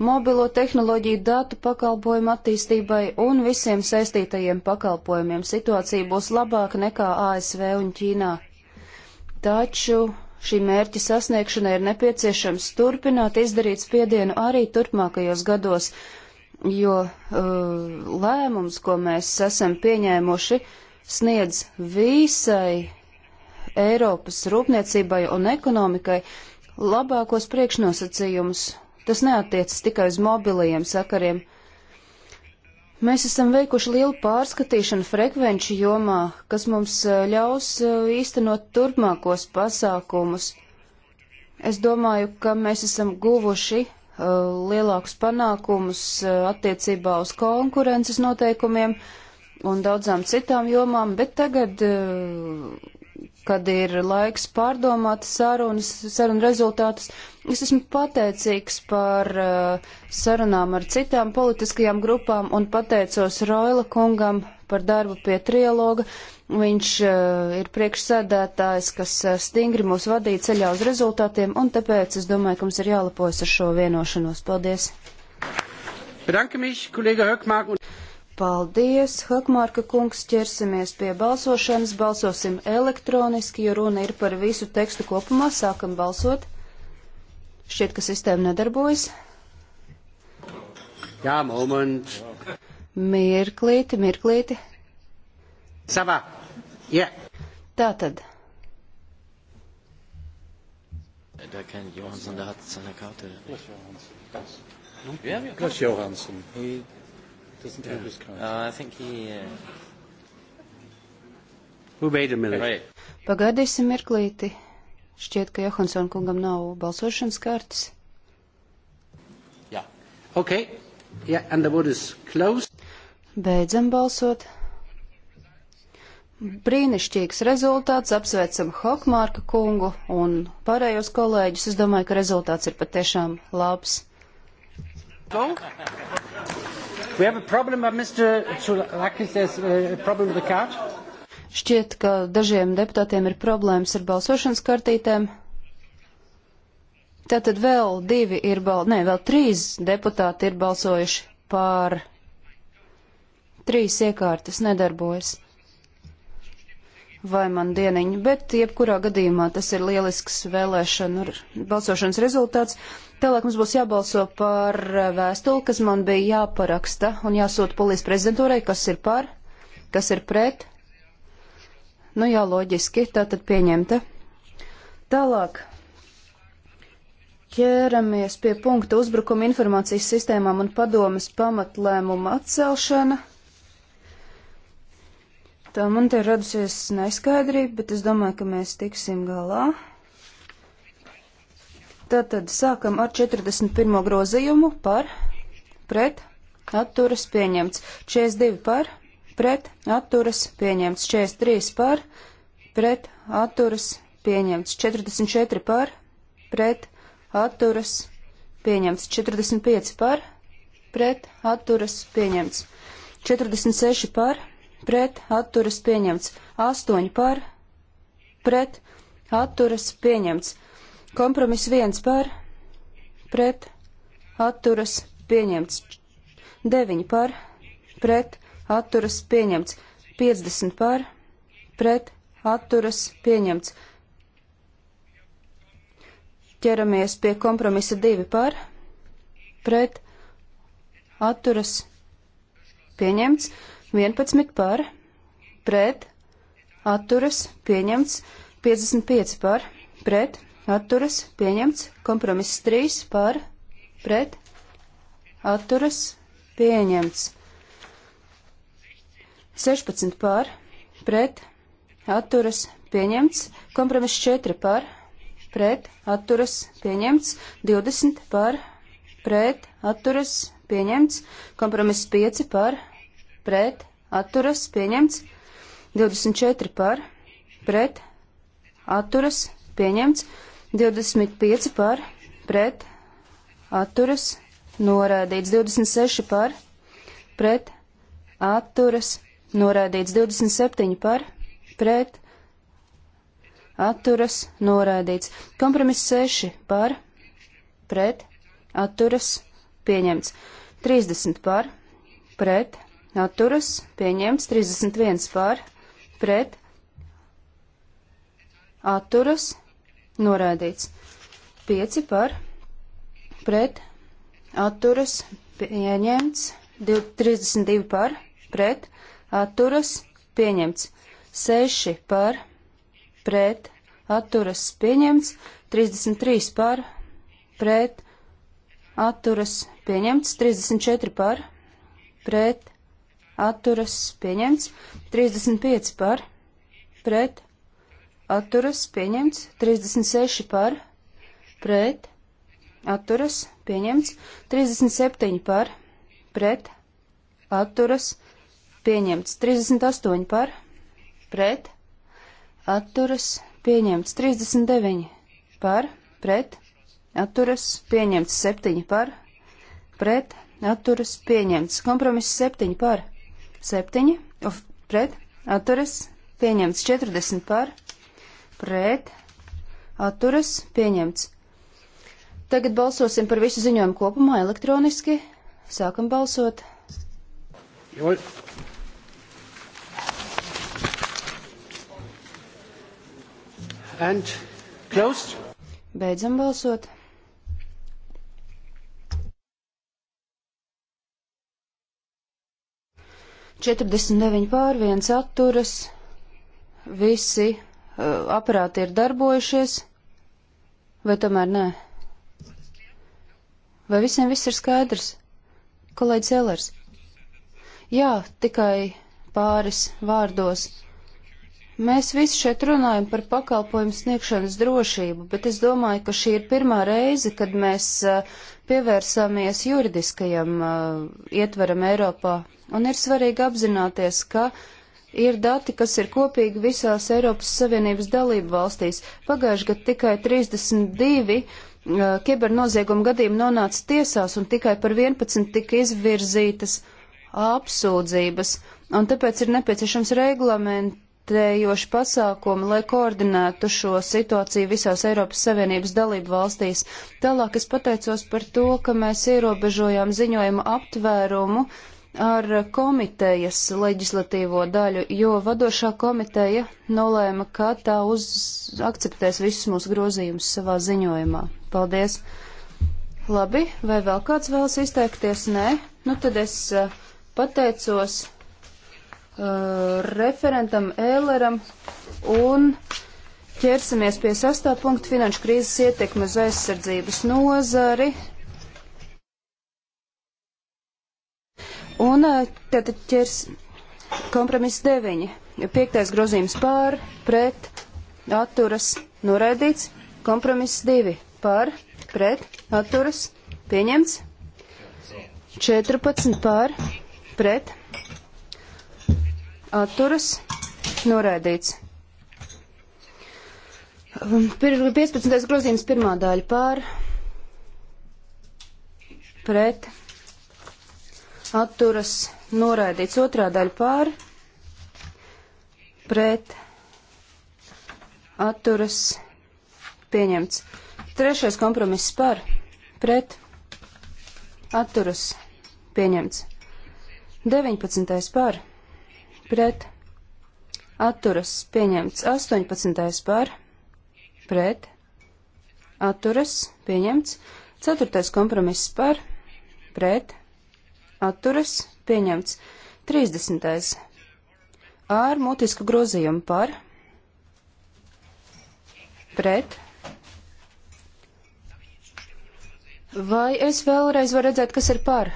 mobilo tehnoloģiju datu pakalpojumu attīstībai un visiem saistītajiem pakalpojumiem. Situācija būs labāka nekā ASV un Ķīnā. Taču šī mērķa sasniegšanai ir nepieciešams turpināt izdarīt spiedienu arī turpmākajos gados, jo uh, lēmums, ko mēs esam pieņēmuši, sniedz visai Eiropas rūpniecībai un ekonomikai labākos priekšnosacījumus Tas neatiecas tikai uz mobilajiem sakariem. Mēs esam veikuši lielu pārskatīšanu frekvenču jomā, kas mums eh, ļaus eh, īstenot turpmākos pasākumus. Es domāju, ka mēs esam guvuši uh, lielākus panākumus uh, attiecībā uz konkurences noteikumiem un daudzām citām jomām, bet tagad uh, kad ir laiks pārdomāt sarunas, sarunu rezultātus. Es esmu pateicīgs par uh, sarunām ar citām politiskajām grupām un pateicos Roila kungam par darbu pie trialoga. Viņš uh, ir priekšsēdētājs, kas uh, stingri mūs vadīja ceļā uz rezultātiem, un tāpēc es domāju, ka mums ir jālepojas ar šo vienošanos. Paldies! Bedanke mich, kolēģi Hökmārk. Un... Paldies, Hakmārka kungs, ķersimies pie balsošanas, balsosim elektroniski, jo runa ir par visu tekstu kopumā, sākam balsot. Šķiet, ka sistēma nedarbojas. Jā, moment. Mirklīti, mirklīti. Savā. Jā. Yeah. Tā tad. Da kennt Johansson, der hat seine Karte. Klaus Johansson. Klaus Johansson. He doesn't have his card. Uh, I think he... Uh... Who made a minute? Right. Pagaidīsim mirklīti. Šķiet, ka Johansson kungam nav balsošanas kartes. Jā. Yeah. Ok. Yeah, and the vote is closed. Beidzam balsot. Brīnišķīgs rezultāts, apsveicam Hokmārka kungu un pārējos kolēģus. Es domāju, ka rezultāts ir patiešām labs. Lūk. We have a problem, but Mr. Chulakis has uh, a problem with the card. Šķiet, ka dažiem deputātiem ir problēmas ar balsošanas kartītēm. Tātad vēl divi ir, bal... nē, vēl trīs deputāti ir balsojuši pār trīs iekārtas nedarbojas. Vai man dieniņi, bet jebkurā gadījumā tas ir lielisks vēlēšanu balsošanas rezultāts. Tālāk mums būs jābalso par vēstuli, kas man bija jāparaksta un jāsūta polijas prezidentūrai, kas ir par, kas ir pret. Nu jā, loģiski, tā tad pieņemta. Tālāk ķeramies pie punkta uzbrukuma informācijas sistēmām un padomas pamatlēmuma atcelšana. Tā man te radusies neskaidrība, bet es domāju, ka mēs tiksim galā. Tātad sākam ar 41. grozījumu par, pret, atturas pieņemts. 42 par, pret, atturas pieņemts. 43 par, pret, atturas pieņemts. 44 par, pret, atturas pieņemts. 45 par, pret, atturas pieņemts. 46 par, pret, atturas pieņemts. 8 par, pret, atturas pieņemts. Kompromiss viens par, pret, atturas, pieņemts. Deviņi par, pret, atturas, pieņemts. Piecdesmit par, pret, atturas, pieņemts. Ķeramies pie kompromisa divi par, pret, atturas, pieņemts. Vienpadsmit par, pret, atturas, pieņemts. Piecdesmit pieci par, pret, atturas pieņemts, kompromiss 3 par pret atturas pieņemts, 16 par pret atturas pieņemts, kompromiss 4 par pret atturas pieņemts, 20 par pret atturas pieņemts, kompromiss 5 par pret atturas pieņemts, 24 par pret atturas pieņemts, pieņemts, 25 par, pret, atturas, norādīts 26 par, pret, atturas, norādīts 27 par, pret, atturas, norādīts. Kompromiss 6 par, pret, atturas, pieņemts. 30 par, pret, atturas, pieņemts. 31 par, pret, atturas, Norādīts. 5 par pret atturas pieņemts. 32 par pret atturas pieņemts. 6 par pret atturas pieņemts. 33 par pret atturas pieņemts. 34 par pret atturas pieņemts. 35 par pret atturas pieņemts, 36 par, pret, atturas pieņemts, 37 par, pret, atturas pieņemts, 38 par, pret, atturas pieņemts, 39 par, pret, atturas pieņemts, 7 par, pret, atturas pieņemts, kompromiss 7 par, 7, of, pret, atturas pieņemts, 40 par, pret, pret, atturas, pieņemts. Tagad balsosim par visu ziņojumu kopumā elektroniski. Sākam balsot. Jawohl. And closed. Beidzam balsot. Četrdesmit deviņi pār viens atturas. Visi Eh, aparāti ir darbojušies, vai tomēr nē? Vai visiem viss ir skaidrs? Kolēģis Elers. Jā, tikai pāris vārdos. Mēs visi šeit runājam par pakalpojumu sniegšanas drošību, bet es domāju, ka šī ir pirmā reize, kad mēs eh, pievērsāmies juridiskajam uh, ietveram Eiropā. Un ir svarīgi apzināties, ka uh, ir dati, kas ir kopīgi visās Eiropas Savienības dalību valstīs. Pagājuši gadu tikai 32 uh, kibernoziegumu gadījumu nonāca tiesās un tikai par 11 tika izvirzītas apsūdzības. Un tāpēc ir nepieciešams reglamentējoši pasākumi, lai koordinētu šo situāciju visās Eiropas Savienības dalību valstīs. Tālāk es pateicos par to, ka mēs ierobežojām ziņojuma aptvērumu uh, ar komitejas leģislatīvo daļu, jo vadošā komiteja nolēma, ka tā uz, akceptēs visus mūsu grozījumus savā ziņojumā. Paldies! Labi, vai vēl kāds vēlas izteikties? Nē, nu tad es eh, pateicos uh, referentam Ēleram un ķersimies pie sastāvpunktu finanšu krīzes ietekmes aizsardzības nozari. Un eh, tad ķers kompromiss 9. Piektais grozījums pār, pret, atturas, noraidīts. Kompromiss 2. Pār, pret, atturas, pieņemts. 14 pār, pret, atturas, noraidīts. 15. grozījums pirmā daļa pār, pret, atturas atturas noraidīts otrā daļa pār, pret, atturas pieņemts. Trešais kompromiss par, pret, atturas pieņemts. 19. par, pret, atturas pieņemts. 18. par, pret, atturas pieņemts. Ceturtais kompromiss par, pret, atturas, pieņemts. 30. Ar mutisku grozījumu par, pret. Vai es vēlreiz varu redzēt, kas ir par?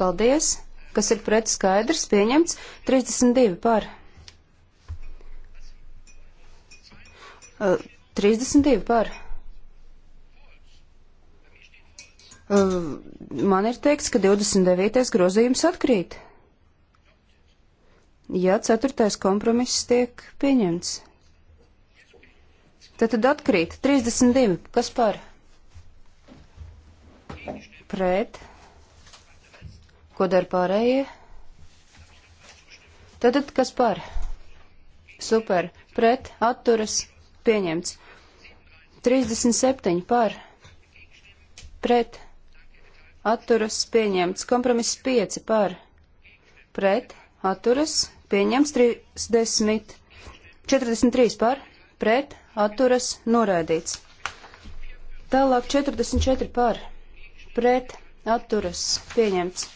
Paldies. Kas ir pret skaidrs, pieņemts. 32 par. Uh, 32 par. Eh, man ir teikts, ka 29. grozījums atkrīt. Ja 4. kompromiss tiek pieņemts, tad, tad atkrīt 32. Kas par? Pret. Ko dara pārējie? Tad, tad kas par? Super. Pret. Atturas. Pieņemts. 37 par. Pret atturas pieņemts. Kompromiss 5 par pret atturas pieņemts 30, 43 par pret atturas noraidīts. Tālāk 44 par pret atturas pieņemts.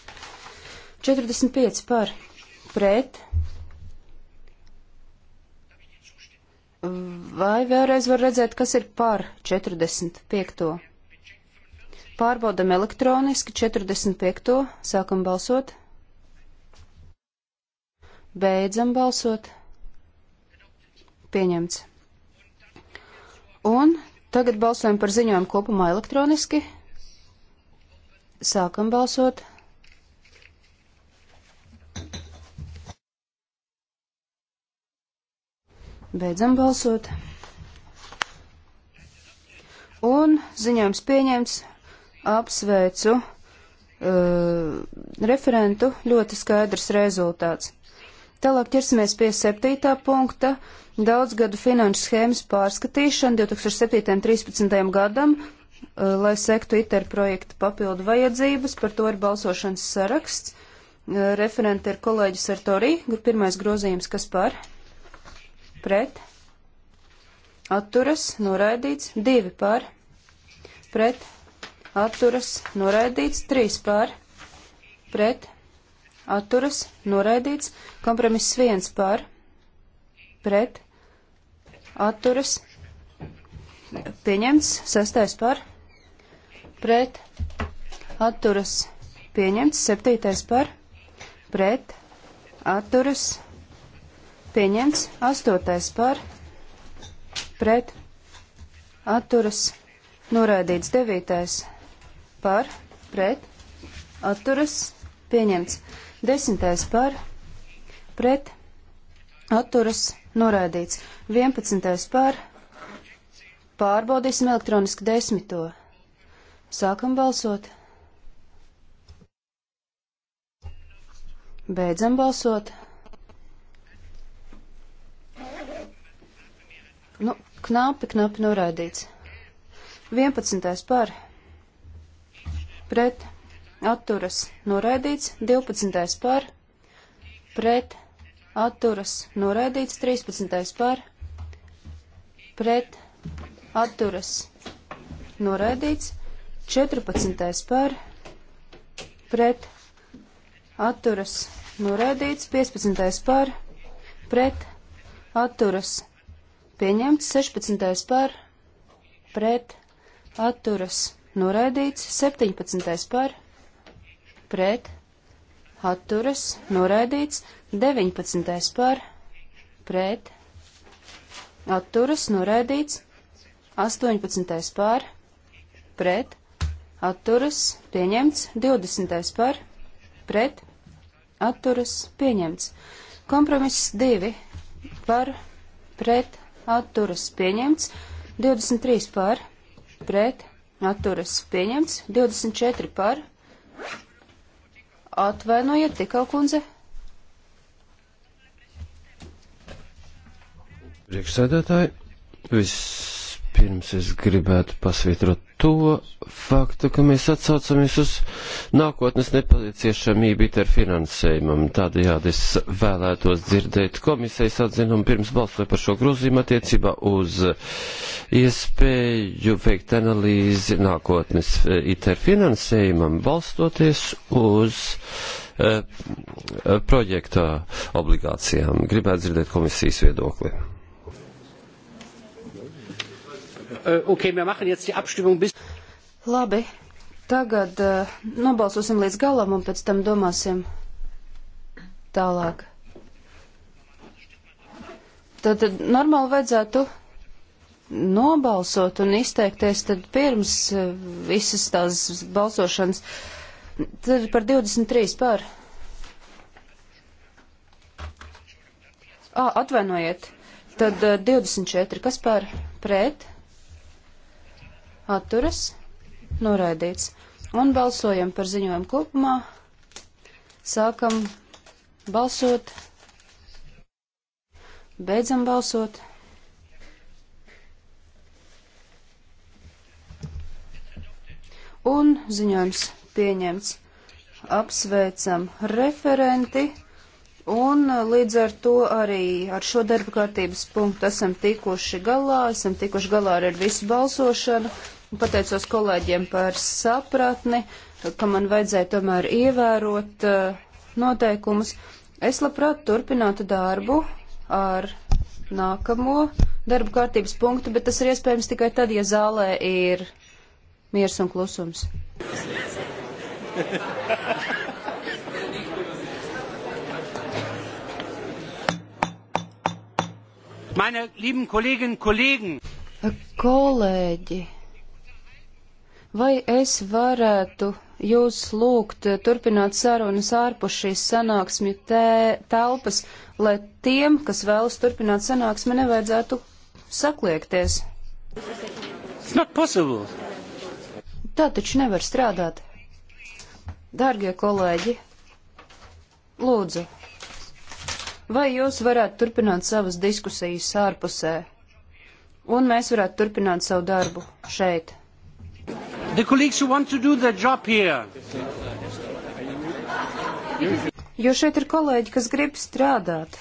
45 par pret. Vai vēlreiz var redzēt, kas ir par 45? Pārbaudam elektroniski 45. Sākam balsot. Beidzam balsot. Pieņemts. Un tagad balsojam par ziņojumu kopumā elektroniski. Sākam balsot. Beidzam balsot. Un ziņojums pieņemts apsveicu uh, referentu, ļoti skaidrs rezultāts. Tālāk ķersimies pie septītā punkta - daudzgadu finanšu schēmas pārskatīšana 2007.13. gadam, uh, lai sektu ITER projekta papildu vajadzības, par to ir balsošanas saraksts. Uh, eh, referente ir kolēģis Artorī, pirmais grozījums, kas par? Pret? Atturas, noraidīts, divi par? Pret? atturas, noraidīts, 3 pār, pret, atturas, noraidīts, kompromiss 1 pār, pret, atturas, pieņemts, 6 pār, pret, atturas, pieņemts, 7 pār, pret, atturas, pieņemts, 8 pār, pret, atturas, noraidīts, 9 par, pret, atturas, pieņemts. Desmitais par, pret, atturas, noraidīts. Vienpadsmitais par, pārbaudīsim elektroniski desmito. Sākam balsot. Beidzam balsot. Nu, knapi, knapi noraidīts. 11. par pret atturas noraidīts, 12. par pret atturas noraidīts, 13. par pret atturas noraidīts, 14. par pret atturas noraidīts, 15. par pret atturas pieņemts, 16. par pret atturas noraidīts noraidīts, 17. par, pret, atturas, noraidīts, 19. par, pret, atturas, noraidīts, 18. par, pret, atturas, pieņemts, 20. par, pret, atturas, pieņemts. Kompromiss 2 par, pret, atturas, pieņemts, 23 par, pret, atturas pieņemts, 24 par, atvainojiet, tikau kundze. Priekšsēdētāji, viss Vispirms es gribētu pasvītrot to faktu, ka mēs atsaucamies uz nākotnes nepalieciešamību ar finansējumam. Tādējādi es vēlētos dzirdēt komisijas atzinumu pirms balsoju par šo grozījumu attiecībā uz iespēju veikt analīzi nākotnes eh, ITER finansējumam, balstoties uz e, projekta obligācijām. Gribētu dzirdēt komisijas viedokli. Äh, okay, wir machen jetzt die Abstimmung bis. Labi, tagad uh, nobalsosim līdz galam un pēc tam domāsim tālāk. Tad, tad normāli vajadzētu nobalsot un izteikties tad pirms uh, visas tās balsošanas. Tad par 23 pār. Ah, atvainojiet. Tad uh, e, 24. Kas par pret? atturas, noraidīts. Un balsojam par ziņojumu kopumā. Sākam balsot. Beidzam balsot. Un ziņojums pieņemts. Apsveicam referenti. Un līdz ar to arī ar šo darba kārtības punktu esam tikuši galā, esam tikuši galā ar visu balsošanu pateicos kolēģiem par sapratni, ka man vajadzēja tomēr ievērot eh, noteikumus. Es labprāt turpinātu darbu ar nākamo darbu kārtības punktu, bet tas ir iespējams tikai tad, ja zālē ir miers un klusums. Meine lieben Kolleginnen und Kollegen! Kolēģi! Vai es varētu jūs lūgt turpināt sarunas ārpus šīs sanāksmju telpas, lai tiem, kas vēlas turpināt sanāksmi, nevajadzētu sakliekties? Tā taču nevar strādāt. Dārgie kolēģi, lūdzu, vai jūs varētu turpināt savas diskusijas ārpusē, un mēs varētu turpināt savu darbu šeit? The colleagues who want to do their job here. Jo šeit ir kolēģi, kas grib strādāt.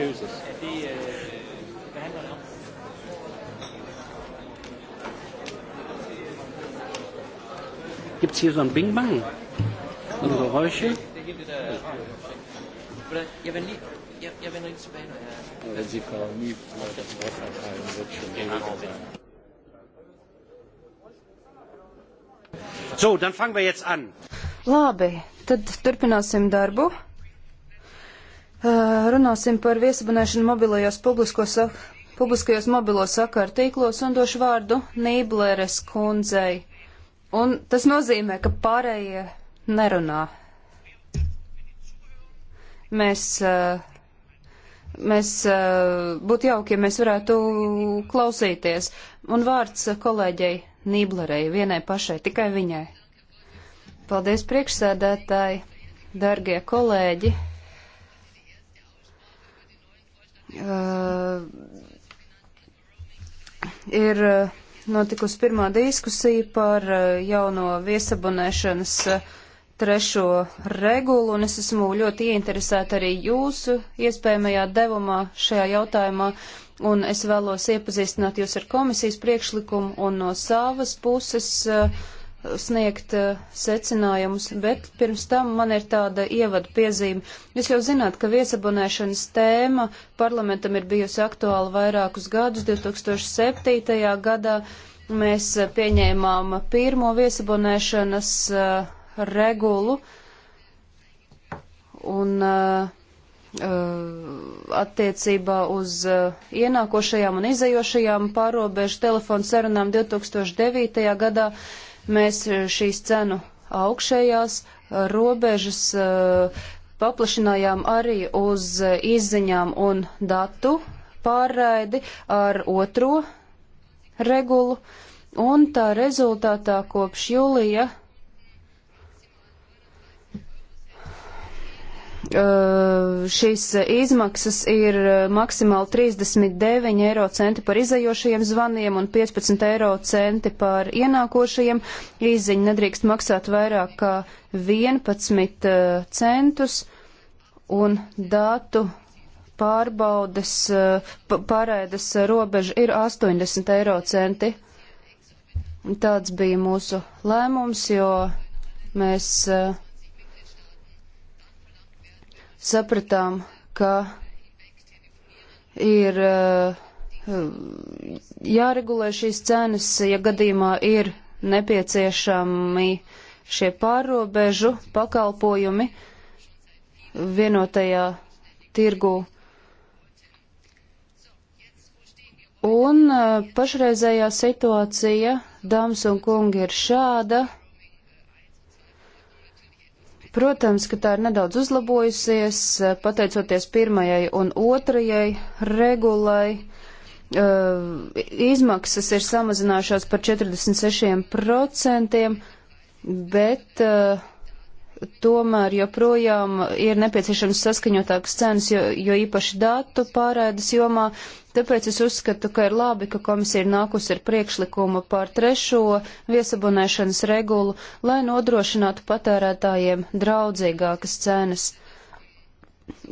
Gibt es hier so ein Bing Bang? Und Geräusche? Oder, ja, wenn die, ja, ja, wenn er nicht zu beinahe. Wenn Sie Frau Mieb das Wort erteilen, wird schon genau sein. So, dann fangen wir jetzt an. Labi, tad turpināsim darbu. Uh, runāsim par viesabunēšanu mobilajos publiskos, publiskajos mobilo sakaru tīklos un došu vārdu Nībleres kundzei. Un tas nozīmē, ka pārējie nerunā. Mēs, mēs būtu jauki, ja mēs varētu klausīties. Un vārds kolēģei Nīblerei, vienai pašai, tikai viņai. Paldies priekšsēdētāji, dargie kolēģi. Uh, ir uh, notikusi pirmā diskusija par uh, jauno viesabunēšanas uh, trešo regulu, un es esmu ļoti ieinteresēta arī jūsu iespējamajā devumā šajā jautājumā un es vēlos iepazīstināt jūs ar komisijas priekšlikumu un no savas puses eh, sniegt eh, secinājumus, bet pirms tam man ir tāda ievada piezīme. Jūs jau zināt, ka viesabonēšanas tēma parlamentam ir bijusi aktuāla vairākus gadus. 2007. gadā mēs eh, pieņēmām pirmo viesabonēšanas regulu, un uh, Uh, attiecībā uz uh, ienākošajām un izejošajām pārobežu telefonu sarunām 2009. gadā mēs uh, šīs cenu augšējās robežas paplašinājām arī uz izziņām un datu pārraidi ar otro regulu, un tā rezultātā kopš jūlija šīs izmaksas ir maksimāli 39 eiro centi par izējošajiem zvaniem un 15 eiro centi par ienākošajiem. Īziņa nedrīkst maksāt vairāk kā 11 centus un datu pārbaudes pārēdes robeža ir 80 eiro centi. Tāds bija mūsu lēmums, jo mēs uh, sapratām, ka ir eh, jāregulē šīs cenas, ja gadījumā ir nepieciešami šie pārobežu pakalpojumi vienotajā tirgū. Un eh, pašreizējā situācija, dāmas un kungi, ir šāda. Protams, ka tā ir nedaudz uzlabojusies, eh, pateicoties pirmajai un otrajai regulai. Eh, izmaksas ir samazinājušās par 46%, bet uh, tomēr joprojām ir nepieciešams saskaņotāks cenas, jo, jo īpaši datu pārēdas jomā. Tāpēc es uzskatu, ka ir labi, ka komisija ir nākusi ar priekšlikumu par trešo viesabonēšanas regulu, lai nodrošinātu patērētājiem draudzīgākas cenas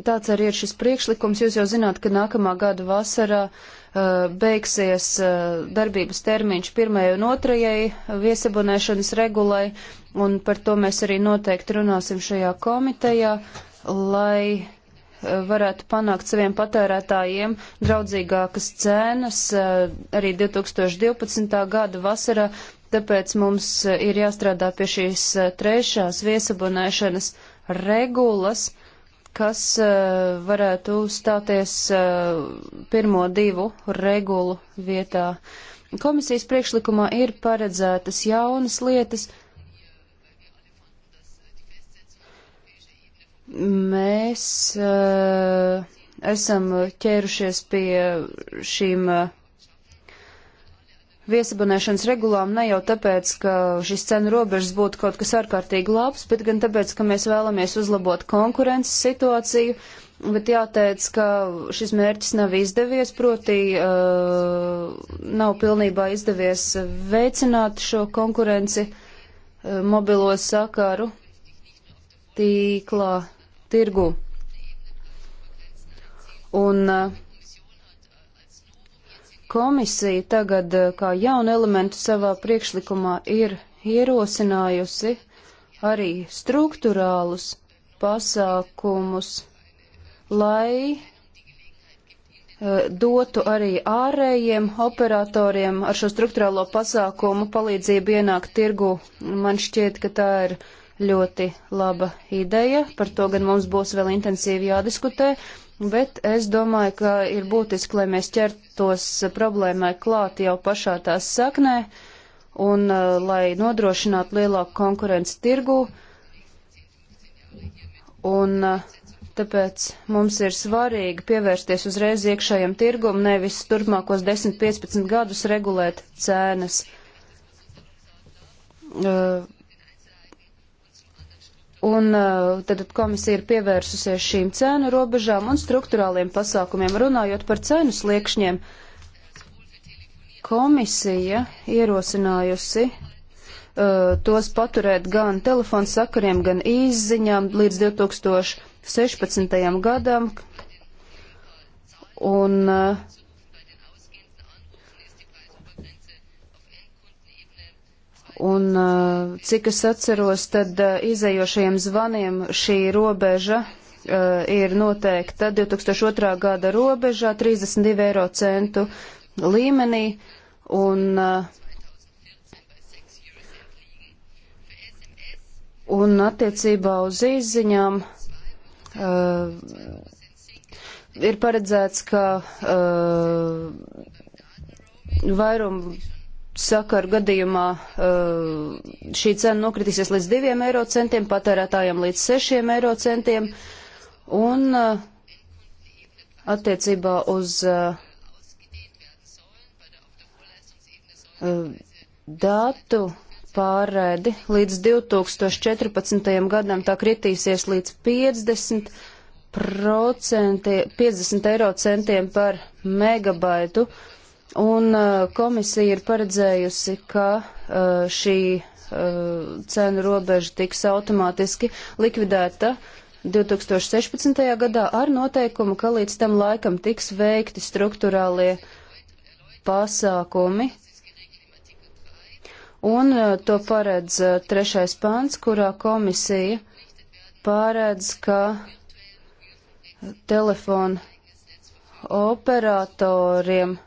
tāds arī ir šis priekšlikums. Jūs jau zināt, ka nākamā gada vasarā uh, beigsies uh, darbības termiņš pirmajai un otrajai viesabonēšanas regulai, un par to mēs arī noteikti runāsim šajā komitejā, lai uh, varētu panākt saviem patērētājiem draudzīgākas cenas uh, arī 2012. gada vasarā, tāpēc mums uh, ir jāstrādā pie šīs uh, trešās viesabonēšanas regulas, uh, kas uh, varētu stāties uh, pirmo divu regulu vietā. Komisijas priekšlikumā ir paredzētas jaunas lietas. Mēs uh, esam ķērušies pie šīm uh, viesabonēšanas regulām ne jau tāpēc, ka šis cenu robežas būtu kaut kas ārkārtīgi labs, bet gan tāpēc, ka mēs vēlamies uzlabot konkurences situāciju, bet jāteic, ka šis mērķis nav izdevies, proti uh, nav pilnībā izdevies veicināt šo konkurenci uh, mobilo sakaru tīklā tirgu. Un uh, Komisija tagad eh, kā jaunu elementu savā priekšlikumā ir ierosinājusi arī struktūrālus pasākumus, lai eh, dotu arī ārējiem operatoriem ar šo struktūrālo pasākumu palīdzību ienākt tirgu. Man šķiet, ka tā ir ļoti laba ideja. Par to gan mums būs vēl intensīvi jādiskutē, bet es domāju, ka ir būtiski, lai mēs ķert, ķertos problēmai klāt jau pašā tās saknē un uh, lai nodrošinātu lielāku konkurenci tirgū. Un uh, tāpēc mums ir svarīgi pievērsties uzreiz iekšējam tirgum, nevis turpmākos 10-15 gadus regulēt cēnas. Uh, Un uh, tad komisija ir pievērsusies šīm cēnu robežām un struktūrāliem pasākumiem. Runājot par cēnu sliekšņiem, komisija ierosinājusi uh, tos paturēt gan telefonu sakariem, gan izziņām līdz 2016. gadam. Un uh, Un, uh, cik es atceros, tad uh, izējošajiem zvaniem šī robeža uh, ir noteikta 2002. gada robežā 32 eiro centu līmenī. Un, un attiecībā uz izziņām uh, ir paredzēts, ka uh, vairumu sakaru gadījumā eh, šī cena nokritīsies līdz 2 eiro centiem, patērētājiem līdz 6 eiro centiem, un eh, attiecībā uz eh, datu pārēdi līdz 2014. gadam tā kritīsies līdz 50 procenti, 50 eiro centiem par megabaitu. Uh, Un uh, komisija ir paredzējusi, ka uh, šī uh, cenu robeža tiks automātiski likvidēta 2016. gadā ar noteikumu, ka līdz tam laikam tiks veikti struktūrālie pasākumi. Un to paredz trešais pants, kurā komisija paredz, ka telefonu operatoriem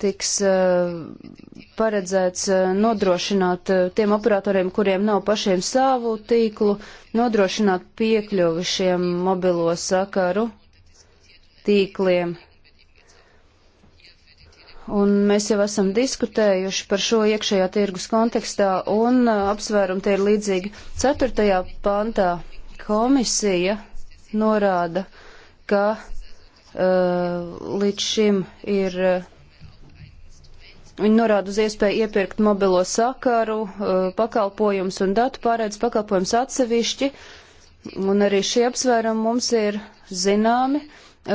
tiks eh, paredzēts eh, nodrošināt eh, tiem operatoriem, kuriem nav pašiem savu tīklu, nodrošināt piekļuvi šiem mobilo sakaru tīkliem. Un mēs jau esam diskutējuši par šo iekšējā tirgus kontekstā un apsvērumi te ir līdzīgi. Ceturtajā pantā komisija norāda, ka uh, līdz šim ir uh, Viņi norāda uz iespēju iepirkt mobilo sakaru, uh, pakalpojums un datu pārēdz pakalpojums atsevišķi, un arī šie apsvērumi mums ir zināmi.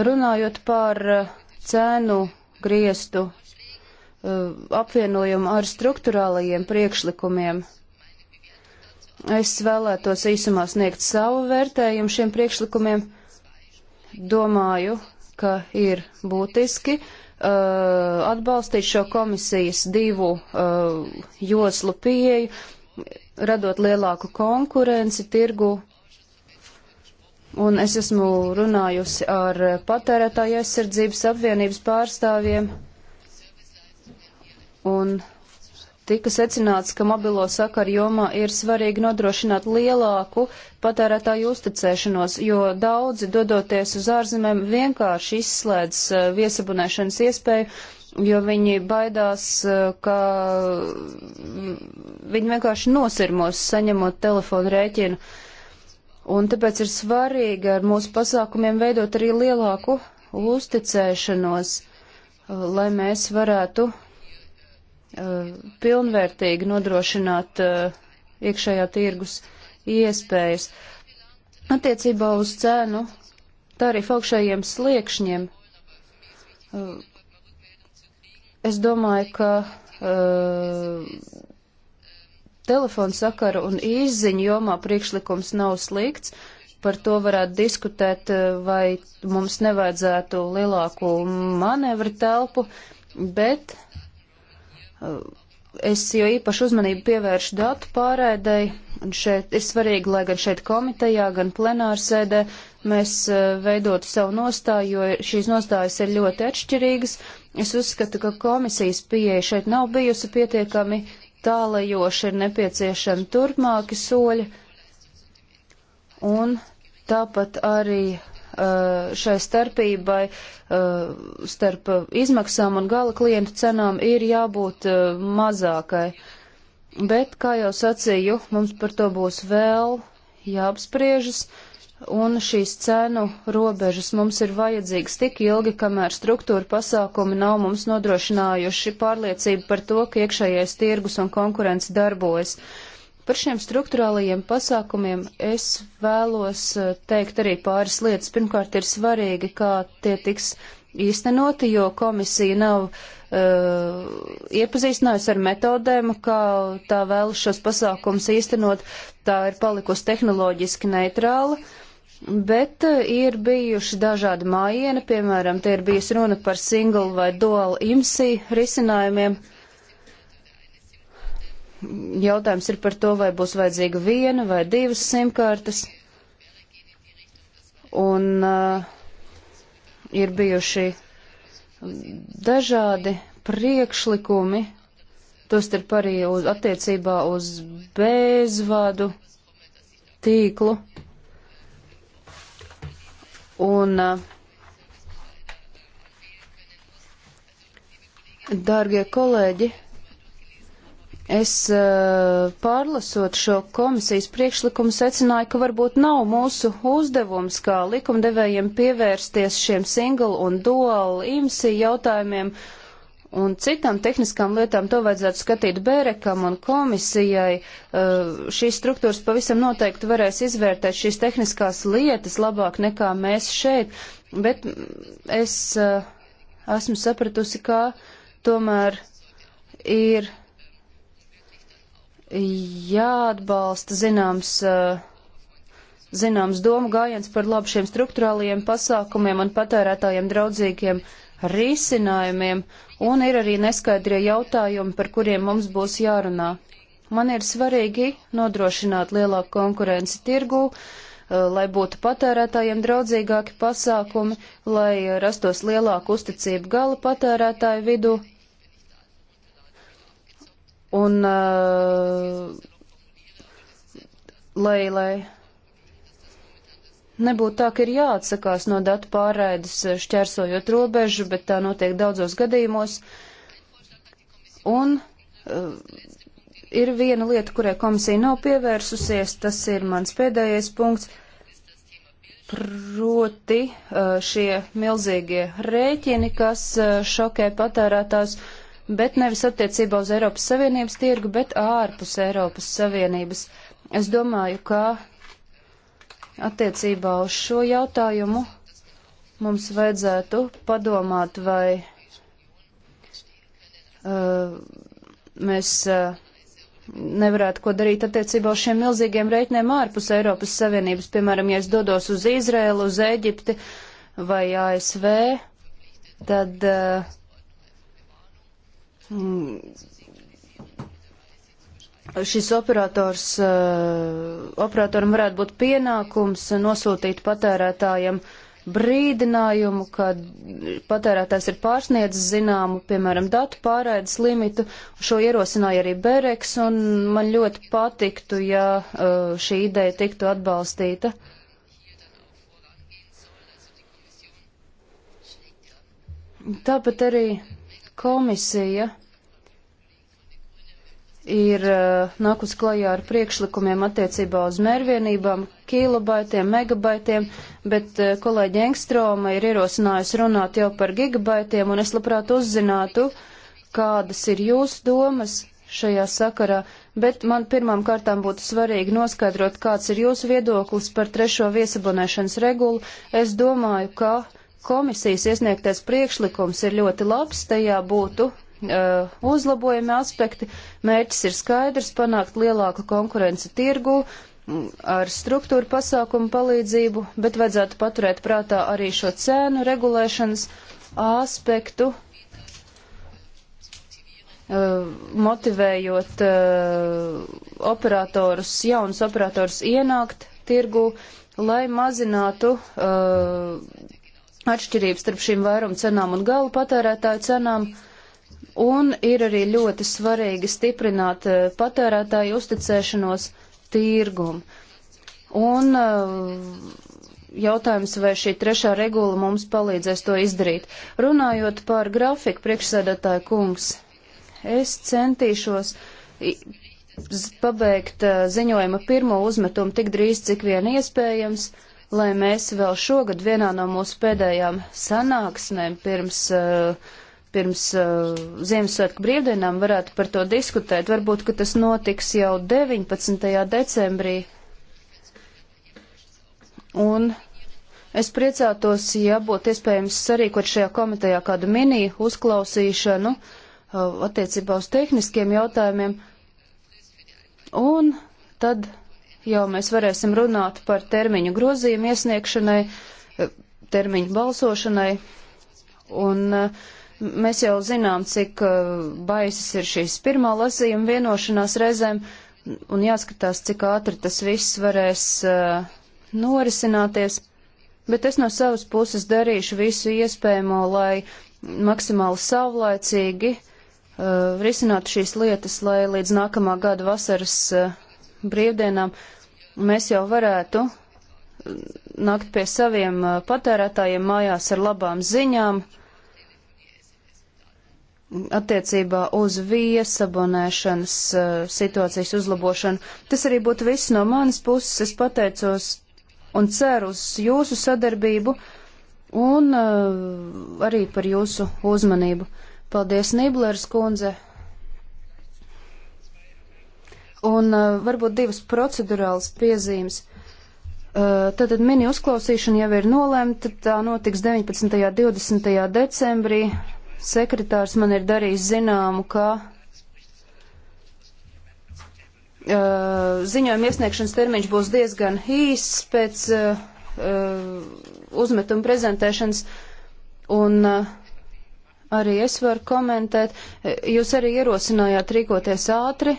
Runājot par uh, cēnu griestu uh, apvienojumu ar struktūrālajiem priekšlikumiem, es vēlētos īsumā sniegt savu vērtējumu šiem priekšlikumiem. Domāju, ka ir būtiski uh, Uh, atbalstīt šo komisijas divu uh, joslu pieeju, radot lielāku konkurenci tirgu. Un es esmu runājusi ar patērētāju aizsardzības apvienības pārstāvjiem. Un tika secināts, ka mobilo sakaru jomā ir svarīgi nodrošināt lielāku patērētāju uzticēšanos, jo daudzi, dodoties uz ārzemēm, vienkārši izslēdz eh, viesabunēšanas iespēju, jo viņi baidās, eh, ka mm, viņi vienkārši nosirmos saņemot telefonu rēķinu. Un tāpēc ir svarīgi ar mūsu pasākumiem veidot arī lielāku uzticēšanos, eh, lai mēs varētu Eh, pilnvērtīgi nodrošināt eh, iekšējā tirgus iespējas. Attiecībā uz cenu tarifu augšējiem sliekšņiem eh, es domāju, ka uh, telefonu sakaru un īziņu jomā priekšlikums nav slikts. Par to varētu diskutēt, vai mums nevajadzētu lielāku manevru telpu, bet Es jau īpašu uzmanību pievēršu datu pārēdēji, un šeit ir svarīgi, lai gan šeit komitejā, gan plenārsēdē mēs e, veidotu savu nostāju, jo šīs nostājas ir ļoti atšķirīgas. Es uzskatu, ka komisijas pieeja šeit nav bijusi pietiekami tālajoši, ir nepieciešami turpmāki soļi, un tāpat arī Uh, šai starpībai uh, starp izmaksām un gala klientu cenām ir jābūt uh, mazākai. Bet, kā jau sacīju, mums par to būs vēl jāapspriežas, un šīs cenu robežas mums ir vajadzīgas tik ilgi, kamēr struktūra pasākumi nav mums nodrošinājuši pārliecību par to, ka iekšējais tirgus un konkurence darbojas. Uh, Par šiem struktūrālajiem pasākumiem es vēlos eh, teikt arī pāris lietas. Pirmkārt, ir svarīgi, kā tie tiks īstenoti, jo komisija nav uh, iepazīstinājusi ar metodēm, kā tā vēlas šos pasākumus īstenot. Tā ir palikusi tehnoloģiski neitrāla. Bet eh, ir bijuši dažādi mājieni, piemēram, te ir bijusi runa par single vai dual imsi risinājumiem. Uh, jautājums ir par to, vai būs vajadzīga viena vai divas simkartes. Un uh, ir bijuši dažādi priekšlikumi, tostarp arī uz, attiecībā uz bezvadu tīklu. Un, uh, dārgie kolēģi, Es eh, pārlasot šo komisijas priekšlikumu secināju, ka varbūt nav mūsu uzdevums kā likumdevējiem pievērsties šiem single un dual imsi jautājumiem un citām tehniskām lietām. To vajadzētu skatīt Bērekam un komisijai. Eh, šīs struktūras pavisam noteikti varēs izvērtēt šīs tehniskās lietas labāk nekā mēs šeit, bet es eh, esmu sapratusi, kā tomēr ir jāatbalsta zināms, eh, zināms domu gājiens par labu šiem struktūrālajiem pasākumiem un patērētājiem draudzīgiem risinājumiem, un ir arī neskaidrie jautājumi, par kuriem mums būs jārunā. Man ir svarīgi nodrošināt lielāku konkurenci tirgū, eh, lai būtu patērētājiem draudzīgāki pasākumi, lai rastos lielāku uzticību gala patērētāju vidu Un, uh, lai, lai nebūtu tā, ka ir jāatsakās no datu pārraides eh, šķērsojot robežu, bet tā notiek daudzos gadījumos. Un uh, ir viena lieta, kurai komisija nav pievērsusies, tas ir mans pēdējais punkts, proti eh, šie milzīgie rēķini, kas šokē patērētās. Uh, bet nevis attiecībā uz Eiropas Savienības tirgu, bet ārpus Eiropas Savienības. Es domāju, ka attiecībā uz šo jautājumu mums vajadzētu padomāt, vai uh, mēs. Uh, nevarētu ko darīt attiecībā uz šiem milzīgiem reiķiem ārpus Eiropas Savienības. Piemēram, ja es dodos uz Izrēlu, uz Eģipti vai ASV, tad uh, Mm. šis operators, eh, operatoram varētu būt pienākums nosūtīt patērētājiem brīdinājumu, ka patērētājs ir pārsniedzis zināmu, piemēram, datu pārraides limitu. Šo ierosināja arī Bereks, un man ļoti patiktu, ja eh, šī ideja tiktu atbalstīta. Tāpat arī komisija ir uh, eh, nākus klajā ar priekšlikumiem attiecībā uz mērvienībām, kilobaitiem, megabaitiem, bet uh, kolēģi Engstroma ir ierosinājusi runāt jau par gigabaitiem, un es labprāt uzzinātu, kādas ir jūsu domas šajā sakarā, bet man pirmām kārtām būtu svarīgi noskaidrot, kāds ir jūsu viedoklis par trešo viesabonēšanas regulu. Es domāju, ka komisijas iesniegtais priekšlikums ir ļoti labs, tajā būtu uh, uzlabojumi aspekti. Mērķis ir skaidrs - panākt lielāku konkurenci tirgu mm, ar struktūru pasākumu palīdzību, bet vajadzētu paturēt prātā arī šo cēnu regulēšanas aspektu, uh, motivējot uh, operatorus, jaunus operatorus ienākt tirgu, lai mazinātu uh, atšķirības starp šīm vairumu cenām un galu patērētāju cenām, un ir arī ļoti svarīgi stiprināt eh, patērētāju uzticēšanos tirgumu. Un eh, jautājums, vai šī trešā regula mums palīdzēs to izdarīt. Runājot par grafiku, priekšsēdētāju kungs, es centīšos pabeigt eh, ziņojuma pirmo uzmetumu tik drīz, cik vien iespējams. Uh, lai mēs vēl šogad vienā no mūsu pēdējām sanāksmēm pirms, eh, pirms eh, Ziemassvētku brīvdienām varētu par to diskutēt. Varbūt, ka tas notiks jau 19. decembrī. Un es priecātos, ja būtu iespējams sarīkot šajā komitejā kādu mini uzklausīšanu eh, attiecībā uz tehniskiem jautājumiem. Un tad jau mēs varēsim runāt par termiņu grozījumu iesniegšanai, termiņu balsošanai. Un eh, mēs jau zinām, cik eh, baisas ir šīs pirmā lasījuma vienošanās reizēm, un jāskatās, cik ātri tas viss varēs eh, norisināties. Bet es no savas puses darīšu visu iespējamo, lai maksimāli savlaicīgi uh, risinātu šīs lietas, lai līdz nākamā gada vasaras uh, brīvdienām uh, mēs jau varētu nākt pie saviem uh, patērētājiem mājās ar labām ziņām attiecībā uz viesabonēšanas uh, situācijas uzlabošanu. Tas arī būtu viss no manas puses. Es pateicos un ceru uz jūsu sadarbību un uh, arī par jūsu uzmanību. Paldies, Niblers kundze! Un uh, varbūt divas procedurālas piezīmes. Uh, tātad mini uzklausīšana jau ir nolēmta, tā notiks 19. un 20. decembrī. Sekretārs man ir darījis zināmu, ka uh, ziņojuma iesniegšanas termiņš būs diezgan īss pēc uh, uh, uzmetuma prezentēšanas. Un, uh, Arī es varu komentēt. Jūs arī ierosinājāt rīkoties ātri,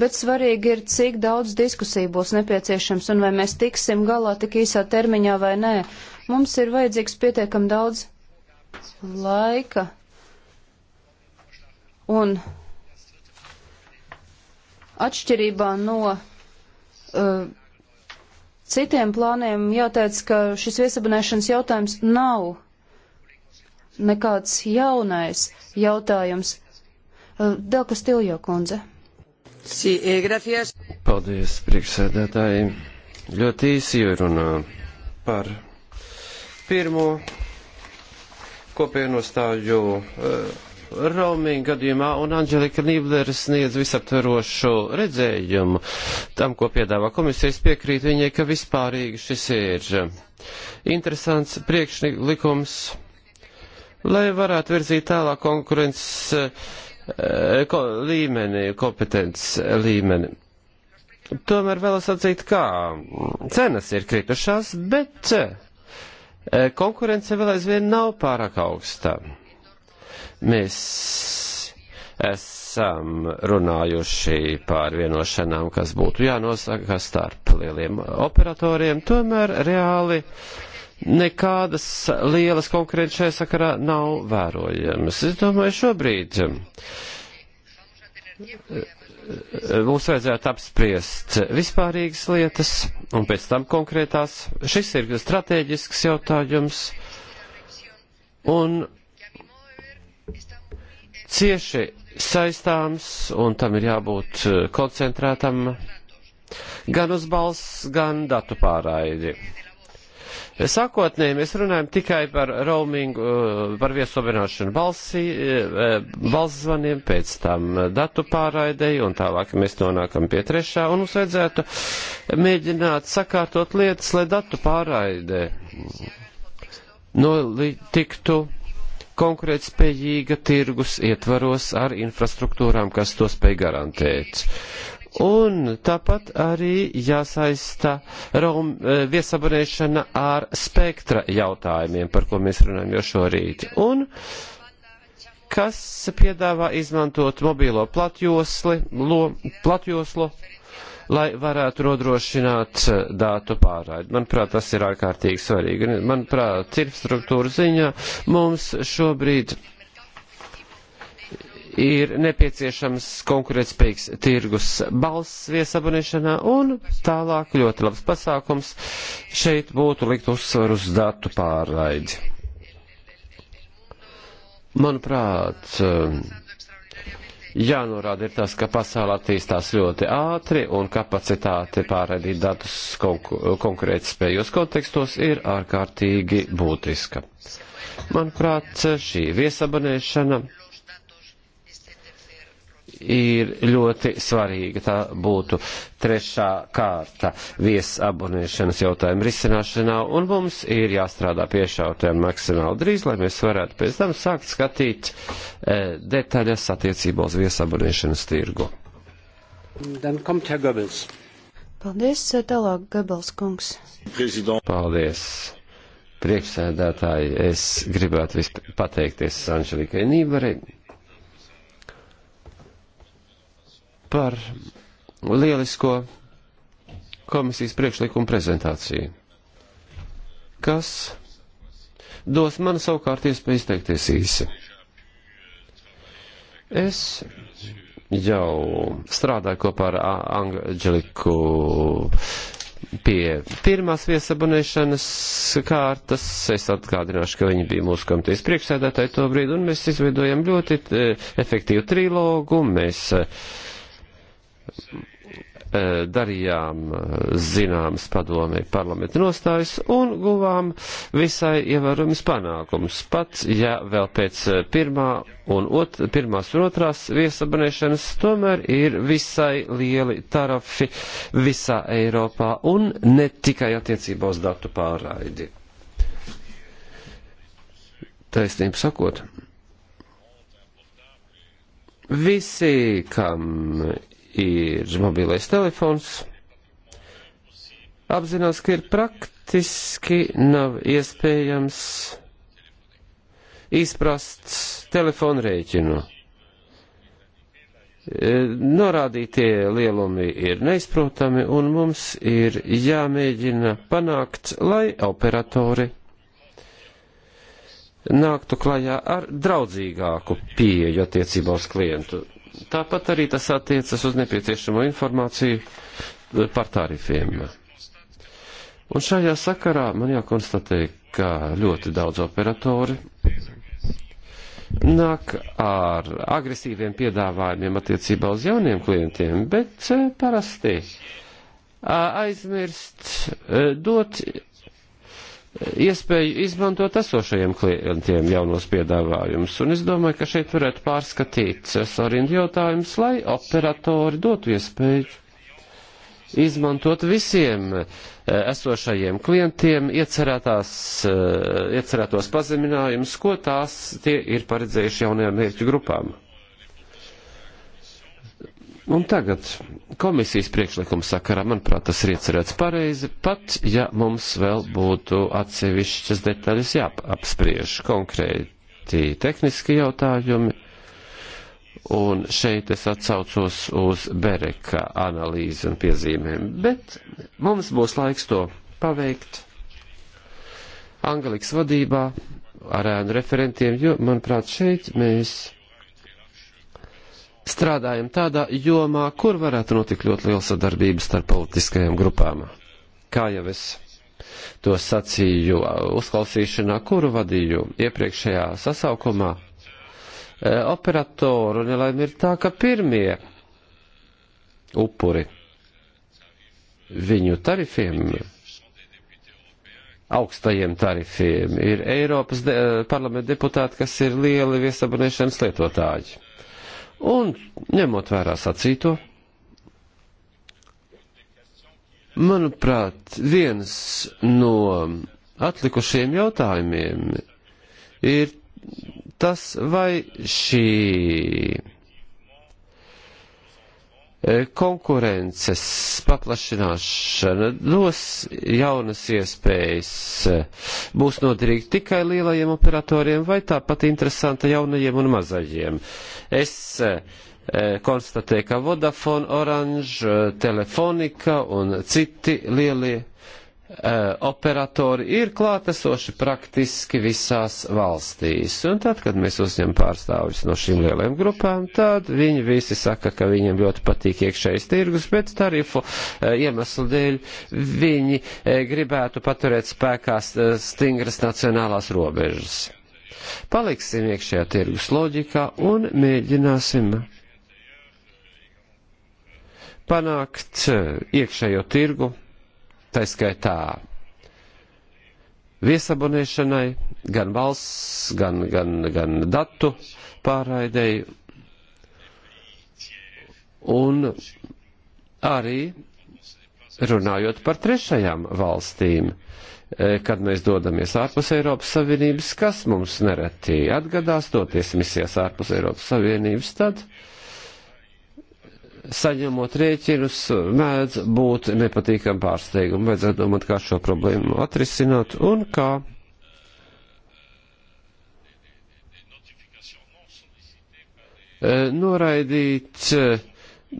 bet svarīgi ir, cik daudz diskusiju būs nepieciešams un vai mēs tiksim galā tik īsā termiņā vai nē. Mums ir vajadzīgs pietiekam daudz laika. Un atšķirībā no uh, citiem plāniem jāteic, ka šis viesabunēšanas jautājums nav nekāds jaunais jautājums. Uh, Delka Stiljo kundze. Sí, eh, gracias. Paldies, priekšsēdētāji. Ļoti īsi runā par pirmo kopienostāju uh, eh, roaming gadījumā, un Anģelika Nībleris sniedz visaptverošu redzējumu tam, ko piedāvā komisijas piekrīt viņai, ka vispārīgi šis ir interesants priekšlikums, lai varētu virzīt tālāk konkurences eh, Eh, ko, līmeni, kompetences līmeni. Tomēr vēlas atzīt, kā cenas ir kritušās, bet eh, konkurence vēl aizvien nav pārāk augsta. Mēs esam runājuši par vienošanām, kas būtu jānosaka starp lieliem operatoriem, tomēr reāli uh, nekādas lielas konkurences šajā sakarā nav vērojamas. Es domāju, šobrīd eh, mums vajadzētu apspriest vispārīgas lietas un pēc tam konkrētās. Šis ir strateģisks jautājums un cieši saistāms un tam ir jābūt eh, koncentrētam gan uz balss, gan datu pārraidi. Sākotnēji mēs runājam tikai par roamingu, uh, par viesovināšanu balsī, valsts uh, zvaniem, pēc tam datu pārraidei un tālāk mēs nonākam pie trešā un mums vajadzētu mēģināt sakārtot lietas, lai datu pārraidē no, tiktu konkurētspējīga tirgus ietvaros ar infrastruktūrām, kas to spēj garantēt. Un tāpat arī jāsaista raum, e, viesabonēšana ar spektra jautājumiem, par ko mēs runājam jau šorīt. Un kas piedāvā izmantot mobīlo platjosli, lo, platjoslu, lai varētu nodrošināt e, dātu pārraidi. Manuprāt, tas ir ārkārtīgi svarīgi. Manuprāt, tirpstruktūra ziņā mums šobrīd ir nepieciešams konkurētspējīgs tirgus balss viesabonēšanā un tālāk ļoti labs pasākums šeit būtu likt uzsvaru uz datu pārraidi. Manuprāt, jānorāda ir tas, ka pasaule attīstās ļoti ātri un kapacitāte pārraidīt datus konkurētspējos kontekstos ir ārkārtīgi būtiska. Manuprāt, šī viesabonēšana ir ļoti svarīga. Tā būtu trešā kārta viesabonēšanas jautājuma risināšanā, un mums ir jāstrādā pie šā jautājuma maksimāli drīz, lai mēs varētu pēc tam sākt skatīt e, detaļas attiecībā uz viesabonēšanas tirgu. Paldies, eh, tālāk Gabals kungs. President. Paldies priekšsēdētāji, es gribētu pateikties Anželikai Nībarei par lielisko komisijas priekšlikumu prezentāciju, kas dos man savukārt iespēju izteikties īsi. Es jau strādāju kopā ar Angeliku pie pirmās viesabonēšanas kārtas. Es atgādināšu, ka viņi bija mūsu komitejas priekšsēdētāji to brīdi, un mēs izveidojam ļoti eh, efektīvu trilogu. Mēs uh, Eh, darījām eh, zināmas padomē parlamenta nostājas un guvām visai ievērojams panākums. Pat, ja vēl pēc eh, pirmā un ot, pirmās un otrās viesabonēšanas, tomēr ir visai lieli tarafi visā Eiropā un ne tikai attiecībā uz datu pārraidi. Taisnību sakot, visi, kam ir mobilais telefons, apzinās, ka ir praktiski nav iespējams izprast telefonu rēķinu. E, norādītie lielumi ir neizprotami, un mums ir jāmēģina panākt, lai operatori nāktu klajā ar draudzīgāku pieeju attiecībā uz klientu Tāpat arī tas attiecas uz nepieciešamo informāciju eh, par tarifiem. Un šajā sakarā man jākonstatē, ka ļoti daudz operatori nāk ar agresīviem piedāvājumiem attiecībā uz jauniem klientiem, bet eh, parasti aizmirst eh, dot iespēju izmantot esošajiem klientiem jaunos piedāvājumus. Un es domāju, ka šeit varētu pārskatīt sasarindu jautājumus, lai operatori dotu iespēju izmantot visiem eh, esošajiem klientiem eh, iecerētos pazeminājumus, ko tās tie ir paredzējuši jaunajām mērķu grupām. Un tagad komisijas priekšlikuma sakarā, manuprāt, tas ir iecerēts pareizi, pat ja mums vēl būtu atsevišķas detaļas jāapspriež konkrēti tehniski jautājumi. Un šeit es atsaucos uz Bereka analīzi un piezīmēm, bet mums būs laiks to paveikt Angelikas vadībā ar ēnu referentiem, jo, manuprāt, šeit mēs strādājam tādā jomā, kur varētu notikt ļoti liela sadarbība starp politiskajām grupām. Kā jau es to sacīju uh, uzklausīšanā, kuru vadīju iepriekšējā sasaukumā, uh, operatoru nelaime ir tā, ka pirmie upuri viņu tarifiem, augstajiem tarifiem, ir Eiropas de parlamenta deputāti, kas ir lieli viesabonēšanas lietotāji. Un, ņemot vērā sacīto, manuprāt, viens no atlikušiem jautājumiem ir tas, vai šī E, konkurences paplašināšana dos jaunas iespējas, e, būs noderīgi tikai lielajiem operatoriem vai tāpat interesanta jaunajiem un mazajiem. Es e, konstatēju, ka Vodafone, Orange, Telefonika un citi lielie Eh, operatori ir klātesoši praktiski visās valstīs. Un tad, kad mēs uzņem pārstāvjus no šīm lielajām grupām, tad viņi visi saka, ka viņiem ļoti patīk iekšējais tirgus, bet tarifu eh, iemeslu dēļ viņi eh, gribētu paturēt spēkā stingras nacionālās robežas. Paliksim iekšējā tirgus loģikā un mēģināsim panākt iekšējo tirgu tā skaitā viesabonēšanai, gan valsts, gan, gan, gan datu pārraidēji, un arī runājot par trešajām valstīm, e, kad mēs dodamies ārpus Eiropas Savienības, kas mums nereti atgadās doties misijās ārpus Eiropas Savienības, tad uh, saņemot rēķinus, mēdz būt nepatīkam pārsteigumu. Vajadzētu domāt, kā šo problēmu atrisināt un kā eh, noraidīt eh,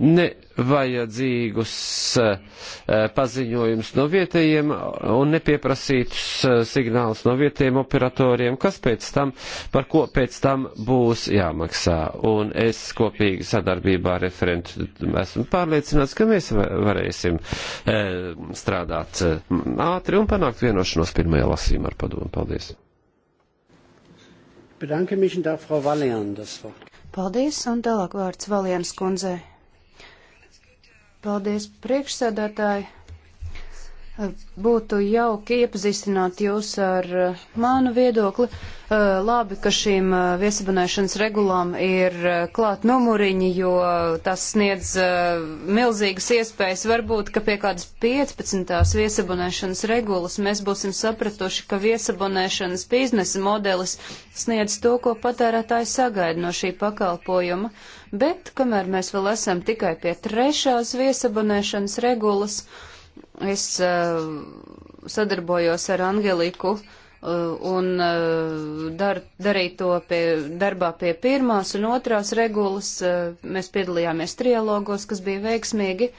nevajadzīgus eh, paziņojumus no vietējiem un nepieprasītus eh, signālus no vietējiem operatoriem, kas pēc tam, par ko pēc tam būs jāmaksā. Un es kopīgi sadarbībā ar referentu esmu pārliecināts, ka mēs varēsim eh, strādāt ātri un panākt vienošanos pirmajā lasījumā ar padomu. Paldies! Bedanke mich und darf Frau Valian das Wort. Paldies, un tālāk vārds Valienas kundzei. Paldies, priekšsēdētāji. Būtu jauki iepazīstināt jūs ar eh, manu viedokli. Eh, labi, ka šīm eh, viesabunēšanas regulām ir klāt numuriņi, jo tas sniedz milzīgas iespējas. Varbūt, ka pie kādas 15. viesabunēšanas regulas mēs būsim sapratuši, ka viesabunēšanas biznesa modelis sniedz to, ko patērētāji sagaida no šī pakalpojuma bet kamēr mēs vēl esam tikai pie trešās viesabonēšanas regulas, es uh, sadarbojos ar Angeliku uh, un uh, dar, darīju to pie, darbā pie pirmās un otrās regulas. Uh, mēs piedalījāmies trialogos, kas bija veiksmīgi.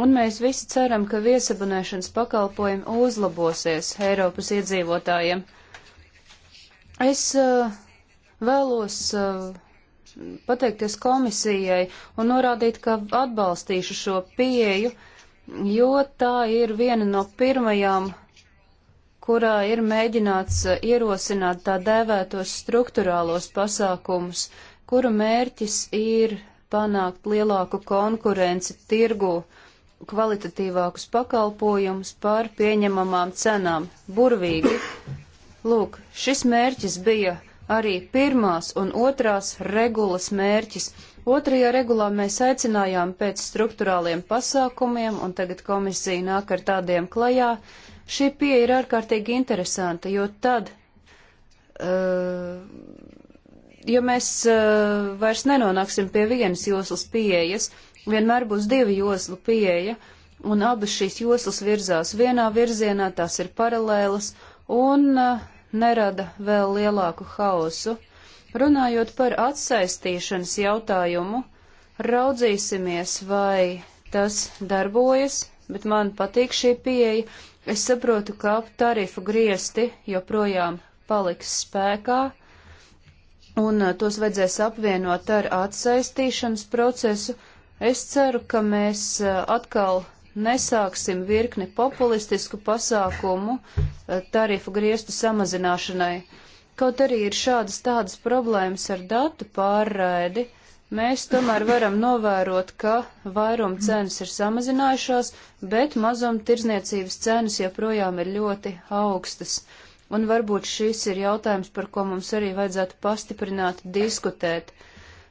Un mēs visi ceram, ka viesabunēšanas pakalpojumi uzlabosies Eiropas iedzīvotājiem. Es uh, vēlos uh, pateikties komisijai un norādīt, ka atbalstīšu šo pieeju, jo tā ir viena no pirmajām, kurā ir mēģināts ierosināt tā dēvētos struktūrālos pasākumus, kuru mērķis ir panākt lielāku konkurenci tirgu, kvalitatīvākus pakalpojumus par pieņemamām cenām. Burvīgi. Lūk, šis mērķis bija arī pirmās un otrās regulas mērķis. Otrajā regulā mēs aicinājām pēc struktūrāliem pasākumiem, un tagad komisija nāk ar tādiem klajā. Šī pieeja ir ārkārtīgi interesanta, jo tad, uh, eh, ja mēs uh, vairs nenonāksim pie vienas joslas pieejas, vienmēr būs divi joslu pieeja, un abas šīs joslas virzās vienā virzienā, tās ir paralēlas, un uh, nerada vēl lielāku haosu. Runājot par atsaistīšanas jautājumu, raudzīsimies, vai tas darbojas, bet man patīk šī pieeja. Es saprotu, ka tarifu griesti joprojām paliks spēkā, un uh, tos vajadzēs apvienot ar atsaistīšanas procesu. Es ceru, ka mēs uh, atkal nesāksim virkni populistisku pasākumu eh, tarifu griestu samazināšanai. Kaut arī ir šādas tādas problēmas ar datu pārraidi, mēs tomēr varam novērot, ka vairuma cenas ir samazinājušās, bet mazuma tirzniecības cenas joprojām ir ļoti augstas. Un varbūt šis ir jautājums, par ko mums arī vajadzētu pastiprināt diskutēt.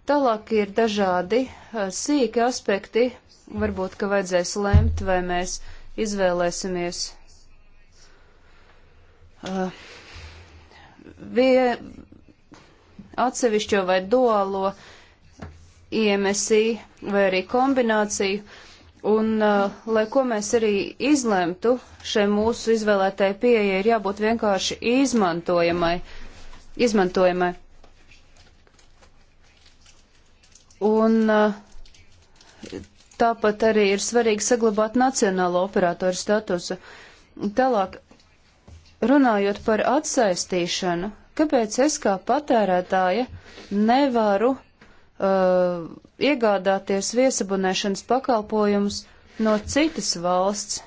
Tālāk ir dažādi eh, sīki aspekti, Varbūt, ka vajadzēs lemt, vai mēs izvēlēsimies uh, vie, atsevišķo vai duālo IMSI vai arī kombināciju. Un, uh, lai ko mēs arī izlemtu, šai mūsu izvēlētai pieeja ir jābūt vienkārši izmantojamai. izmantojamai. Un uh, Tāpat arī ir svarīgi saglabāt nacionālo operatoru statusu. Tālāk, runājot par atsaistīšanu, kāpēc es kā patērētāja nevaru uh, iegādāties viesabunēšanas pakalpojumus no citas valsts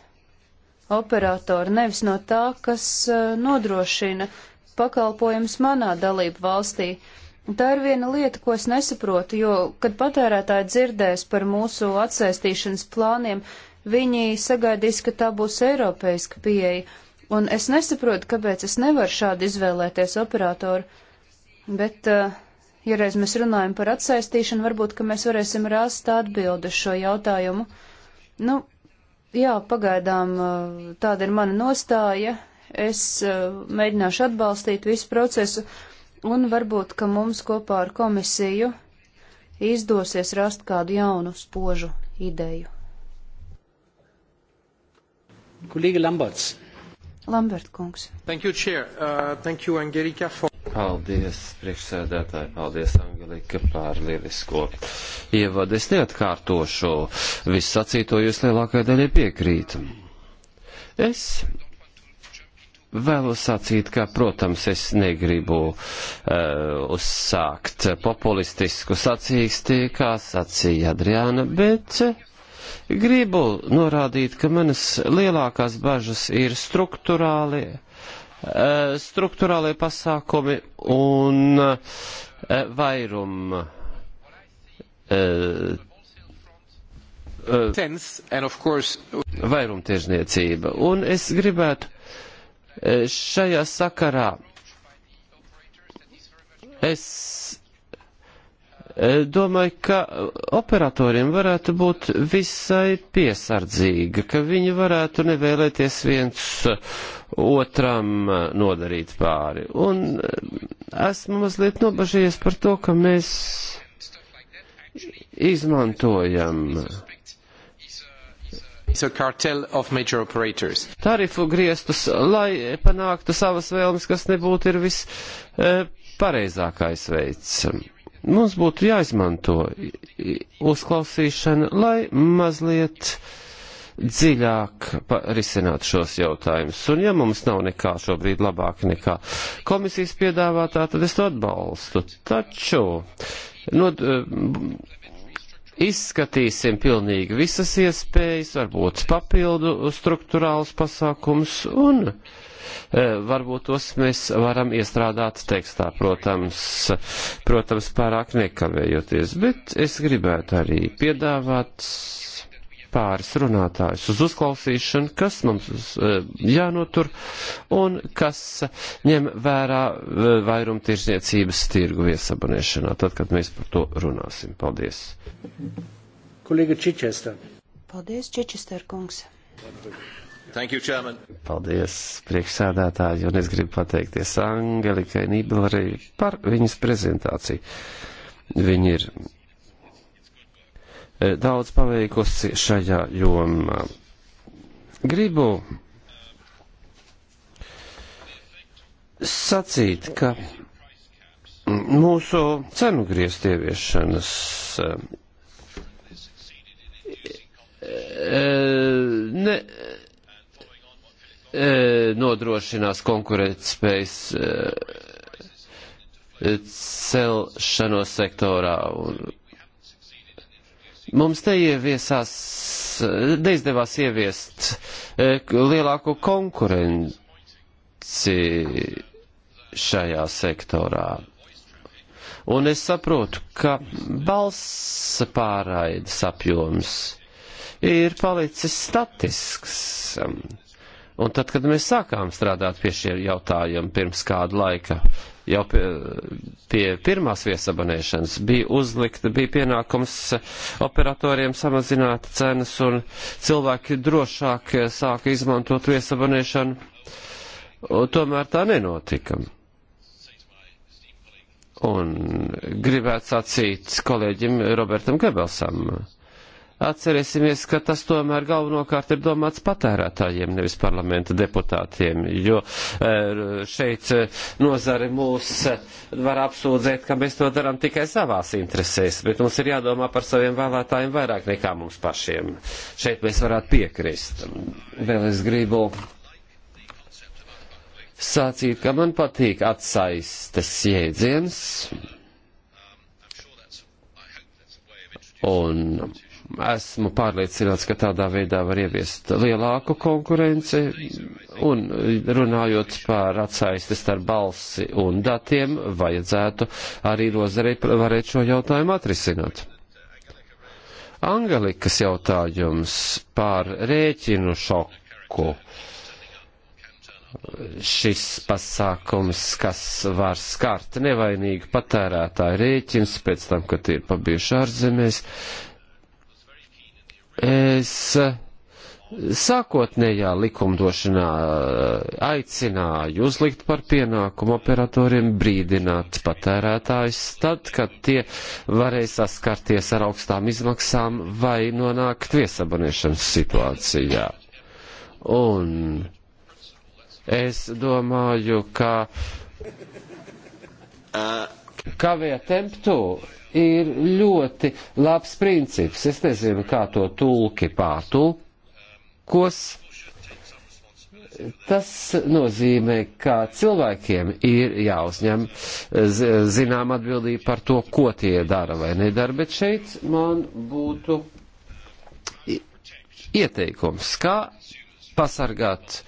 operatora, nevis no tā, kas uh, nodrošina pakalpojumus manā dalību valstī. Uh, Tā ir viena lieta, ko es nesaprotu, jo, kad patērētāji dzirdēs par mūsu atsaistīšanas plāniem, viņi sagaidīs, ka tā būs eiropeiska pieeja, un es nesaprotu, kāpēc es nevaru šādi izvēlēties operatoru. Bet, eh, ja reiz mēs runājam par atsaistīšanu, varbūt, ka mēs varēsim rast atbildi uz šo jautājumu. Nu, jā, pagaidām eh, tāda ir mana nostāja. Es eh, mēģināšu atbalstīt visu procesu un varbūt, ka mums kopā ar komisiju izdosies rast kādu jaunu spožu ideju. Kolēģi Lamberts. Lambert kungs. Thank you, Chair. Uh, thank you, Angelika, for. Paldies, priekšsēdētāji, paldies, Angelika, par lielisko ievadu. Es neatkārtošu visu sacīto, jo es lielākai daļai piekrītu. Es vēlos sacīt, ka, protams, es negribu uh, uzsākt populistisku sacīkstī, kā sacīja Adriāna, bet gribu norādīt, ka manas lielākās bažas ir struktūrāli, uh, eh, struktūrālie pasākumi un uh, eh, vairuma. Uh, Vairumtirdzniecība. Un es gribētu E, šajā sakarā es e, domāju, ka operatoriem varētu būt visai piesardzīga, ka viņi varētu nevēlēties viens otram nodarīt pāri. Un e, esmu mazliet nobažījies par to, ka mēs izmantojam tarifu griestus, lai panāktu savas vēlmes, kas nebūtu ir vispareizākais e, veids. Mums būtu jāizmanto uzklausīšana, lai mazliet dziļāk risināt šos jautājumus. Un ja mums nav nekā šobrīd labāk nekā komisijas piedāvātā, tad es to atbalstu. Taču, no, e, Izskatīsim pilnīgi visas iespējas, varbūt papildu struktūrāls pasākums un e, varbūt tos mēs varam iestrādāt tekstā, protams, protams pārāk nekavējoties, bet es gribētu arī piedāvāt pāris runātājus uz uzklausīšanu, kas mums eh, jānotur un kas ņem vērā eh, vairum tirsniecības tirgu viesabonēšanā, tad, kad mēs par to runāsim. Paldies. Kolēģi Čičester. Paldies, Čičester kungs. Thank you, Chairman. Paldies, priekšsēdētāji, un es gribu pateikties Angelikai Nīblerei par viņas prezentāciju. Viņa ir Eh, daudz paveikusi šajā jomā. Gribu sacīt, ka mūsu cenu griezt ieviešanas eh, ne, eh, nodrošinās konkurētspējas celšanos sektorā un Mums te ieviesās, neizdevās ieviest eh, lielāku konkurenci šajā sektorā. Un es saprotu, ka balss pārraides apjoms ir palicis statisks. Un tad, kad mēs sākām strādāt pie šiem jautājumiem pirms kāda laika, jau pie, pie pirmās viesabanēšanas bija uzlikta, bija pienākums operatoriem samazināt cenas un cilvēki drošāk sāka izmantot viesabanēšanu. Tomēr tā nenotika. Un gribētu sacīt kolēģim Robertam Gebelsam Atcerēsimies, ka tas tomēr galvenokārt ir domāts patērētājiem, nevis parlamenta deputātiem, jo e, šeit e, nozare mūs e, var apsūdzēt, ka mēs to darām tikai savās interesēs, bet mums ir jādomā par saviem vēlētājiem vairāk nekā mums pašiem. Šeit mēs varētu piekrist. Vēl es gribu sacīt, ka man patīk atsaistes jēdziens. Un Esmu pārliecināts, ka tādā veidā var ieviest lielāku konkurenci, un runājot par atsaisti starp balsi un datiem, vajadzētu arī nozarei varēt šo jautājumu atrisināt. Angelikas jautājums par rēķinu šoku šis pasākums, kas var skart nevainīgu patērētāju rēķins pēc tam, kad ir pabijuši ārzemēs, Es eh, sākotnējā likumdošanā eh, aicināju uzlikt par pienākumu operatoriem brīdināt patērētājus tad, kad tie varēs saskarties ar augstām izmaksām vai nonākt viesabonēšanas situācijā. Un es domāju, ka uh, kavē temptu ir ļoti labs princips. Es nezinu, kā to tulki pārtulkos. Tas nozīmē, ka cilvēkiem ir jāuzņem zinām atbildība par to, ko tie dara vai nedara, bet šeit man būtu ieteikums, kā pasargāt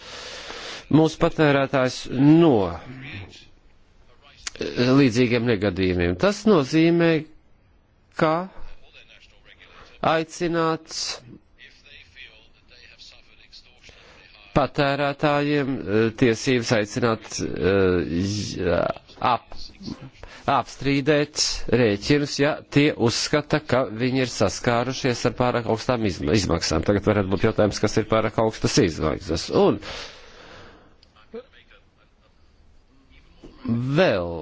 mūsu patērētājs no e, līdzīgiem negadījumiem. Tas nozīmē, ka aicināts patērētājiem eh, tiesības aicināt eh, ap, apstrīdēt rēķinus, ja tie uzskata, ka viņi ir saskārušies ar pārāk augstām izmaksām. Tagad varētu būt jautājums, kas ir pārāk augstas izmaksas. Un vēl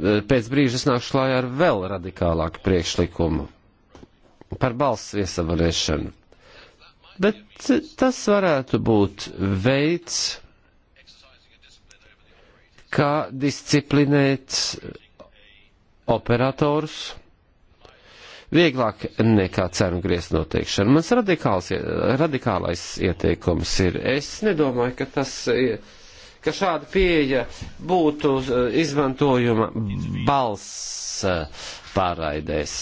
pēc brīža es nāku klājā ar vēl radikālāku priekšlikumu par balss iesavarēšanu. Bet tas varētu būt veids, kā disciplinēt operatorus vieglāk nekā cenu griezt noteikšana. Mans radikāls, radikālais ieteikums ir, es nedomāju, ka tas ir ka šāda pieeja būtu eh, izmantojuma balss eh, pārraidēs.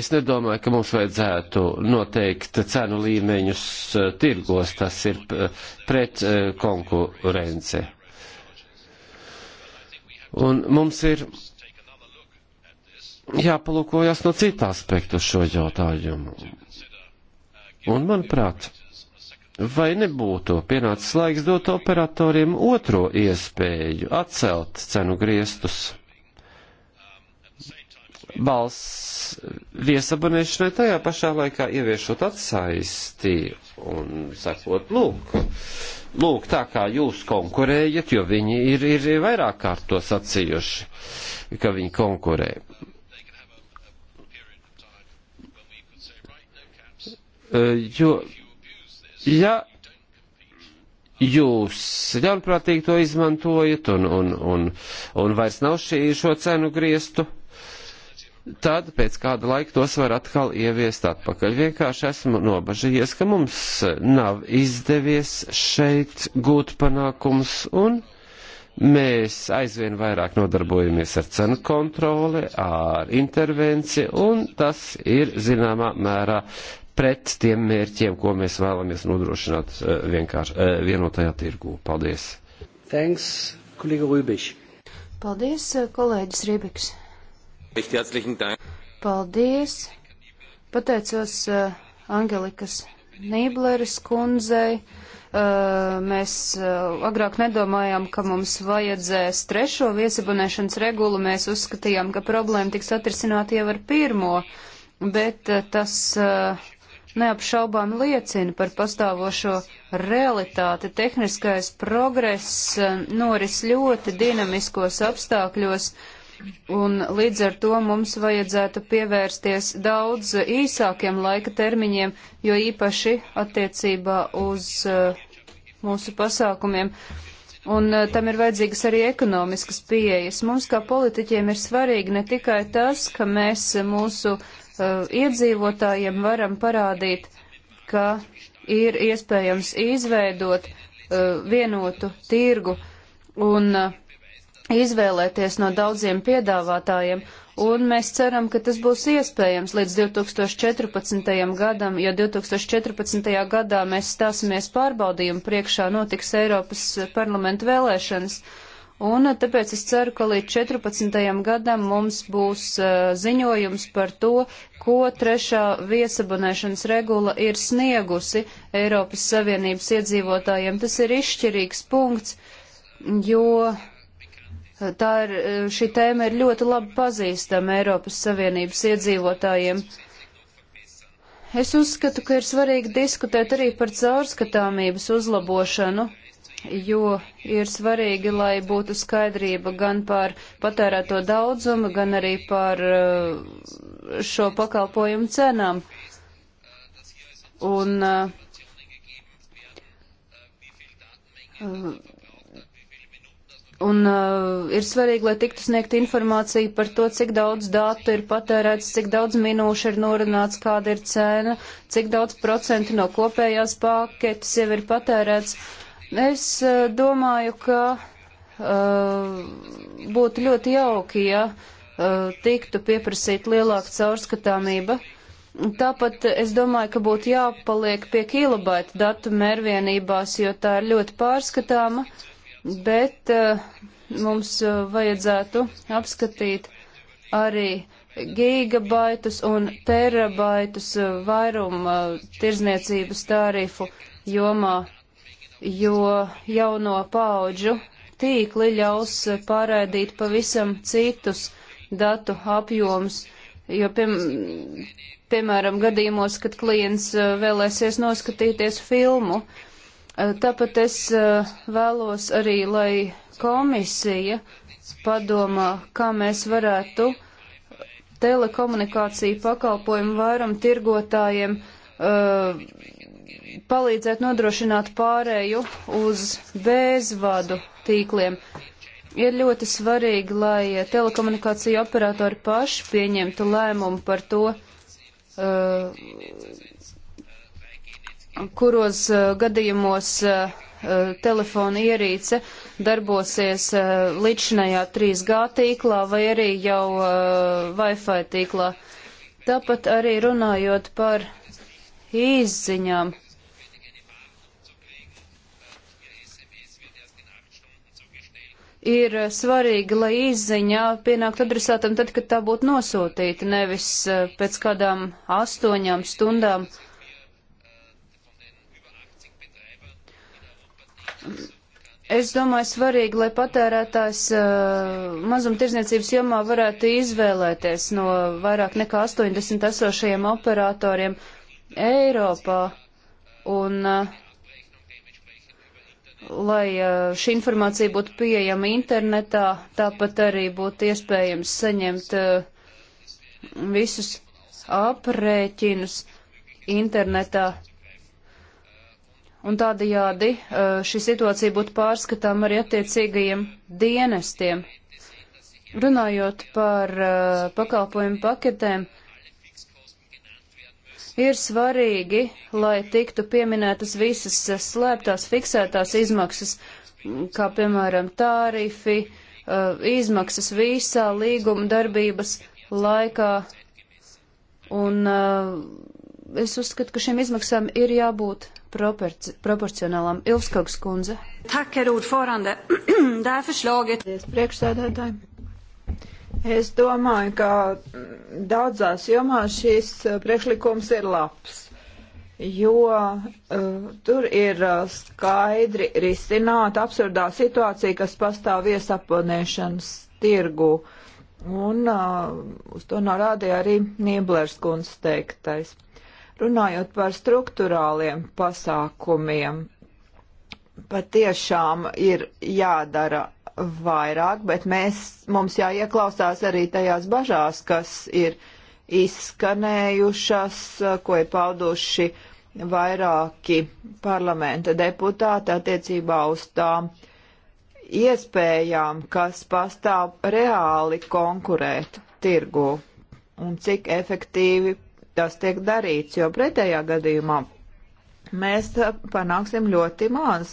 Es nedomāju, ka mums vajadzētu noteikt cenu līmeņus eh, tirgos, tas ir pret konkurence. Un mums ir jāpalūkojas no cita aspekta šo jautājumu. Un, manuprāt, vai nebūtu pienācis laiks dot operatoriem otro iespēju atcelt cenu griestus? Balss viesabonēšanai tajā pašā laikā ieviešot atsaisti un sakot, lūk, lūk, tā kā jūs konkurējat, jo viņi ir, ir vairāk kārt to sacījuši, ka viņi konkurē. Jo Ja jūs ļaunprātīgi to izmantojat un, un, un, un vairs nav šī, šo cenu griestu, tad pēc kāda laika tos var atkal ieviest atpakaļ. Vienkārši esmu nobažījies, ka mums nav izdevies šeit gūt panākums un mēs aizvien vairāk nodarbojamies ar cenu kontroli, ar intervenciju un tas ir zināmā mērā pret tiem mērķiem, ko mēs vēlamies nodrošināt eh, vienkārši eh, vienotajā tirgū. Paldies! Thanks, kolēģi Rībiš! Paldies, eh, kolēģis Rībiks! Paldies! Pateicos uh, Angelikas Nībleres kundzei. Uh, mēs uh, agrāk nedomājām, ka mums vajadzēs trešo viesabunēšanas regulu. Mēs uzskatījām, ka problēma tiks atrisināta jau ar pirmo, bet uh, tas uh, neapšaubām liecina par pastāvošo realitāti. Tehniskais progress eh, noris ļoti dinamiskos apstākļos, un līdz ar to mums vajadzētu pievērsties daudz īsākiem laika termiņiem, jo īpaši attiecībā uz eh, mūsu pasākumiem. Un eh, tam ir vajadzīgas arī ekonomiskas pieejas. Mums kā politiķiem ir svarīgi ne tikai tas, ka mēs mūsu Uh, iedzīvotājiem varam parādīt, ka ir iespējams izveidot uh, vienotu tirgu un uh, izvēlēties no daudziem piedāvātājiem, un mēs ceram, ka tas būs iespējams līdz 2014. gadam, jo 2014. gadā mēs stāsimies pārbaudījumu priekšā notiks Eiropas parlamenta vēlēšanas. Uh, Un tāpēc es ceru, ka līdz 14. gadam mums būs uh, ziņojums par to, ko trešā viesabonēšanas regula ir sniegusi Eiropas Savienības iedzīvotājiem. Tas ir izšķirīgs punkts, jo uh, tā ir, uh, šī tēma ir ļoti labi pazīstama Eiropas Savienības iedzīvotājiem. Es uzskatu, ka ir svarīgi diskutēt arī par caurskatāmības uzlabošanu jo ir svarīgi, lai būtu skaidrība gan par patērēto daudzumu, gan arī par eh, šo pakalpojumu cenām. Un uh, Un uh, ir svarīgi, lai tiktu sniegta informācija par to, cik daudz datu ir patērēts, cik daudz minūšu ir norunāts, kāda ir cena, cik daudz procenti no kopējās paketes jau ir patērēts. Uh, Es eh, domāju, ka uh, būtu ļoti jauki, ja uh, tiktu pieprasīt lielāka caurskatāmība. Tāpat es domāju, ka būtu jāpaliek pie kilobaita datu mērvienībās, jo tā ir ļoti pārskatāma, bet uh, mums vajadzētu apskatīt arī gigabaitus un terabaitus vairuma tirzniecības tārifu jomā jo jauno paudžu tīkli ļaus pārēdīt pavisam citus datu apjomus, jo, piem, piemēram, gadījumos, kad klients uh, vēlēsies noskatīties filmu, uh, tāpat es uh, vēlos arī, lai komisija padomā, kā mēs varētu telekomunikāciju pakalpojumu vairam tirgotājiem uh, palīdzēt nodrošināt pārēju uz bezvadu tīkliem. Ir ļoti svarīgi, lai telekomunikāciju operatori paši pieņemtu lēmumu par to, uh, kuros uh, gadījumos uh, telefona ierīce darbosies līdzinājā 3G tīklā vai arī jau Wi-Fi tīklā. Tāpat arī runājot par izziņām. ir svarīgi, lai izziņa pienāktu adresātam tad, kad tā būtu nosūtīta, nevis eh, pēc kādām astoņām stundām. Es domāju, svarīgi, lai patērētājs eh, mazumtirdzniecības jomā varētu izvēlēties no vairāk nekā 80 esošajiem operatoriem Eiropā. Un uh, lai šī informācija būtu pieejama internetā, tāpat arī būtu iespējams saņemt visus aprēķinus internetā. Un tādajādi šī situācija būtu pārskatām arī attiecīgajiem dienestiem. Runājot par pakalpojumu paketēm, uh, Ir svarīgi, lai tiktu pieminētas visas slēptās, fiksētās izmaksas, kā piemēram tārifi, uh, izmaksas visā līguma darbības laikā. Un uh, es uzskatu, ka šīm izmaksām ir jābūt proporci proporcionālām. Ilvskogs kundze. Tak, Rūd, forande. Tā ir förslaget. Priekšsēdētāji. Es domāju, ka daudzās jomās šis eh, priekšlikums ir labs, jo uh, tur ir eh, skaidri risināta absurdā situācija, kas pastāv iesaponēšanas tirgu. Un uh, uz to norādīja arī Nieblers kundze teiktais. Runājot par struktūrāliem pasākumiem, patiešām ir jādara vairāk, bet mēs, mums jāieklausās arī tajās bažās, kas ir izskanējušas, ko ir pauduši vairāki parlamenta deputāti attiecībā uz tām iespējām, kas pastāv reāli konkurēt tirgu un cik efektīvi tas tiek darīts, jo pretējā gadījumā mēs uh, panāksim ļoti maz.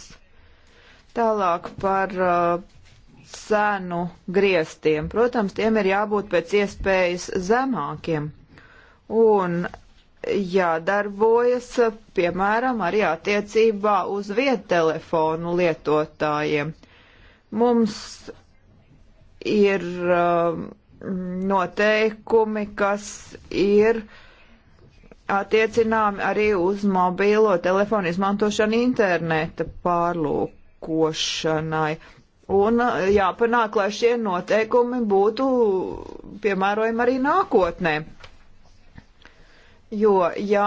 Tālāk par uh, cenu griestiem. Protams, tiem ir jābūt pēc iespējas zemākiem. Un jādarbojas, uh, piemēram, arī attiecībā uz viedtelefonu lietotājiem. Mums ir uh, noteikumi, kas ir uh, attiecināmi arī uz mobīlo telefonu izmantošanu interneta pārlūkošanai. Un eh, jāpanāk, lai šie noteikumi būtu piemērojami arī nākotnē. Jo, ja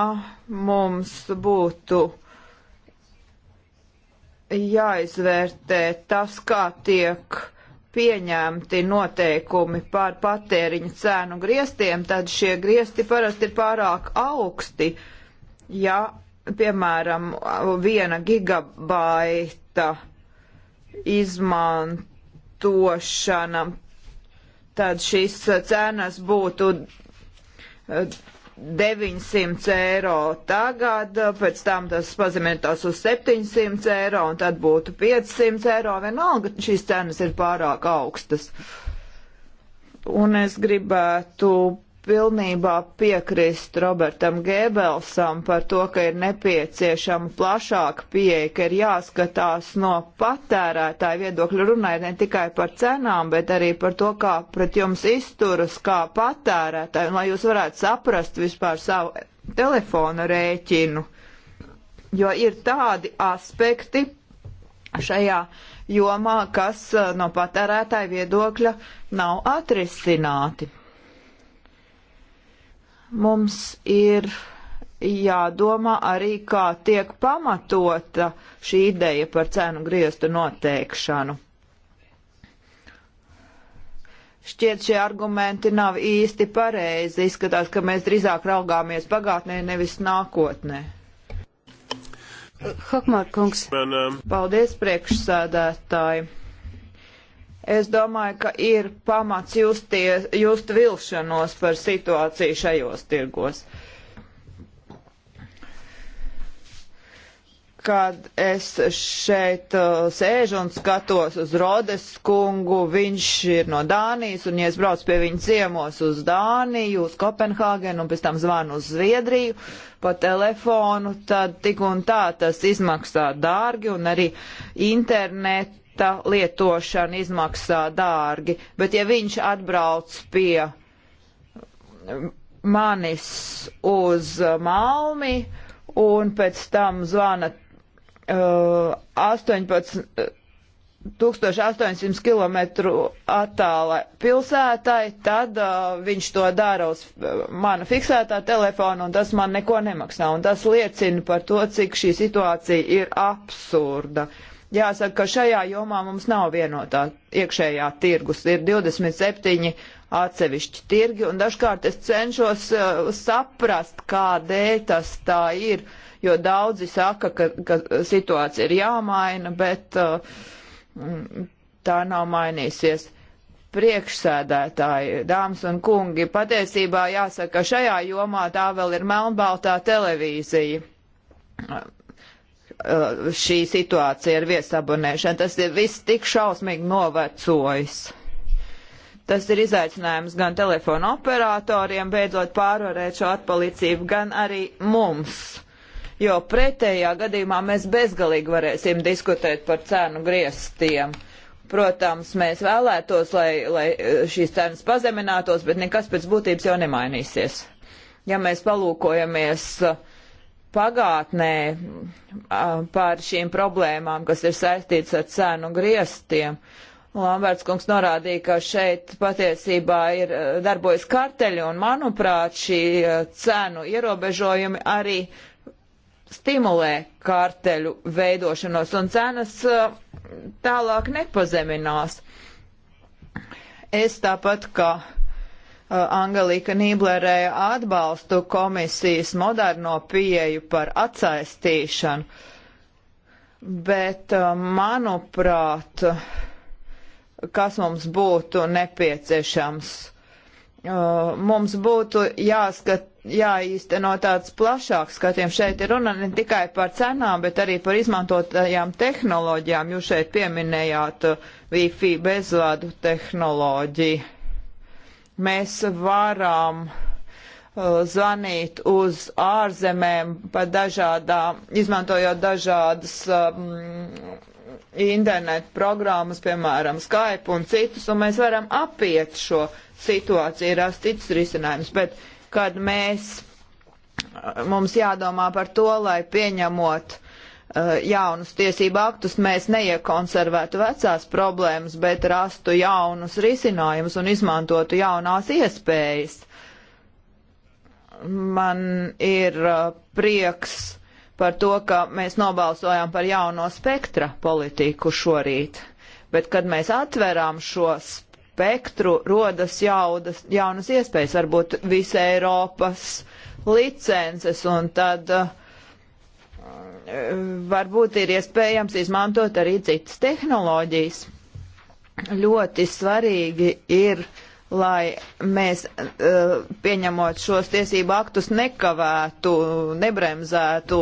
mums būtu jāizvērtē tas, kā tiek uh, pieņemti noteikumi par patēriņu cēnu griestiem, tad šie griesti parasti ir pārāk augsti. Ja, piemēram, viena gigabaita izmantošana, tad šīs cenas būtu eh, 900 eiro tagad, pēc tam tas pazeminātos uz 700 eiro un tad būtu 500 eiro. Vienalga šīs cenas ir pārāk augstas. Un es gribētu pilnībā piekrist Robertam Gēbelsam par to, ka ir nepieciešama plašāka pieeja, ka ir jāskatās no patērētāja viedokļa runājot ne tikai par cenām, bet arī par to, kā pret jums izturas kā patērētāji, un lai jūs varētu saprast vispār savu telefonu rēķinu. Jo ir tādi aspekti šajā jomā, kas eh, no patērētāja viedokļa nav atrisināti mums ir jādomā arī, kā tiek pamatota šī ideja par cenu griestu noteikšanu. Šķiet, šie argumenti nav īsti pareizi. Izskatās, ka mēs drīzāk raugāmies pagātnē, nevis nākotnē. Hokmārkungs. Paldies, priekšsēdētāji. Es domāju, ka ir pamats justies, just vilšanos par situāciju šajos tirgos. Kad es šeit uh, sēžu un skatos uz Rodes kungu, viņš ir no Dānijas, un ja es braucu pie viņa ciemos uz Dāniju, uz Kopenhāgenu, un pēc tam zvanu uz Zviedriju pa telefonu, tad tik un tā tas izmaksā dārgi, un arī internet tā lietošana izmaksā dārgi, bet ja viņš atbrauc pie manis uz Malmi un pēc tam zvana uh, 18. 1800 km attāla pilsētai, tad uh, viņš to dara uz uh, mana fiksētā telefona, un tas man neko nemaksā. Un tas liecina par to, cik šī situācija ir absurda. Uh, Jāsaka, ka šajā jomā mums nav vienotā iekšējā tirgus. Ir 27 atsevišķi tirgi, un dažkārt es cenšos uh, saprast, kādēļ tas tā ir, jo daudzi saka, ka, ka situācija ir jāmaina, bet uh, tā nav mainīsies. Priekšsēdētāji, dāmas un kungi, patiesībā jāsaka, ka šajā jomā tā vēl ir melnbaltā televīzija. Uh, šī situācija ar viesabonēšanu. Tas ir viss tik šausmīgi novecojis. Tas ir izaicinājums gan telefonu operatoriem beidzot pārvarēt šo atpalicību, gan arī mums. Jo pretējā gadījumā mēs bezgalīgi varēsim diskutēt par cenu griestiem. Protams, mēs vēlētos, lai, lai šīs cenas pazeminātos, bet nekas pēc būtības jau nemainīsies. Ja mēs palūkojamies uh, pagātnē par šīm problēmām, kas ir saistīts ar cenu griestiem. Lamberts kungs norādīja, ka šeit patiesībā ir darbojas karteļi, un manuprāt, šī cenu ierobežojumi arī stimulē karteļu veidošanos, un cenas tālāk nepazeminās. Es tāpat kā. Ka Angelika Nīblerē atbalstu komisijas moderno pieju par atsaistīšanu, bet uh, manuprāt, kas mums būtu nepieciešams? Uh, mums būtu jāskat, jāīsteno tāds plašāks skatījums. Šeit ir runa ne tikai par cenām, bet arī par izmantotajām tehnoloģijām. Jūs šeit pieminējāt uh, Wi-Fi bezvadu tehnoloģiju Mēs varam uh, zvanīt uz ārzemēm pa dažādām, izmantojot dažādas um, internetu programmas, piemēram, Skype un citus, un mēs varam apiet šo situāciju, rast citus risinājumus. Bet, kad mēs, uh, mums jādomā par to, lai pieņemot uh, Uh, jaunus tiesību aktus, mēs neiekonservētu vecās problēmas, bet rastu jaunus risinājumus un izmantotu jaunās iespējas. Man ir uh, prieks par to, ka mēs nobalsojām par jauno spektra politiku šorīt, bet kad mēs atverām šo spektru, rodas jaudas, jaunas iespējas, varbūt visa Eiropas licences un tad uh, varbūt ir iespējams izmantot arī citas tehnoloģijas. Ļoti svarīgi ir, lai mēs eh, pieņemot šos tiesību aktus nekavētu, nebremzētu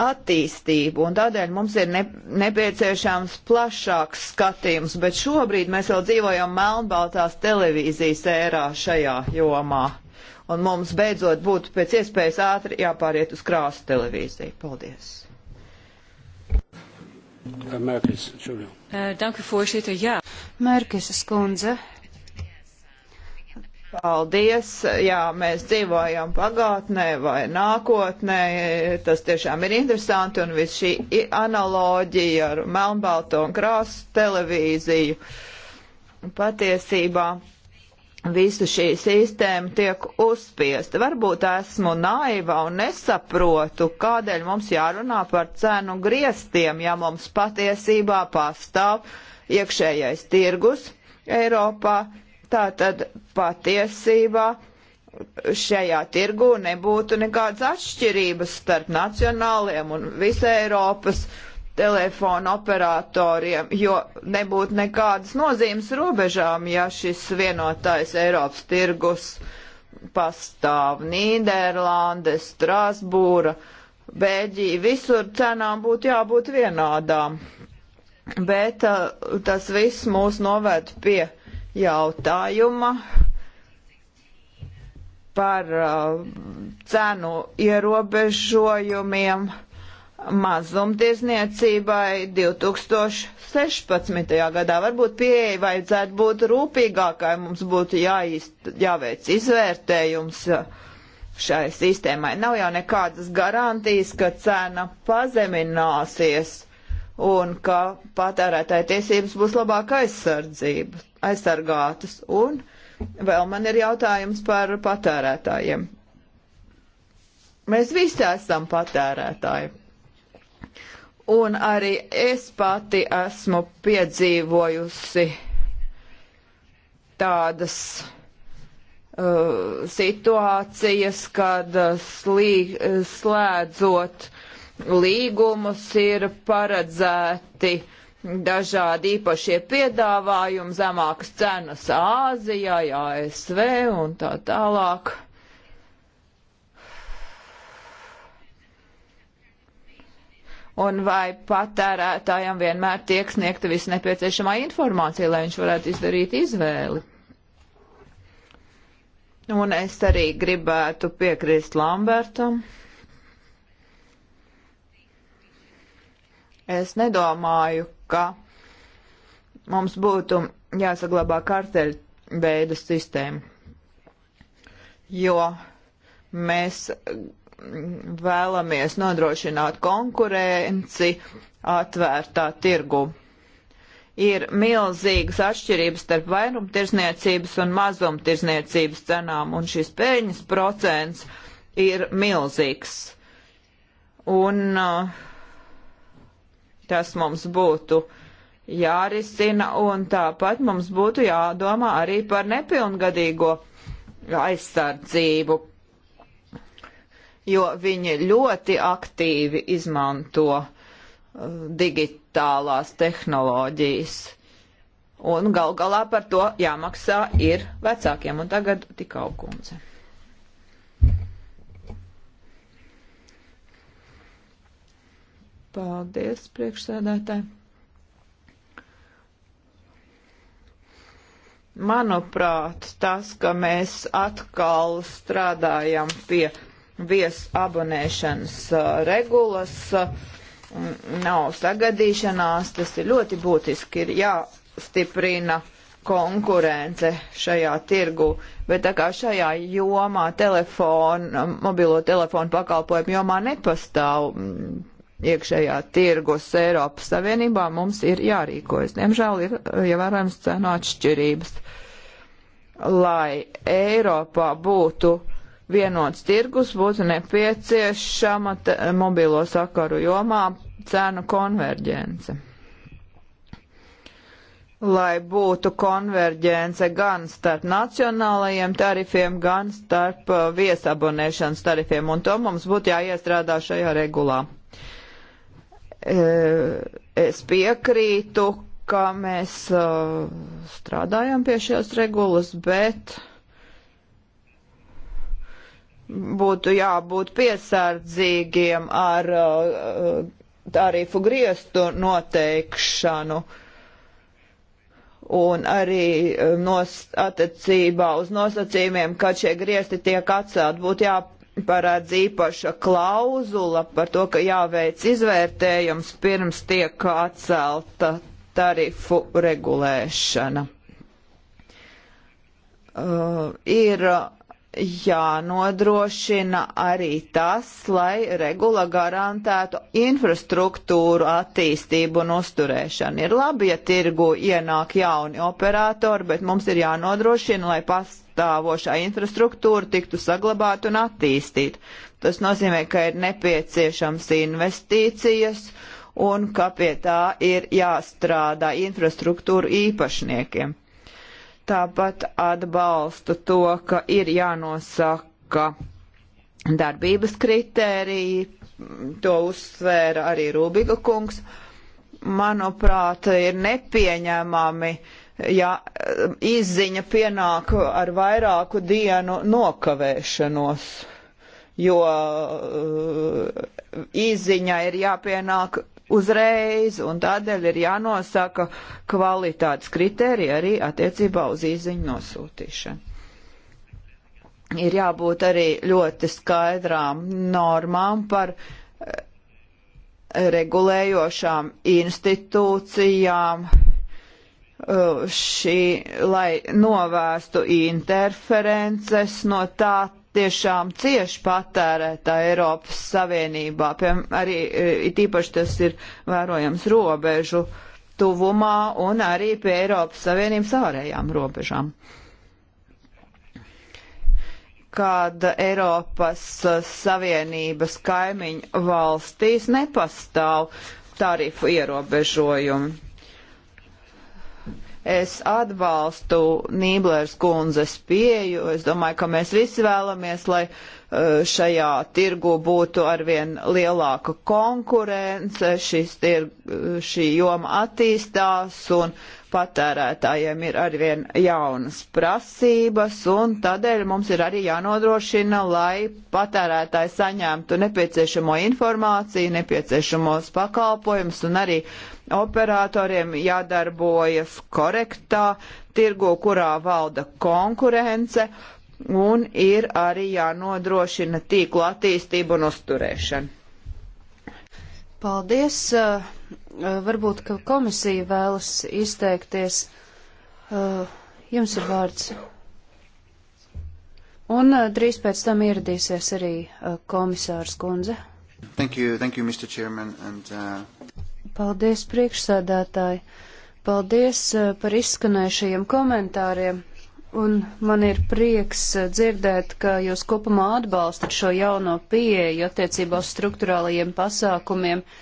attīstību, un tādēļ mums ir ne, nepieciešams plašāks skatījums, bet šobrīd mēs vēl dzīvojam melnbaltās televīzijas ērā šajā jomā un mums beidzot būtu pēc iespējas ātri jāpāriet uz krāsu televīziju. Paldies! Mērķis, uh, jā. Mērķis skundze. Paldies! Jā, mēs dzīvojam pagātnē vai nākotnē. Tas tiešām ir interesanti un viss šī analoģija ar melnbalto un krāsu televīziju patiesībā visu šī sistēma tiek uzspiesta. Varbūt esmu naiva un nesaprotu, kādēļ mums jārunā par cenu griestiem, ja mums patiesībā pastāv iekšējais tirgus Eiropā. Tātad patiesībā šajā tirgu nebūtu nekādas atšķirības starp nacionāliem un visai Eiropas uh, telefonu operatoriem, jo nebūtu nekādas nozīmes robežām, ja šis vienotais Eiropas tirgus pastāv Nīderlande, Strasbūra, Bēģija, visur cenām būtu jābūt vienādām. Bet uh, tas viss mūs novērt pie jautājuma par uh, cenu ierobežojumiem mazumtirzniecībai 2016. gadā. Varbūt pieeja vajadzētu būt rūpīgākai, mums būtu jāizt, jāveic izvērtējums šai sistēmai. Nav jau nekādas garantijas, ka cena pazemināsies un ka patērētāja tiesības būs labāk aizsargātas. Un vēl man ir jautājums par patērētājiem. Mēs visi esam patērētāji Un arī es pati esmu piedzīvojusi tādas uh, situācijas, kad uh, slī, slēdzot līgumus ir paredzēti dažādi īpašie piedāvājumi, zemākas cenas Āzijā, ASV un tā tālāk. un vai patērētājam vienmēr tiek sniegta viss nepieciešamā informācija, lai viņš varētu izdarīt izvēli. Un es arī gribētu piekrist Lambertam. Es nedomāju, ka mums būtu jāsaglabā karteļu veida sistēma, jo mēs vēlamies nodrošināt konkurenci atvērtā tirgu. Ir milzīgas atšķirības starp vairumtirzniecības un mazumtirzniecības cenām, un šis peļņas procents ir milzīgs. Un uh, tas mums būtu jārisina, un tāpat mums būtu jādomā arī par nepilngadīgo aizsardzību jo viņi ļoti aktīvi izmanto uh, digitālās tehnoloģijas. Un gal galā par to jāmaksā ir vecākiem. Un tagad tik augundze. Paldies, priekšsēdētāji. Manuprāt, tas, ka mēs atkal strādājam pie viesabonēšanas regulas, nav sagadīšanās, tas ir ļoti būtiski, ir jāstiprina konkurence šajā tirgu, bet tā kā šajā jomā telefona, mobilo telefonu pakalpojumu jomā nepastāv mm, iekšējā tirgus Eiropas Savienībā, mums ir jārīkojas. Diemžēl ir ievērojams ja cenu atšķirības. Lai Eiropā būtu vienots tirgus, būtu nepieciešama mobilo sakaru jomā cēnu konverģence. Lai būtu konverģence gan starp nacionālajiem tarifiem, gan starp uh, viesabonēšanas tarifiem, un to mums būtu jāiestrādā šajā regulā. E, es piekrītu, ka mēs uh, strādājam pie šīs regulas, bet būtu jābūt piesardzīgiem ar uh, tarifu griestu noteikšanu un arī uh, nos, attiecībā uz nosacījumiem, kad šie griesti tiek atcelt, būtu jāparādz īpaša klauzula par to, ka jāveic izvērtējums pirms tiek atcelta tarifu regulēšana. Uh, ir uh, jānodrošina arī tas, lai regula garantētu infrastruktūru attīstību un uzturēšanu. Ir labi, ja tirgu ienāk jauni operatori, bet mums ir jānodrošina, lai pastāvošā infrastruktūra tiktu saglabāta un attīstīta. Tas nozīmē, ka ir nepieciešams investīcijas un ka pie tā ir jāstrādā infrastruktūru īpašniekiem Tāpat atbalstu to, ka ir jānosaka darbības kritēriji, to uzsvēra arī Rūbiga kungs. Manuprāt, ir nepieņēmami, ja eh, izziņa pienāk ar vairāku dienu nokavēšanos, jo uh, izziņa ir jāpienāk uzreiz, un tādēļ ir jānosaka kvalitātes kriterija arī attiecībā uz īziņu nosūtīšanu. Ir jābūt arī ļoti skaidrām normām par eh, regulējošām institūcijām, eh, šī, lai novērstu interferences no tā tiešām cieši patērētā Eiropas Savienībā. Piem, arī e, tīpaši tas ir vērojams robežu tuvumā un arī pie Eiropas Savienības ārējām robežām. Kad Eiropas e, Savienības kaimiņu valstīs nepastāv tarifu ierobežojumi Es atbalstu Nīblers kundzes pieju. Es domāju, ka mēs visi vēlamies, lai eh, šajā tirgu būtu arvien lielāka konkurence, šis tirg, eh, šī joma attīstās un uh, patērētājiem ir arvien jaunas prasības, un tādēļ mums ir arī jānodrošina, lai patērētāji saņemtu nepieciešamo informāciju, nepieciešamos pakalpojumus, un arī operatoriem jādarbojas korektā tirgu, kurā valda konkurence, un ir arī jānodrošina tīklu attīstību un uzturēšanu. Paldies! Uh Eh, varbūt, ka komisija vēlas izteikties. Eh, jums ir vārds. Un eh, drīz pēc tam ieradīsies arī komisārs kundze. Thank you, thank you, Mr. Chairman, and, uh... Paldies, priekšsēdētāji. Paldies par izskanējušajiem komentāriem. Un man ir prieks dzirdēt, ka jūs kopumā atbalstat šo jauno pieeju attiecībā uz struktūrālajiem pasākumiem. Uh,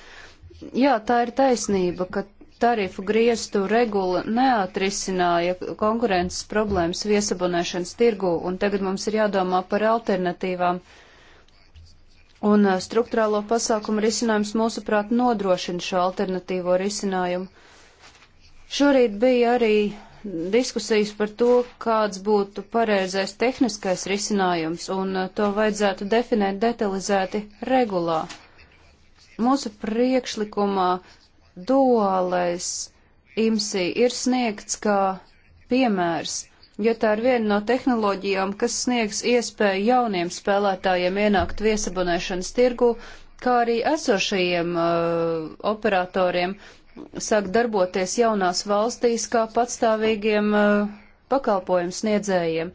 jā, tā ir taisnība, ka tarifu griestu regula neatrisināja konkurences problēmas viesabonēšanas tirgu, un tagad mums ir jādomā par alternatīvām. Un struktūrālo pasākumu risinājums, mūsuprāt, nodrošina šo alternatīvo risinājumu. Šorīt bija arī diskusijas par to, kāds būtu pareizais tehniskais risinājums, un to vajadzētu definēt detalizēti regulā. Mūsu priekšlikumā duālais imsī ir sniegts kā piemērs, jo tā ir viena no tehnoloģijām, kas sniegs iespēju jauniem spēlētājiem ienākt viesabonēšanas tirgu, kā arī esošajiem uh, operatoriem sāk darboties jaunās valstīs kā patstāvīgiem uh, pakalpojumu sniedzējiem.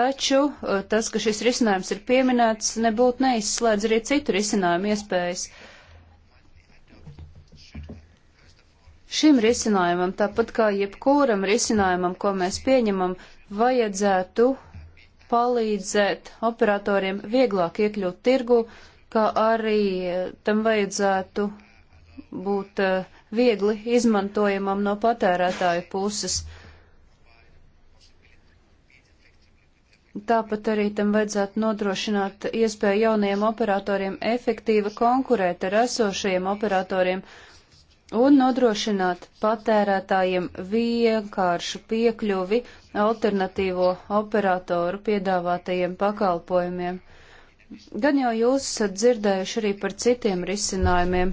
Taču uh, tas, ka šis risinājums ir pieminēts, nebūtu neizslēdz arī citu risinājumu iespējas. Uh, Šim risinājumam, tāpat kā jebkuram risinājumam, ko mēs pieņemam, vajadzētu palīdzēt operatoriem vieglāk iekļūt tirgu, kā arī eh, tam vajadzētu būt eh, viegli izmantojamam no patērētāju puses. Tāpat arī tam vajadzētu nodrošināt iespēju jaunajiem operatoriem efektīvi konkurēt ar esošajiem operatoriem un nodrošināt patērētājiem vienkāršu piekļuvi alternatīvo operatoru piedāvātajiem pakalpojumiem. Gan jau jūs esat dzirdējuši arī par citiem risinājumiem.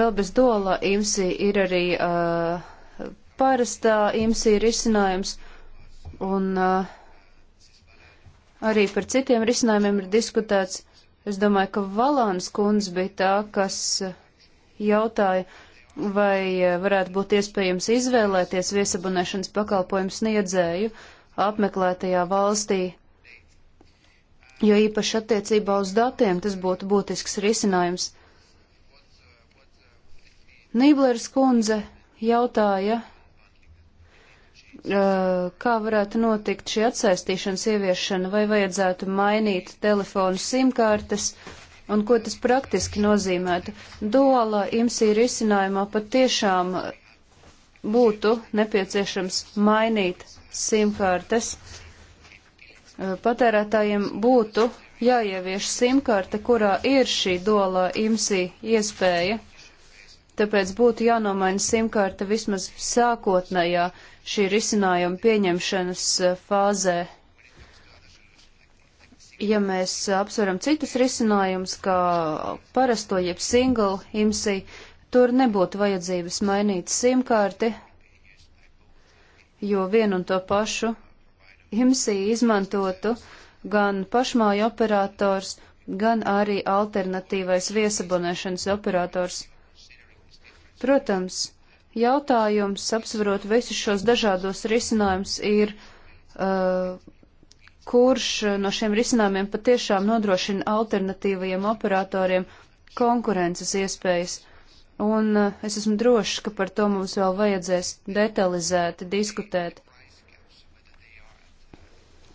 Vēl bez dola IMSI ir arī uh, parastā IMSI risinājums, un uh, arī par citiem risinājumiem ir diskutēts. Es domāju, ka Valāns kundze bija tā, kas jautāja, uh, vai e, varētu būt iespējams izvēlēties viesabunēšanas pakalpojumu sniedzēju apmeklētajā valstī, jo īpaši attiecībā uz datiem tas būtu būtisks risinājums. Nīblers kundze jautāja, e, kā varētu notikt šī atsaistīšanas ieviešana, vai vajadzētu mainīt telefonu simkartes, kartes un ko tas praktiski nozīmētu. Duala imsī risinājumā patiešām būtu nepieciešams mainīt simkartes. Patērētājiem būtu jāievieš simkarte, kurā ir šī dualā imsī iespēja, tāpēc būtu jānomaina simkarte vismaz sākotnējā šī risinājuma pieņemšanas eh, fāzē ja mēs apsveram citus risinājumus, kā parasto jeb single imsi, tur nebūtu vajadzības mainīt simkārti, jo vienu un to pašu imsi izmantotu gan pašmāju operators, gan arī alternatīvais viesabonēšanas operators. Protams, jautājums, apsverot visus šos dažādos risinājumus, ir uh, kurš eh, no šiem risinājumiem patiešām nodrošina alternatīvajiem operatoriem konkurences iespējas. Un eh, es esmu drošs, ka par to mums vēl vajadzēs detalizēti diskutēt.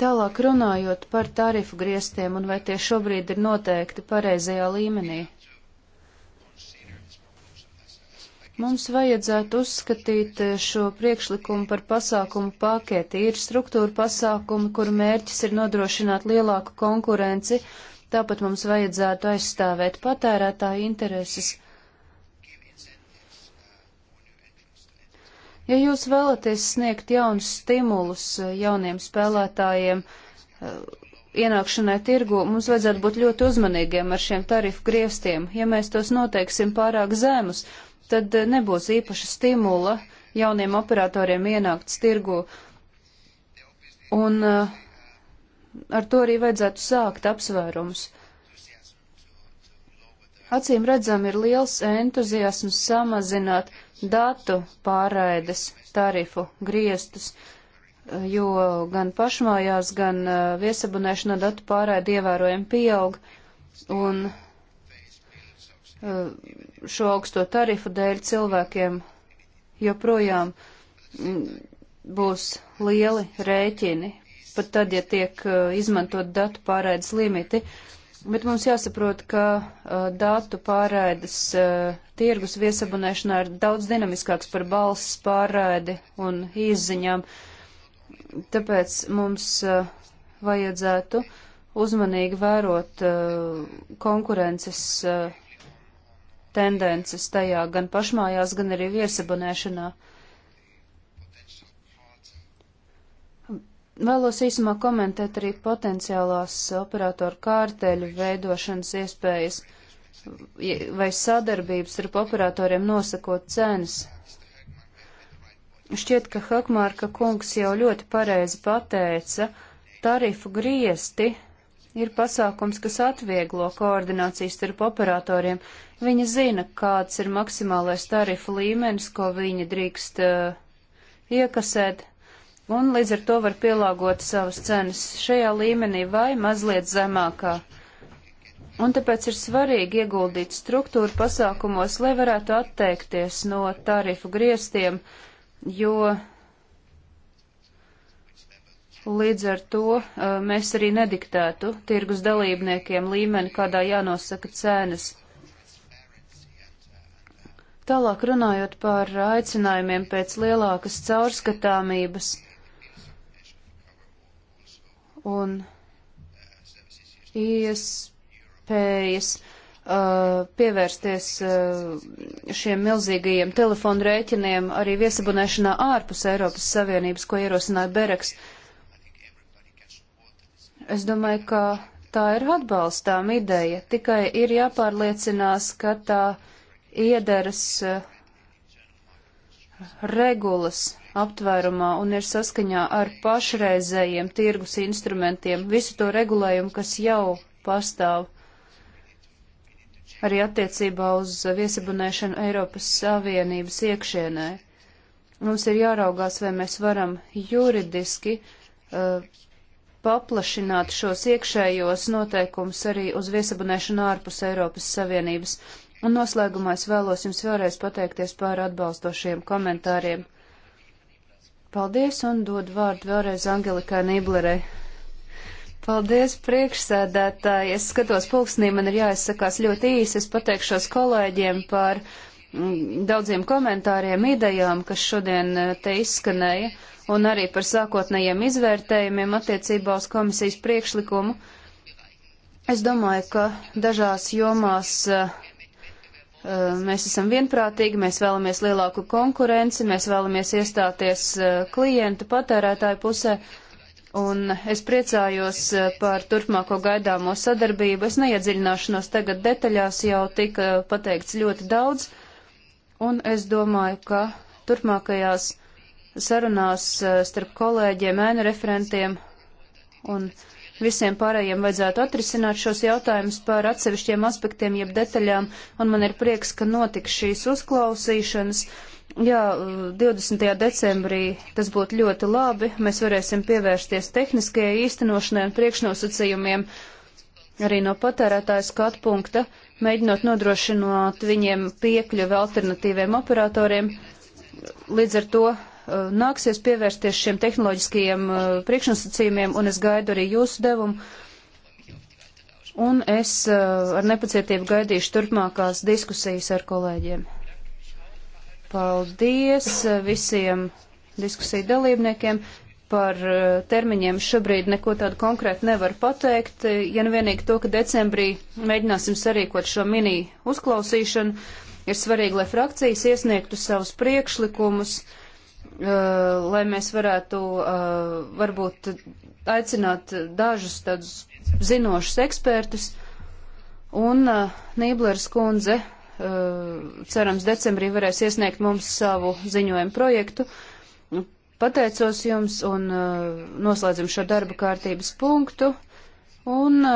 Tālāk runājot par tarifu griestiem un vai tie šobrīd ir noteikti pareizajā līmenī. Mums vajadzētu uzskatīt eh, šo priekšlikumu par pasākumu paketi. Ir struktūra pasākumi, kur mērķis ir nodrošināt lielāku konkurenci, tāpat mums vajadzētu aizstāvēt patērētāju intereses. Ja jūs vēlaties sniegt jaunus stimulus eh, jauniem spēlētājiem eh, ienākšanai tirgu, mums vajadzētu būt ļoti uzmanīgiem ar šiem tarifu griestiem. Ja mēs tos noteiksim pārāk zemus, tad eh, nebūs īpaša stimula jauniem operatoriem ienākt tirgu. Un uh, ar to arī vajadzētu sākt apsvērumus. Acīm redzam, ir liels entuziasms samazināt datu pārraides tarifu griestus, eh, jo gan pašmājās, gan viesabunēšanā datu pārraide ievērojami pieaug, un šo augsto tarifu dēļ cilvēkiem joprojām mm, būs lieli rēķini, pat tad, ja tiek uh, izmantot datu pārraides limiti. Bet mums jāsaprot, ka uh, datu pārraides uh, tirgus viesabunēšanā ir daudz dinamiskāks par balss pārraidi un izziņām. Tāpēc mums uh, vajadzētu uzmanīgi vērot uh, konkurences uh, tendences tajā gan pašmājās, gan arī viesabonēšanā. Vēlos īsumā komentēt arī potenciālās operatoru kārteļu veidošanas iespējas vai sadarbības starp operatoriem nosakot cenas. Šķiet, ka Hakmārka kungs jau ļoti pareizi pateica, tarifu griesti ir pasākums, kas atvieglo koordināciju starp operatoriem. Viņi zina, kāds ir maksimālais tarifu līmenis, ko viņi drīkst uh, iekasēt, un līdz ar to var pielāgot savas cenas šajā līmenī vai mazliet zemākā. Un tāpēc ir svarīgi ieguldīt struktūru pasākumos, lai varētu atteikties no tarifu griestiem, jo Līdz ar to eh, mēs arī nediktētu tirgus dalībniekiem līmeni, kādā jānosaka cenas. Tālāk runājot par aicinājumiem pēc lielākas caurskatāmības un iespējas uh, pievērsties uh, šiem milzīgajiem telefonu rēķiniem arī viesabunēšanā ārpus Eiropas Savienības, ko ierosināja Bereks. Uh, Es domāju, ka tā ir atbalstām ideja, tikai ir jāpārliecinās, ka tā iederas eh, regulas aptvērumā un ir saskaņā ar pašreizējiem tirgus instrumentiem, visu to regulējumu, kas jau pastāv arī attiecībā uz viesabunēšanu Eiropas Savienības iekšienē. Mums ir jāraugās, vai mēs varam juridiski uh, paplašināt šos iekšējos noteikumus arī uz viesabunēšanu ārpus Eiropas Savienības. Un noslēgumā es vēlos jums vēlreiz pateikties par atbalstošiem komentāriem. Paldies un dod vārdu vēlreiz Angelikai Nīblerei. Paldies, priekšsēdētāji. Es skatos pulksnī, man ir jāizsakās ļoti īsi. Es pateikšos kolēģiem par mm, daudziem komentāriem, idejām, kas šodien eh, te izskanēja un arī par sākotnējiem izvērtējumiem attiecībā uz komisijas priekšlikumu. Es domāju, ka dažās jomās eh, eh, mēs esam vienprātīgi, mēs vēlamies lielāku konkurenci, mēs vēlamies iestāties eh, klientu patērētāju pusē. Un es priecājos par turpmāko gaidāmo sadarbību. Es neiedziļināšanos tagad detaļās, jau tika pateikts ļoti daudz. Un es domāju, ka turpmākajās sarunās eh, starp kolēģiem, ēnu referentiem un visiem pārējiem vajadzētu atrisināt šos jautājumus par atsevišķiem aspektiem, jeb detaļām, un man ir prieks, ka notiks šīs uzklausīšanas. Jā, 20. Eh, decembrī tas būtu ļoti labi, mēs varēsim pievērsties tehniskajai īstenošanai un priekšnosacījumiem arī no patērētāja skatu punkta, mēģinot nodrošināt viņiem piekļuvi alternatīviem operatoriem. Līdz ar to Eh, nāksies pievērsties šiem tehnoloģiskajiem eh, priekšnosacījumiem, un es gaidu arī jūsu devumu. Un es eh, ar nepacietību gaidīšu turpmākās diskusijas ar kolēģiem. Paldies visiem diskusiju dalībniekiem par termiņiem šobrīd neko tādu konkrētu nevar pateikt, ja nu vienīgi to, ka decembrī mēģināsim sarīkot šo mini uzklausīšanu, ir svarīgi, lai frakcijas iesniegtu savus priekšlikumus. Uh, lai mēs varētu uh, varbūt aicināt dažus tādus zinošus ekspertus. Un uh, Nīblers kundze, cerams, decembrī varēs iesniegt mums savu ziņojumu projektu. Pateicos jums un noslēdzam šo darba kārtības punktu. Un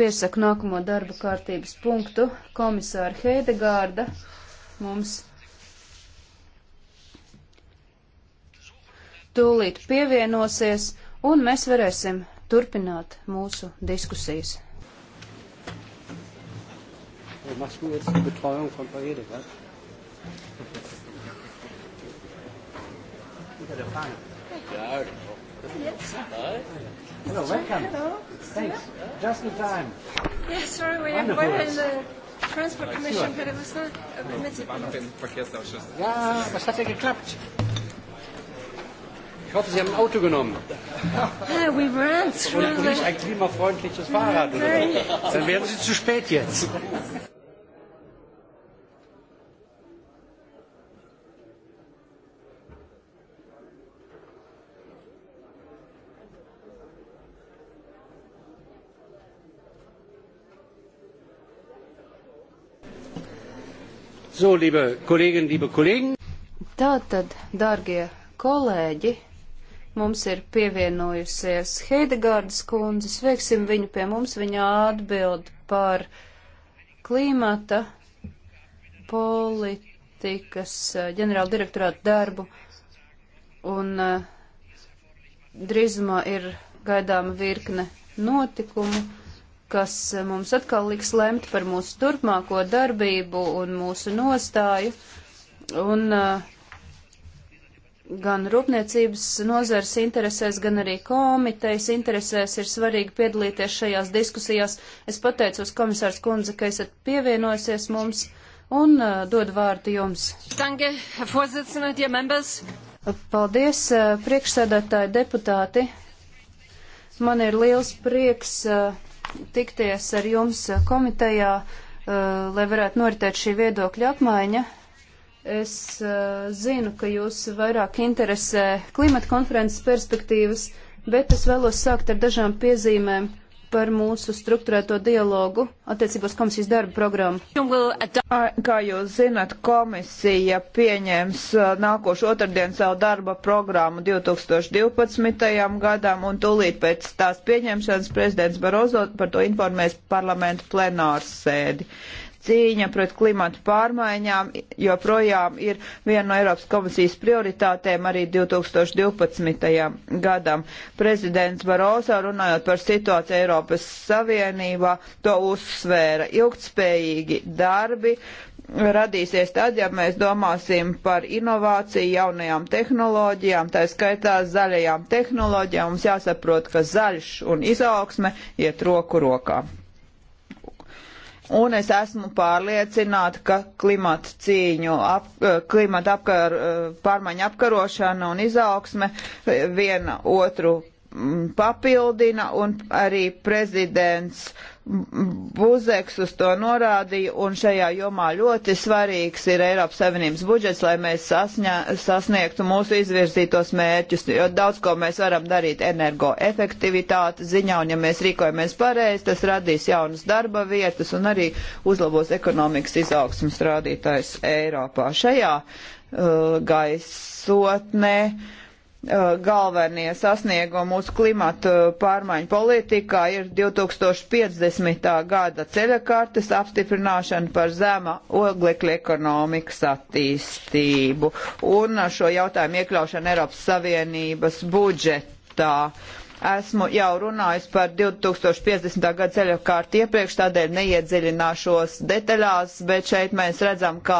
piesaku nākamo darba kārtības punktu komisāru Heidegārda mums tūlīt pievienosies, un mēs varēsim turpināt mūsu diskusijas. Machst du jetzt die Betreuung von Frau Hedegaard? Unter der Fahne. Ja, genau. Yes. Hi. Hello, welcome. Hello. Thanks. Yeah. Just in time. Yeah, sorry, we Wonderful. were in the Transport Commission, but it was not a committee. Ja, was hat ja geklappt? Ich hoffe, Sie haben ein Auto genommen. Yeah, we ran through und nicht ein klimafreundliches Fahrrad oder so. Dann wären Sie zu spät jetzt. So, liebe Kolleginnen, liebe Kollegen. Tātad, dārgie kolēģi, Mums ir pievienojusies Heidegārdas kundze, sveiksim viņu pie mums, viņa atbild par klimata politikas eh, ģenerāla direktorāta darbu, un eh, drīzumā ir gaidāma virkne notikumu, kas eh, mums atkal liks lemt par mūsu turpmāko darbību un mūsu nostāju. Un uh, gan rūpniecības nozars interesēs, gan arī komitejas interesēs ir svarīgi piedalīties šajās diskusijās. Es pateicos komisārs kundze, ka esat pievienojusies mums un uh, dod vārdu jums. Danke, Paldies, uh, priekšsēdētāji deputāti. Man ir liels prieks uh, tikties ar jums uh, komitejā, uh, lai varētu noritēt šī viedokļa apmaiņa. Es uh, zinu, ka jūs vairāk interesē klimata konferences perspektīvas, bet es vēlos sākt ar dažām piezīmēm par mūsu struktūrēto dialogu attiecībos komisijas darba programmu. Kā jūs zinat, komisija pieņems eh, nākošu otrdien savu darba programmu 2012. gadam un tūlīt pēc tās pieņemšanas prezidents Barozo par to informēs parlamentu plenārsēdi cīņa pret klimatu pārmaiņām joprojām ir viena no Eiropas komisijas prioritātēm arī 2012. gadam. Prezidents Baroso runājot par situāciju Eiropas Savienībā to uzsvēra ilgtspējīgi darbi, radīsies tad, ja mēs domāsim par inovāciju, jaunajām tehnoloģijām, tā skaitā zaļajām tehnoloģijām. Mums jāsaprot, ka zaļš un izaugsme iet roku rokā un es esmu pārliecināta, ka klimata cīņu, ap, eh, klimata apkar, eh, pārmaiņu apkarošana un izaugsme eh, viena otru papildina, un arī prezidents Buzeks uz to norādīja, un šajā jomā ļoti svarīgs ir Eiropas Savienības budžets, lai mēs sasņa, sasniegtu mūsu izvirzītos mērķus, jo daudz ko mēs varam darīt energoefektivitātes ziņā, un ja mēs rīkojamies pareizi, tas radīs jaunas darba vietas un arī uzlabos ekonomikas izaugsmas rādītājs Eiropā. Šajā uh, gaisotnē. Uh, Uh, galvenie sasniegumi mūsu klimatu uh, pārmaiņu politikā ir 2050. gada ceļakartes apstiprināšana par zema oglekļa ekonomikas attīstību un šo jautājumu iekļaušanu Eiropas Savienības budžetā. Uh, Esmu jau runājis par 2050. gada ceļa kārtu iepriekš, tādēļ neiedziļināšos detaļās, bet šeit mēs redzam, kā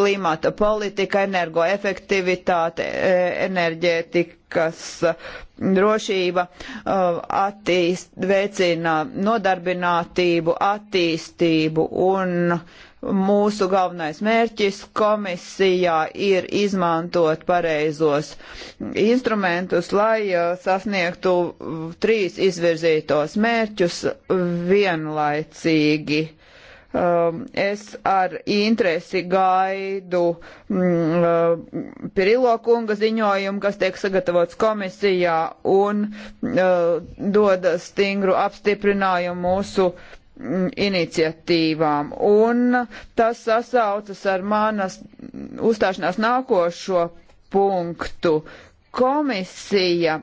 klimata politika, energoefektivitāte, e, enerģētikas e, drošība e, attīst, veicina nodarbinātību, attīstību un uh, Mūsu galvenais mērķis komisijā ir izmantot pareizos instrumentus, lai uh, sasniegtu trīs izvirzītos mērķus vienlaicīgi. Um, es ar interesi gaidu mm, uh, Pirilo kunga ziņojumu, kas tiek sagatavots komisijā un uh, dod stingru apstiprinājumu mūsu uh, Mm, iniciatīvām, un tas sasaucas ar manas uzstāšanās nākošo punktu. Komisija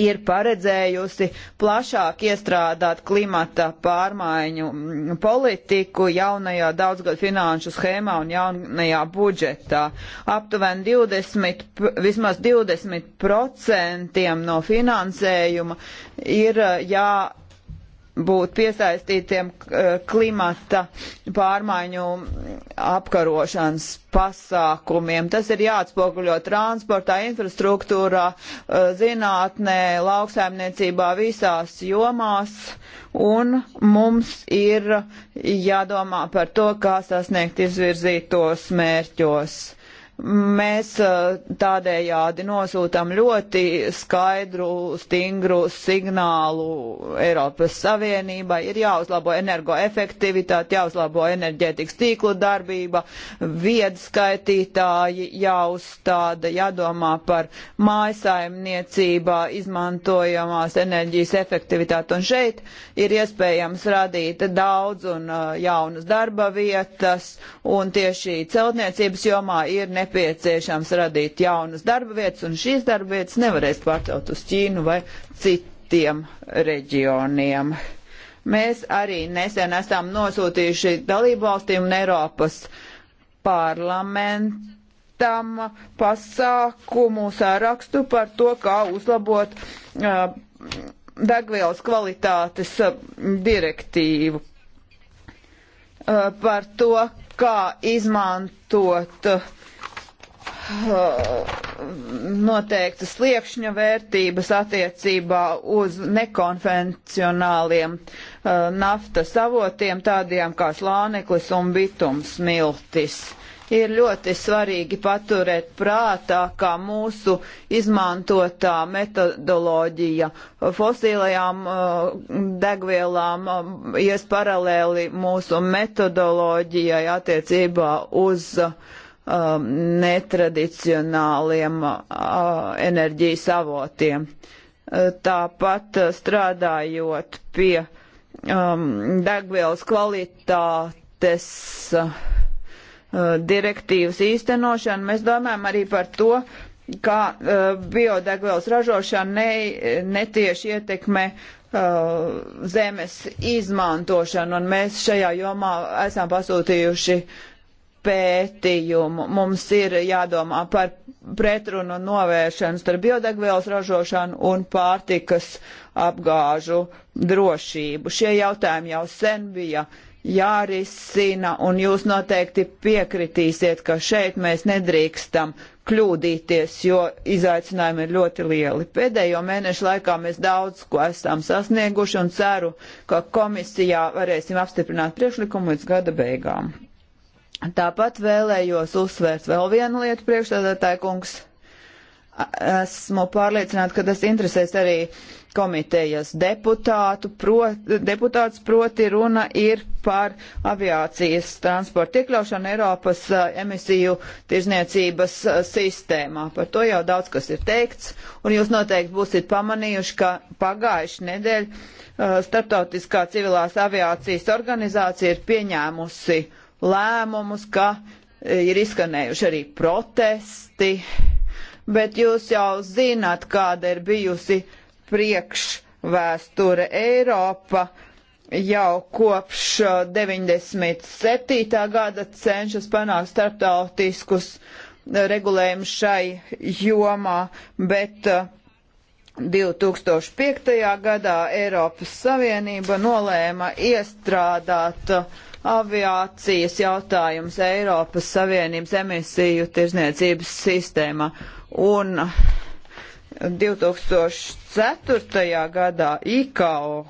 ir paredzējusi plašāk iestrādāt klimata pārmaiņu mm, politiku jaunajā daudzgad finanšu schēmā un jaunajā budžetā. Aptuveni 20, vismaz 20% no finansējuma ir jā būt piesaistītiem eh, klimata pārmaiņu apkarošanas pasākumiem. Tas ir jāatspoguļo transportā, infrastruktūrā, eh, zinātnē, lauksaimniecībā, visās jomās, un mums ir jādomā par to, kā sasniegt izvirzītos mērķos Mēs tādējādi nosūtam ļoti skaidru, stingru signālu Eiropas Savienībai. Ir jāuzlabo energoefektivitāte, jāuzlabo enerģētikas tīklu darbība, viedskaitītāji jāuzstāda, jādomā par mājasaimniecībā izmantojamās enerģijas efektivitāti. Un šeit ir iespējams radīt daudz un jaunas darba vietas, un tieši celtniecības jomā ir nepieciešams nepieciešams radīt jaunas darba vietas, un šīs darba vietas nevarēs pārcelt uz Ķīnu vai citiem reģioniem. Mēs arī nesen esam nosūtījuši dalību valstīm un Eiropas parlamentam pasākumu sārakstu par to, kā uzlabot uh, degvielas kvalitātes uh, direktīvu. Uh, par to, kā izmantot uh, noteikta sliekšņa vērtības attiecībā uz nekonvencionāliem uh, naftas avotiem, tādiem kā slāneklis un bitums miltis. Ir ļoti svarīgi paturēt prātā, ka mūsu izmantotā metodoloģija fosīlajām uh, degvielām uh, ies paralēli mūsu metodoloģijai attiecībā uz uh, um, netradicionāliem uh, enerģijas avotiem. Uh, tāpat uh, strādājot pie um, degvielas kvalitātes uh, direktīvas īstenošanu, mēs domājam arī par to, kā uh, biodegvielas ražošana ne, netieši ietekmē uh, zemes izmantošanu, un mēs šajā jomā esam pasūtījuši pētījumu. Mums ir jādomā par pretrunu novēršanu starp biodegvielas ražošanu un pārtikas apgāžu drošību. Šie jautājumi jau sen bija jārisina, un jūs noteikti piekritīsiet, ka šeit mēs nedrīkstam kļūdīties, jo izaicinājumi ir ļoti lieli. Pēdējo mēnešu laikā mēs daudz ko esam sasnieguši un ceru, ka komisijā varēsim apstiprināt priekšlikumu līdz gada beigām. Tāpat vēlējos uzsvērt vēl vienu lietu priekšstādātāju kungs. Esmu pārliecināta, ka tas interesēs arī komitejas deputātu, prot, deputāts proti runa ir par aviācijas transportu iekļaušanu Eiropas emisiju tirzniecības sistēmā. Par to jau daudz kas ir teikts, un jūs noteikti būsiet pamanījuši, ka pagājuši nedēļ Startautiskā civilās aviācijas organizācija ir pieņēmusi uh, lēmumus, ka e, ir izskanējuši arī protesti, bet jūs jau zināt, kāda ir bijusi priekšvēsture Eiropa jau kopš 97. E, gada cenšas panākt starptautiskus e, regulējumus šai jomā, bet 2005. gadā Eiropas Savienība nolēma iestrādāt uh, aviācijas jautājums Eiropas Savienības emisiju tirzniecības sistēmā. Un 2004. gadā IKO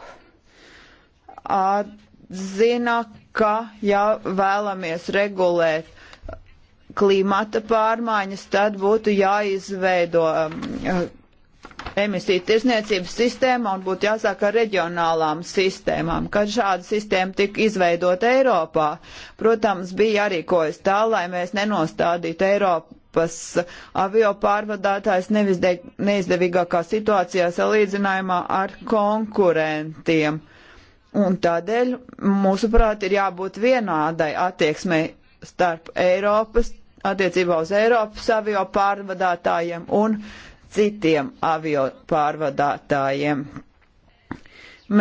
atzina, ka ja vēlamies regulēt klimata pārmaiņas, tad būtu jāizveido um, emisiju tirzniecības sistēma un būtu jāsāk ar reģionālām sistēmām. Kad šāda sistēma tika izveidota Eiropā, protams, bija jārīkojas tā, lai mēs nenostādītu Eiropas avio pārvadātājs nevis de, neizdevīgākā situācijā salīdzinājumā ar konkurentiem. Un tādēļ, mūsuprāt, ir jābūt vienādai attieksmei starp Eiropas, attiecībā uz Eiropas avio pārvadātājiem un uh, citiem avio pārvadātājiem.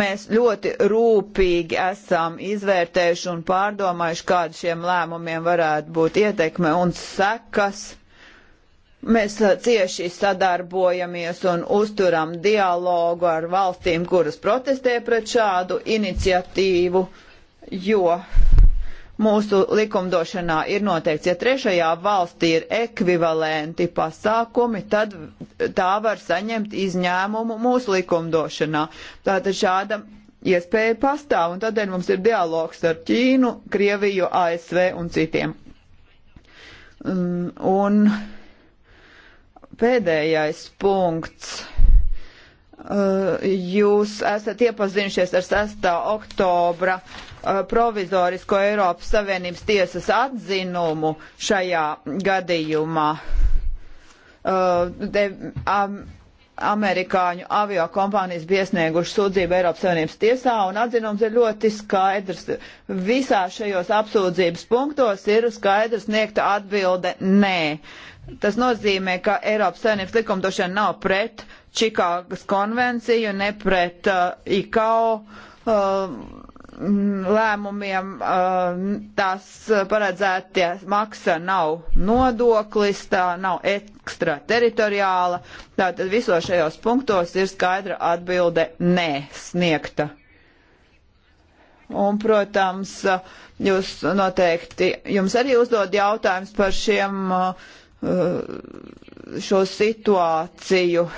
Mēs ļoti rūpīgi esam izvērtējuši un pārdomājuši, kāda šiem lēmumiem varētu būt ietekme un sekas. Mēs uh, cieši sadarbojamies un uzturam dialogu ar valstīm, kuras protestē pret šādu iniciatīvu, jo mūsu likumdošanā ir noteikts, ja trešajā valstī ir ekvivalenti pasākumi, tad tā var saņemt izņēmumu mūsu likumdošanā. Tātad šāda iespēja pastāv, un tādēļ mums ir dialogs ar Ķīnu, Krieviju, ASV un citiem. Un, un pēdējais punkts. Uh, jūs esat iepazinušies ar 6. oktobra uh, Uh, provizorisko Eiropas Savienības tiesas atzinumu šajā gadījumā. Uh, de, am, amerikāņu avio kompānijas bija iesnieguši sūdzību Eiropas Savienības tiesā, un atzinums ir ļoti skaidrs. Visā šajos apsūdzības punktos ir skaidrs sniegta atbilde nē. Tas nozīmē, ka Eiropas Savienības likumdošana nav pret Čikāgas konvenciju, ne pret uh, IKO. Uh, lēmumiem um, tās paredzētie maksa nav nodoklis, tā nav ekstrateritoriāla. Tātad visos šajos punktos ir skaidra atbilde nē sniegta. Un, protams, jūs noteikti, jums arī uzdod jautājums par šiem, uh, šo situāciju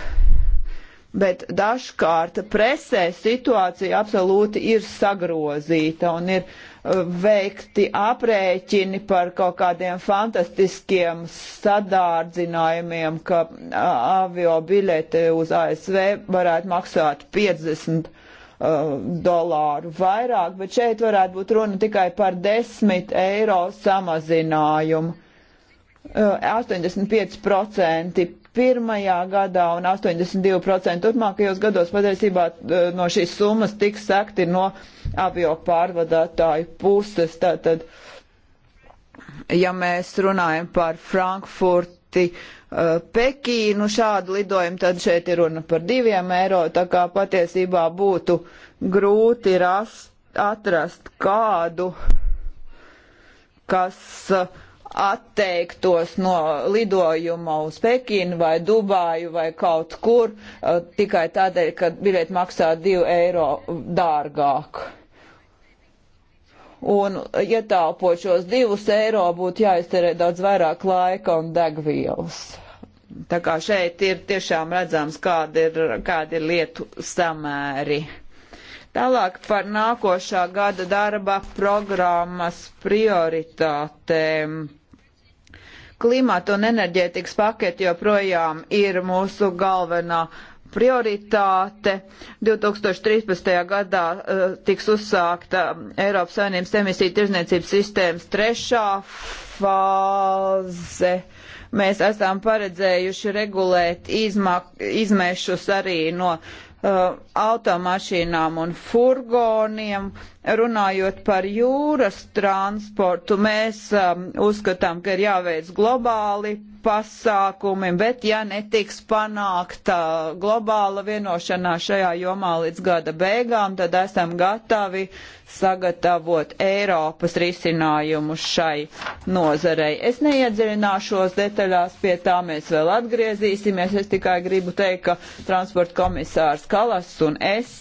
bet dažkārt presē situācija absolūti ir sagrozīta un ir uh, veikti aprēķini par kaut kādiem fantastiskiem sadārdzinājumiem, ka uh, avio biļete uz ASV varētu maksāt 50 uh, dolāru vairāk, bet šeit varētu būt runa tikai par 10 eiro samazinājumu. Uh, 85% gadā un 82% turpmākajos gados patiesībā e, no šīs summas tiks sekti no avio pārvadātāju puses. Tātad, ja mēs runājam par Frankfurti, e, Pekīnu šādu lidojumu, tad šeit ir runa par diviem eiro, tā kā patiesībā būtu grūti rast, atrast kādu, kas uh, atteiktos no lidojuma uz Pekinu vai Dubāju vai kaut kur uh, tikai tādēļ, ka biļeti maksā 2 eiro dārgāk. Un uh, ietaupot šos 2 eiro būtu jāizterē daudz vairāk laika un degvielas. Tā kā šeit ir tiešām redzams, kāda ir, kāda ir lietu samēri. Tālāk par nākošā gada darba programmas prioritātēm Klimata un enerģētikas paketi joprojām ir mūsu galvenā prioritāte. 2013. gadā uh, tiks uzsākta Eiropas Savienības emisiju tirzniecības sistēmas trešā fāze. Mēs esam paredzējuši regulēt izmešus arī no uh, Uh, automašīnām un furgoniem. Runājot par jūras transportu, mēs um, uzskatām, ka ir jāveic globāli pasākumi, bet ja netiks panākta globāla vienošanās šajā jomā līdz gada beigām, tad esam gatavi sagatavot Eiropas risinājumu šai nozarei. Es neiedzirināšos detaļās, pie tā mēs vēl atgriezīsimies. Es tikai gribu teikt, ka transporta komisārs Kalas un es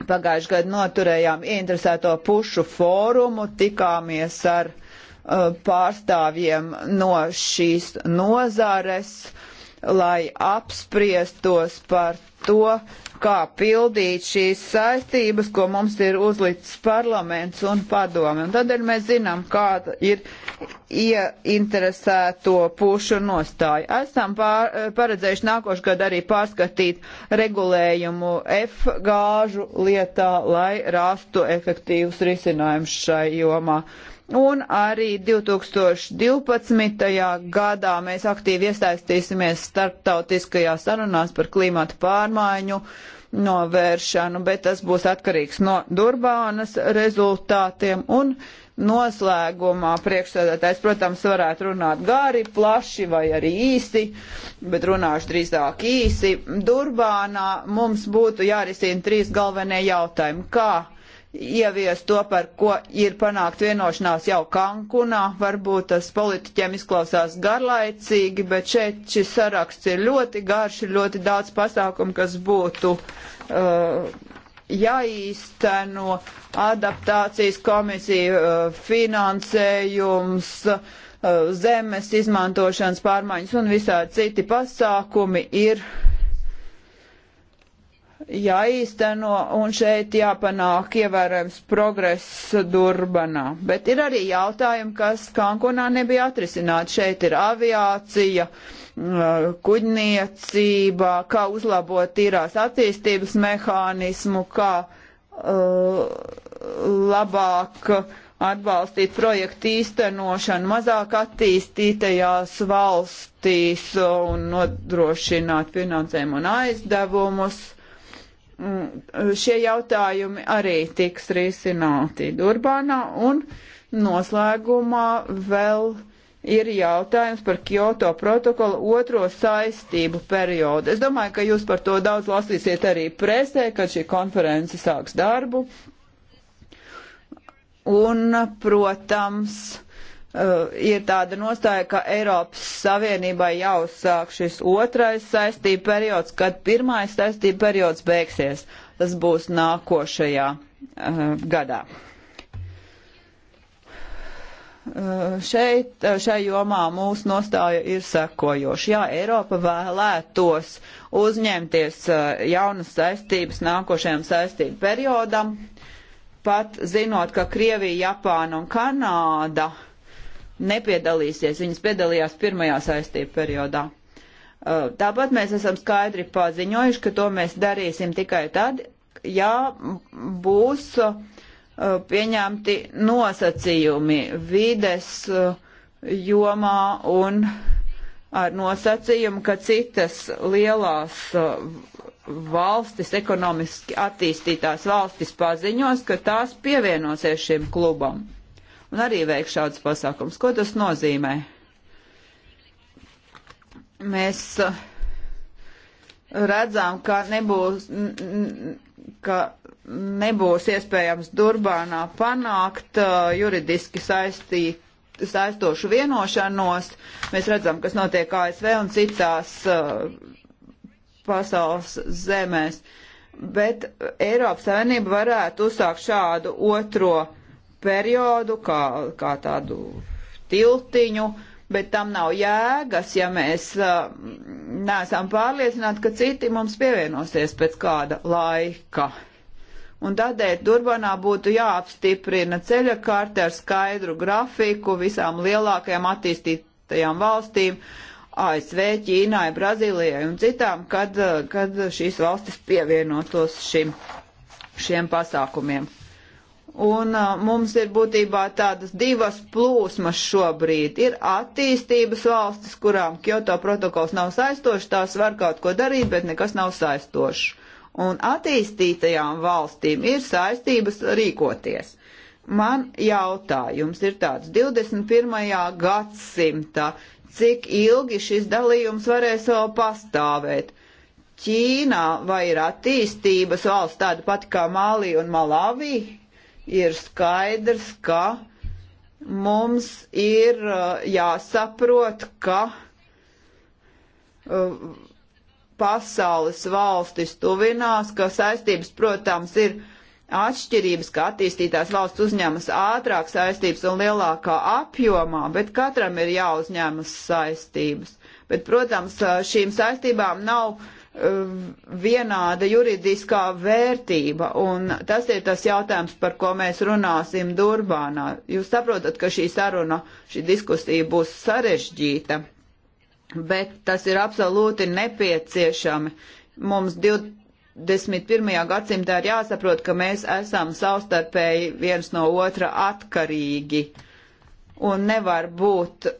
pagājušajā gadā noturējām interesēto pušu fórumu, tikāmies ar Uh, pārstāvjiem no šīs nozares, lai apspriestos par to, kā pildīt šīs saistības, ko mums ir uzlicis parlaments un padome. Un tad ir mēs zinām, kāda ir ieinteresēto pušu nostāja. Esam pār, eh, paredzējuši nākošu gadu arī pārskatīt regulējumu F gāžu lietā, lai rastu efektīvus risinājumus šai jomā. Un arī 2012. gadā mēs aktīvi iesaistīsimies starptautiskajās sarunās par klimatu pārmaiņu novēršanu, bet tas būs atkarīgs no Durbānas rezultātiem. Un noslēgumā priekšsēdētājs, protams, varētu runāt gari, plaši vai arī īsi, bet runāšu drīzāk īsi. Durbānā mums būtu jārisina trīs galvenie jautājumi. Kā? ievies to, par ko ir panākt vienošanās jau Kankunā. Varbūt tas politiķiem izklausās garlaicīgi, bet šeit šis saraksts ir ļoti garš, ir ļoti daudz pasākumu, kas būtu uh, jāīsteno adaptācijas komisija, uh, finansējums, uh, zemes izmantošanas pārmaiņas un visādi citi pasākumi ir jāīsteno un šeit jāpanāk ievērojams progress Durbanā. Bet ir arī jautājumi, kas Kankunā nebija atrisināti. Šeit ir aviācija, kuģniecība, kā uzlabot tīrās attīstības mehānismu, kā uh, labāk atbalstīt projektu īstenošanu mazāk attīstītajās valstīs un nodrošināt finansējumu un aizdevumus Mm, šie jautājumi arī tiks risināti Durbānā un noslēgumā vēl ir jautājums par Kyoto protokolu otro saistību periodu. Es domāju, ka jūs par to daudz lasīsiet arī presē, kad šī konference sāks darbu. Un, protams, Uh, ir tāda nostāja, ka Eiropas Savienībai jāuzsāk šis otrais saistība periods, kad pirmais saistība periods beigsies. Tas būs nākošajā uh, gadā. Uh, šeit, šai jomā mūsu nostāja ir sekojoša. Jā, Eiropa vēlētos uzņemties jaunas saistības nākošajam saistību periodam, pat zinot, ka Krievija, Japāna un Kanāda uh, nepiedalīsies. Viņas piedalījās pirmajā saistību periodā. Uh, tāpat mēs esam skaidri paziņojuši, ka to mēs darīsim tikai tad, ja būs uh, pieņemti nosacījumi vides uh, jomā un ar nosacījumu, ka citas lielās valstis, ekonomiski attīstītās valstis paziņos, ka tās pievienosies šim klubam un arī veikt šādus pasākums. Ko tas nozīmē? Mēs uh, redzam, ka nebūs, ka nebūs iespējams Durbānā panākt uh, juridiski saistīt saistošu vienošanos. Mēs redzam, kas notiek ASV un citās uh, pasaules zemēs. Bet Eiropas Savienība varētu uzsākt šādu otro periodu, kā, kā tādu tiltiņu, bet tam nav jēgas, ja mēs uh, neesam pārliecināti, ka citi mums pievienosies pēc kāda laika. Un tādēļ Durbanā būtu jāapstiprina ceļa kārta ar skaidru grafiku visām lielākajām attīstītajām valstīm, ASV, Ķīnai, Brazīlijai un citām, kad, kad šīs valstis pievienotos šim, šiem pasākumiem. Un a, uh, mums ir būtībā tādas divas plūsmas šobrīd. Ir attīstības valstis, kurām Kyoto protokols nav saistošs, tās var kaut ko darīt, bet nekas nav saistošs. Un attīstītajām valstīm ir saistības rīkoties. Man jautājums ir tāds 21. gadsimta, cik ilgi šis dalījums varēs vēl pastāvēt. Ķīnā vai ir attīstības valsts tāda pati kā Mālija un Malavija? ir skaidrs, ka mums ir uh, jāsaprot, ka uh, pasaules valstis tuvinās, ka saistības, protams, ir atšķirības, ka attīstītās valsts uzņemas ātrāk saistības un lielākā apjomā, bet katram ir jāuzņemas saistības. Bet, protams, uh, šīm saistībām nav vienāda juridiskā vērtība, un tas ir tas jautājums, par ko mēs runāsim Durbānā. Jūs saprotat, ka šī saruna, šī diskusija būs sarežģīta, bet tas ir absolūti nepieciešami. Mums 21. gadsimtā ir jāsaprot, ka mēs esam savstarpēji viens no otra atkarīgi, un nevar būt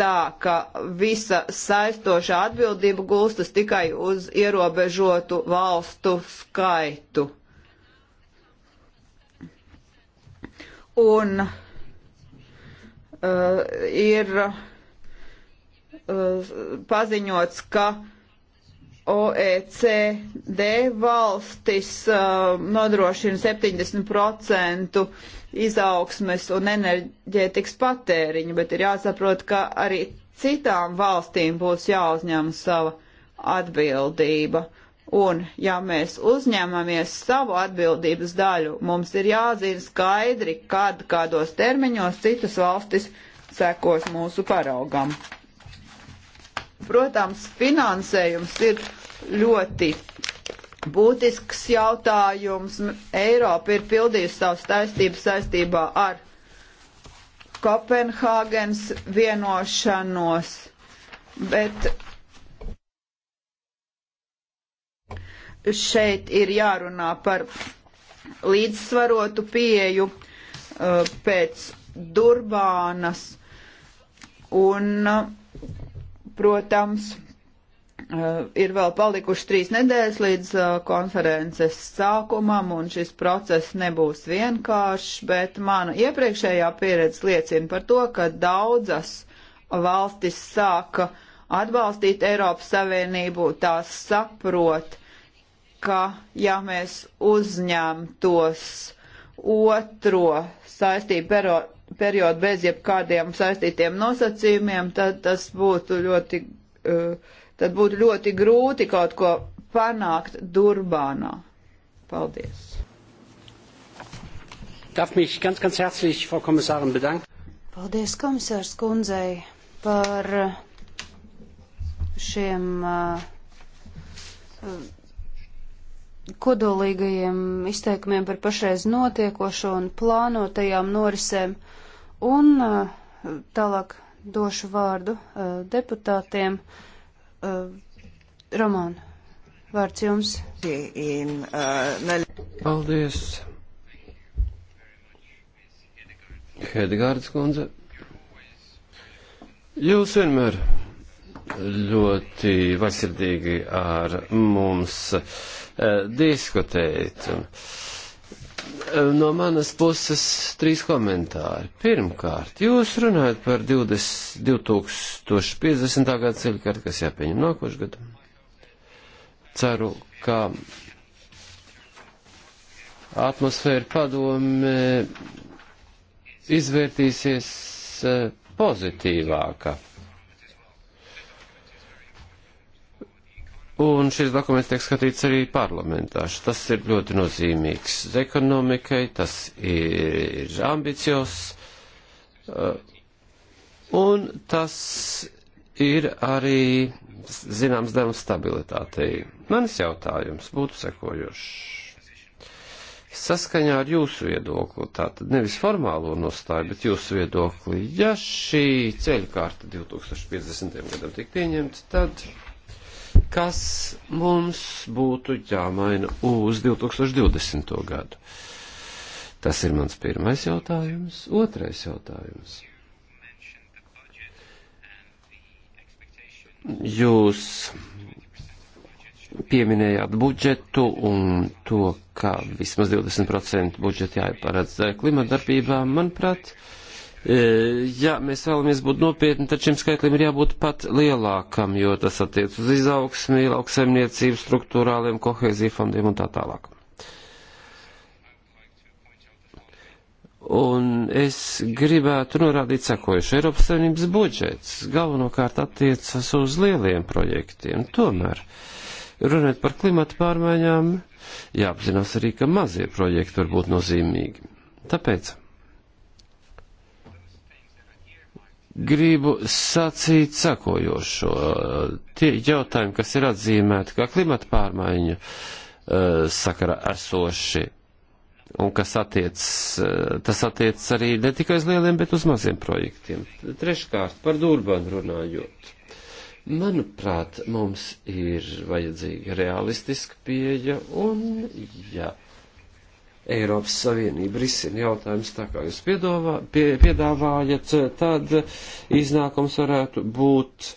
tā, ka visa saistošā atbildība gulstas tikai uz ierobežotu valstu skaitu. Un uh, ir uh, paziņots, ka OECD valstis uh, nodrošina 70% izaugsmes un enerģētikas patēriņu, bet ir jāsaprot, ka arī citām valstīm būs jāuzņem sava atbildība. Un, ja mēs uzņemamies savu atbildības daļu, mums ir jāzina skaidri, kad, kādos termiņos citas valstis sekos mūsu paraugam. Protams, finansējums ir ļoti būtisks jautājums. Eiropa ir pildījusi savas taistības saistībā ar Kopenhāgens vienošanos, bet šeit ir jārunā par līdzsvarotu pieju uh, pēc Durbānas un, uh, protams, Eh, ir vēl palikuši trīs nedēļas līdz eh, konferences sākumam, un šis process nebūs vienkāršs, bet mana iepriekšējā pieredze liecina par to, ka daudzas valstis sāka atbalstīt Eiropas Savienību, tās saprot, ka ja mēs uzņemtos otro saistību periodu bez jebkādiem saistītiem nosacījumiem, tad tas būtu ļoti uh, tad būtu ļoti grūti kaut ko panākt Durbānā. Paldies! Darf mich ganz, ganz herzlich, Frau Kommissarin, bedanken. Paldies komisārs kundzei par šiem uh, kodolīgajiem izteikumiem par pašreiz notiekošo un plānotajām norisēm. Un uh, tālāk došu vārdu uh, deputātiem. Uh, Roman, vārds jums. Uh, Paldies. Hedegārds kundze. Jūs vienmēr ļoti vaisirdīgi ar mums uh, diskutējat. Uh, Eh, no manas puses trīs komentāri. Pirmkārt, jūs runājat par 20, 2050. gada ceļkārtu, kas jāpieņem nākošu gadu. Ceru, ka atmosfēra padome izvērtīsies eh, pozitīvāka Un šis dokuments tiek skatīts arī parlamentā. Tas ir ļoti nozīmīgs ekonomikai, tas ir ambiciozs. Uh, un tas ir arī zināms devums stabilitātei. Manis jautājums būtu sekojošs. Saskaņā ar jūsu viedokli, tātad nevis formālo nostāju, bet jūsu viedokli, ja šī ceļkārta 2050. gadam tik pieņemta, tad kas mums būtu jāmaina uz 2020. gadu? Tas ir mans pirmais jautājums. Otrais jautājums. Jūs pieminējāt budžetu un to, ka vismaz 20% budžeta jāparedz klimatdarbībām, manuprāt, uh, E, ja mēs vēlamies būt nopietni, tad šim skaitlim ir jābūt pat lielākam, jo tas attiec uz izaugsmī, lauksaimniecību, struktūrāliem kohēziju fondiem un tā tālāk. Un es gribētu norādīt sekojuši. Eiropas Savienības budžets galvenokārt attiecas uz lieliem projektiem. Tomēr, runājot par klimatu pārmaiņām, jāapzinās arī, ka mazie projekti var būt nozīmīgi. Tāpēc gribu sacīt sakojošo. Tie jautājumi, kas ir atzīmēti kā klimata pārmaiņu eh, sakara esoši, un kas attiec, eh, tas attiec arī ne tikai uz lieliem, bet uz maziem projektiem. Treškārt, par Durbanu runājot. Manuprāt, mums ir vajadzīga realistiska pieeja, un jā. Ja Eiropas Savienība risina jautājumus tā, kā jūs piedāvā, pie, piedāvājat, tad iznākums varētu būt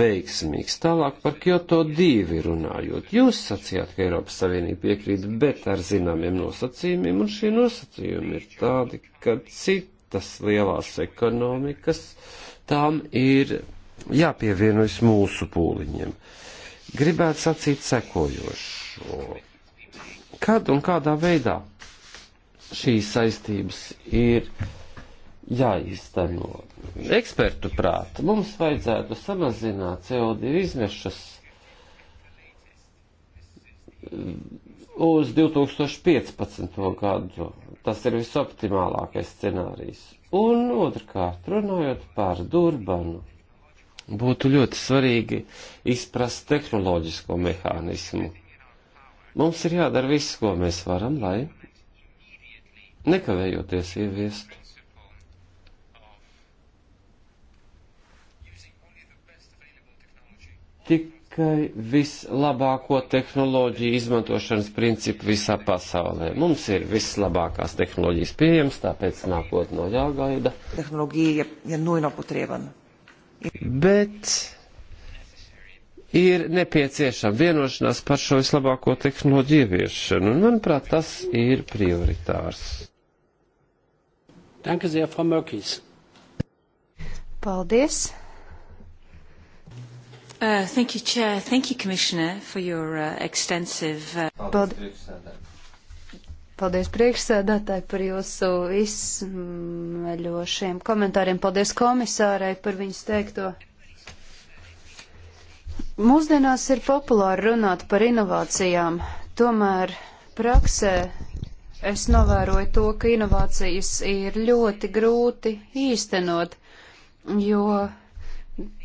veiksmīgs. Tālāk par Kyoto 2 runājot. Jūs sacījāt, ka Eiropas Savienība piekrīt, bet ar zināmiem nosacījumiem, un šie nosacījumi ir tādi, ka citas lielās ekonomikas tām ir jāpievienojas mūsu pūliņiem. Gribētu sacīt sekojošo. Kad un kādā veidā šīs saistības ir jāiztaļo. Ekspertu prāta mums vajadzētu samazināt CO2 izmešas mm, uz 2015. gadu. Tas ir visoptimālākais scenārijs. Un otrkārt, runājot par Durbanu, būtu ļoti svarīgi izprast tehnoloģisko mehānismu. Mums ir jādara viss, ko mēs varam, lai nekavējoties ieviest tikai vislabāko tehnoloģiju izmantošanas principu visā pasaulē. Mums ir vislabākās tehnoloģijas pieejamas, tāpēc nākotnē no jāgaida. Tehnoloģija nu ir nujno potrebana. Bet ir nepieciešama vienošanās par šo vislabāko tehnoloģiju ieviešanu, un manuprāt, tas ir prioritārs. Danke sehr, Frau Mörkis. Paldies. Uh, thank you, Chair. Thank you, Commissioner, for your uh, extensive. Uh... Paldies, Paldies priekšsēdētāji par jūsu izsmeļošiem komentāriem. Paldies komisārai par viņas teikto. Mūsdienās ir populāri runāt par inovācijām, tomēr praksē es novēroju to, ka inovācijas ir ļoti grūti īstenot, jo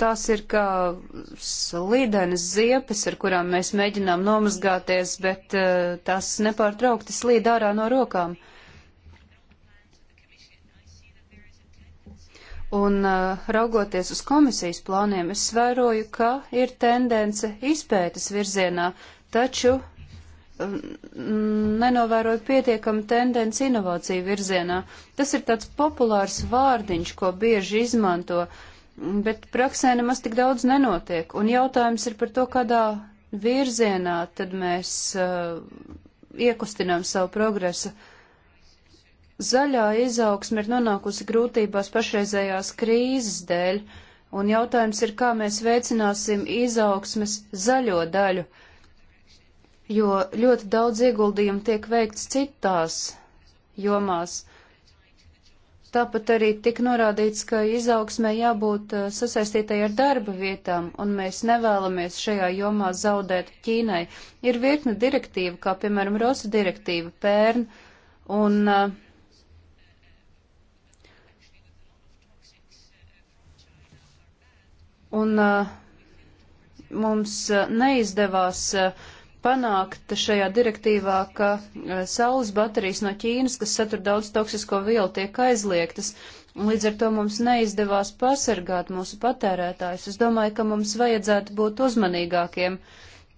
tās ir kā slīdenes ziepes, ar kurām mēs mēģinām nomazgāties, bet eh, tās nepārtraukti slīd ārā no rokām. Un eh, raugoties uz komisijas plāniem, es vēroju, ka ir tendence izpētes virzienā, taču nenovēroju pietiekamu tendenci inovāciju virzienā. Tas ir tāds populārs vārdiņš, ko bieži izmanto, bet praksē nemaz tik daudz nenotiek. Un jautājums ir par to, kādā virzienā tad mēs uh, iekustinām savu progresu. Zaļā izaugsme ir nonākusi grūtībās pašreizējās krīzes dēļ, un jautājums ir, kā mēs veicināsim izaugsmes zaļo daļu. Uh, jo ļoti daudz ieguldījumu tiek veikts citās jomās. Tāpat arī tika norādīts, ka izaugsmē jābūt eh, sasaistītai ar darba vietām, un mēs nevēlamies šajā jomā zaudēt Ķīnai. Ir virkne direktīva, kā piemēram Rosa direktīva, pērn, un uh, un uh, mums neizdevās uh, panākt šajā direktīvā, ka e, saules baterijas no Ķīnas, kas satur daudz toksisko vielu, tiek aizliegtas. Līdz ar to mums neizdevās pasargāt mūsu patērētājus. Es domāju, ka mums vajadzētu būt uzmanīgākiem.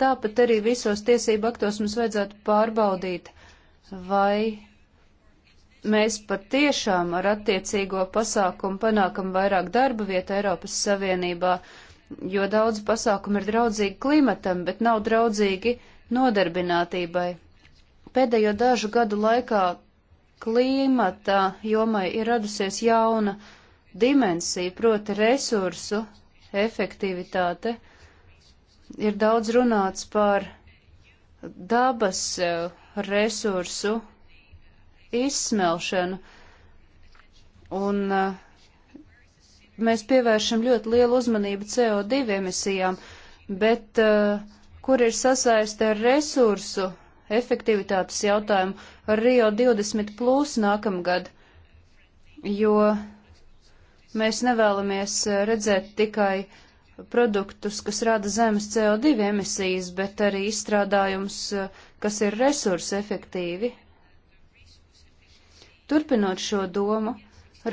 Tāpat arī visos tiesību aktos mums vajadzētu pārbaudīt, vai mēs patiešām ar attiecīgo pasākumu panākam vairāk darba vietu Eiropas Savienībā, jo daudz pasākumu ir draudzīgi klimatam, bet nav draudzīgi uh, nodarbinātībai. Pēdējo dažu gadu laikā klimata jomai ir radusies jauna dimensija, proti resursu efektivitāte. Ir daudz runāts par dabas eh, resursu izsmelšanu, un eh, mēs pievēršam ļoti lielu uzmanību CO2 emisijām, bet uh, kur ir sasaiste ar resursu efektivitātes jautājumu, ar Rio 20 plus nākamgad, jo mēs nevēlamies eh, redzēt tikai produktus, kas rada zemes CO2 emisijas, bet arī izstrādājums, eh, kas ir resursu efektīvi. Turpinot šo domu,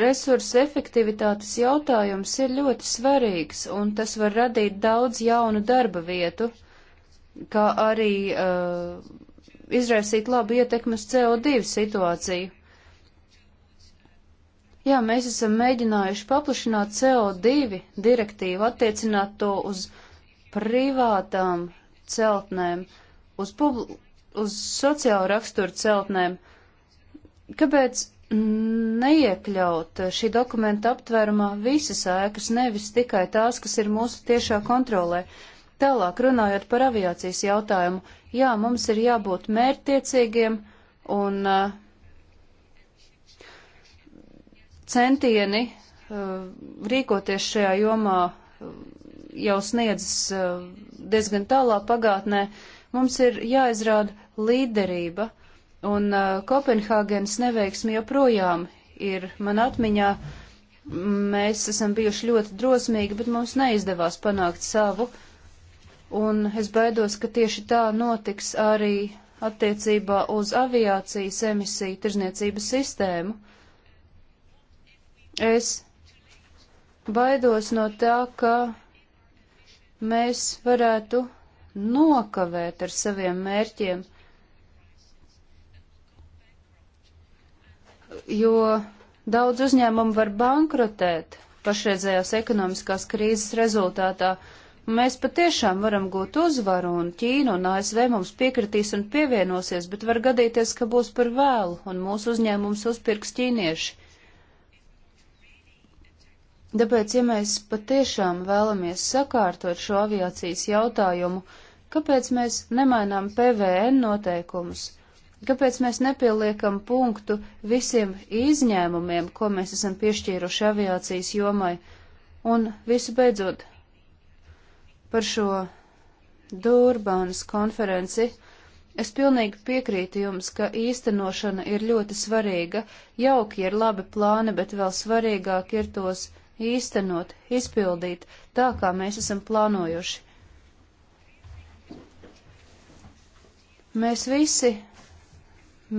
resursu efektivitātes jautājums ir ļoti svarīgs, un tas var radīt daudz jaunu darba vietu kā arī uh, izraisīt labu ietekmi uz CO2 situāciju. Jā, mēs esam mēģinājuši paplašināt CO2 direktīvu, attiecināt to uz privātām celtnēm, uz, publi, uz sociālu raksturu celtnēm. Kāpēc neiekļaut šī dokumenta aptvērumā visas ēkas, nevis tikai tās, kas ir mūsu tiešā kontrolē? Uh, Tālāk runājot par aviācijas jautājumu, jā, mums ir jābūt mērtiecīgiem un uh, centieni uh, rīkoties šajā jomā uh, jau sniedzas uh, diezgan tālā pagātnē. Mums ir jāizrāda līderība, un uh, Kopenhāgenes neveiksmi joprojām ir man atmiņā. Mēs esam bijuši ļoti drosmīgi, bet mums neizdevās panākt savu uh, un es baidos, ka tieši tā notiks arī attiecībā uz aviācijas emisiju tirzniecības sistēmu. Es baidos no tā, ka mēs varētu nokavēt ar saviem mērķiem, jo daudz uzņēmumu var bankrotēt pašreizējās ekonomiskās krīzes rezultātā, uh, Mēs patiešām varam gūt uzvaru, un Ķīna un ASV mums piekritīs un pievienosies, bet var gadīties, ka būs par vēlu, un mūsu uzņēmums uzpirks ķīnieši. Tāpēc, ja mēs patiešām vēlamies sakārtot šo aviācijas jautājumu, kāpēc mēs nemainām PVN noteikumus? Kāpēc mēs nepieliekam punktu visiem izņēmumiem, ko mēs esam piešķīruši aviācijas jomai? Un visu beidzot, Par šo Durbanas konferenci es pilnīgi piekrītu jums, ka īstenošana ir ļoti svarīga. Jauki ir labi plāni, bet vēl svarīgāk ir tos īstenot, izpildīt tā, kā mēs esam plānojuši. Mēs visi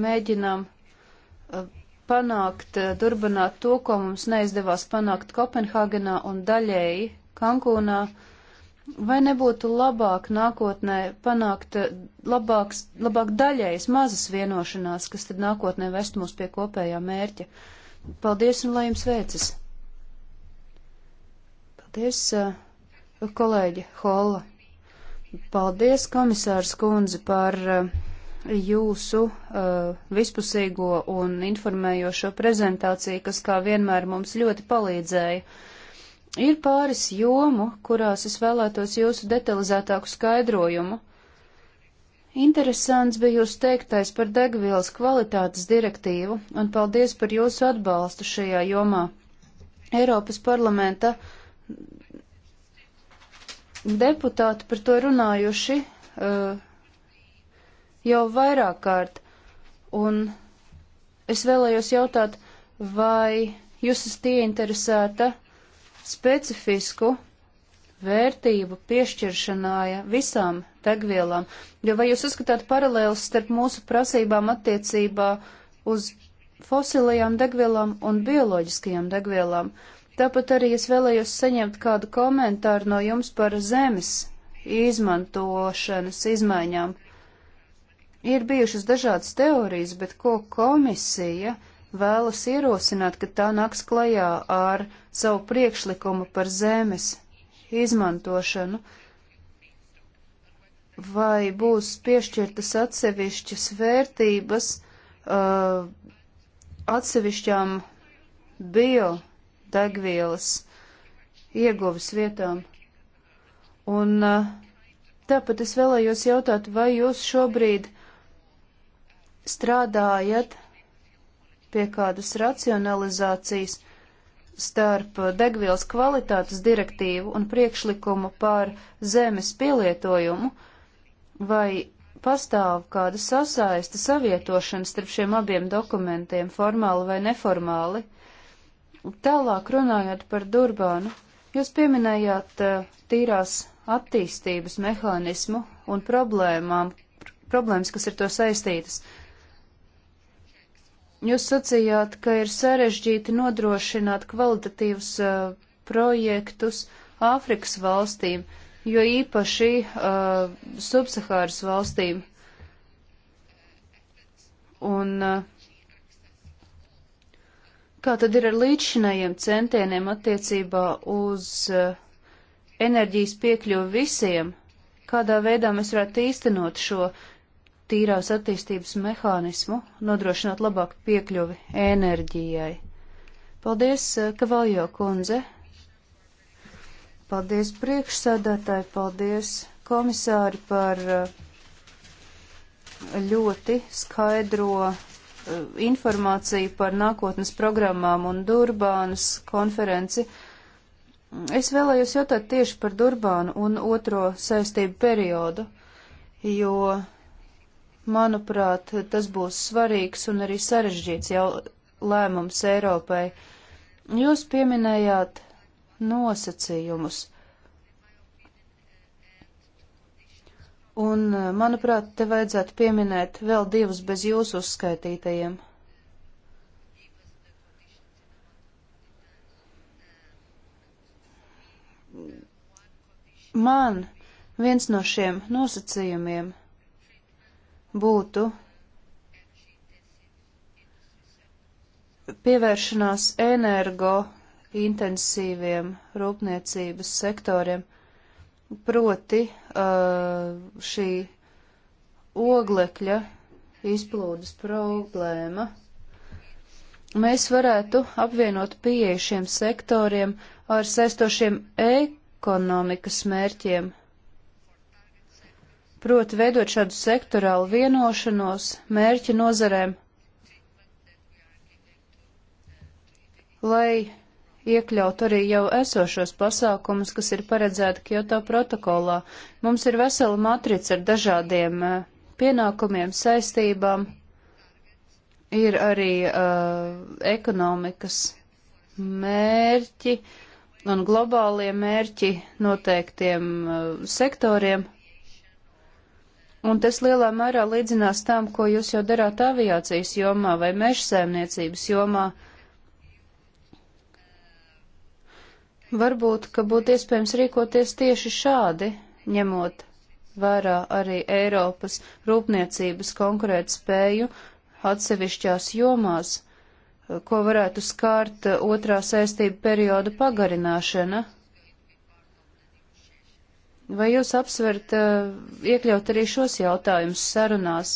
mēģinām uh, panākt uh, Durbanā to, ko mums neizdevās panākt Kopenhāgenā un daļēji Kankūnā. Uh, Vai nebūtu labāk nākotnē panākt eh, labāks, labāk daļējas mazas vienošanās, kas tad nākotnē vest mūs pie kopējā mērķa? Paldies un lai jums veicas! Paldies, eh, kolēģi Holla! Paldies, komisārs kundze, par eh, jūsu vispusīgo un informējošo prezentāciju, kas kā vienmēr mums ļoti palīdzēja Ir pāris jomu, kurās es vēlētos jūsu detalizētāku skaidrojumu. Interesants bija jūs teiktais par degvielas kvalitātes direktīvu, un paldies par jūsu atbalstu šajā jomā. Eiropas parlamenta deputāti par to runājuši uh, jau vairāk kārt, un es vēlējos jautāt, vai jūs esat ieinteresēta uh, specifisku vērtību piešķiršanai visām degvielām, jo vai jūs uzskatāt paralēlus starp mūsu prasībām attiecībā uz fosilajām degvielām un bioloģiskajām degvielām? Tāpat arī es vēlējos saņemt kādu komentāru no jums par zemes izmantošanas izmaiņām. Ir bijušas dažādas teorijas, bet ko komisija vēlas ierosināt, ka tā nāks klajā ar uh, savu priekšlikumu par zemes izmantošanu, vai būs piešķirtas atsevišķas vērtības uh, atsevišķām biodegvielas ieguves vietām. Un uh, tāpat es vēlējos jautāt, vai jūs šobrīd strādājat pie kādas racionalizācijas, starp degvielas kvalitātes direktīvu un priekšlikumu par zemes pielietojumu, vai pastāv kāda sasaiste savietošana starp šiem abiem dokumentiem, formāli vai neformāli. Tālāk runājot par Durbānu, jūs pieminējāt eh, tīrās attīstības mehānismu un problēmām, problēmas, kas ir to saistītas. Jūs sacījāt, ka ir sarežģīti nodrošināt kvalitatīvus uh, projektus Āfrikas valstīm, jo īpaši uh, subsahāras valstīm. Un uh, kā tad ir ar līdzšinējiem centieniem attiecībā uz uh, enerģijas piekļuvu visiem? Kādā veidā mēs varētu īstenot šo tīrās attīstības mehānismu, nodrošināt labāku piekļuvi enerģijai. Paldies, eh, Kavaljo kundze! Paldies priekšsēdētāji, paldies komisāri par eh, ļoti skaidro eh, informāciju par nākotnes programmām un Durbānas konferenci. Es vēlējos jautāt tieši par Durbānu un otro saistību periodu, jo Manuprāt, tas būs svarīgs un arī sarežģīts jau lēmums Eiropai. Jūs pieminējāt nosacījumus. Un, manuprāt, te vajadzētu pieminēt vēl divus bez jūsu uzskaitītajiem. Man viens no šiem nosacījumiem būtu pievēršanās energo intensīviem rūpniecības sektoriem, proti uh, šī oglekļa izplūdes problēma. Mēs varētu apvienot pieeju šiem sektoriem ar saistošiem ekonomikas mērķiem, proti veidot šādu sektorālu vienošanos mērķa nozarēm, lai iekļaut arī jau esošos pasākumus, kas ir paredzēti Kyoto protokolā. Mums ir vesela matrica ar dažādiem eh, pienākumiem, saistībām, ir arī uh, ekonomikas mērķi un globālie mērķi noteiktiem uh, sektoriem. Un tas lielā mērā līdzinās tam, ko jūs jau darāt aviācijas jomā vai mežsēmniecības jomā. Varbūt, ka būtu iespējams rīkoties tieši šādi, ņemot vērā arī Eiropas rūpniecības konkurētspēju atsevišķās jomās, ko varētu skārt otrā saistība perioda pagarināšana. Vai jūs apsverat eh, iekļaut arī šos jautājumus sarunās?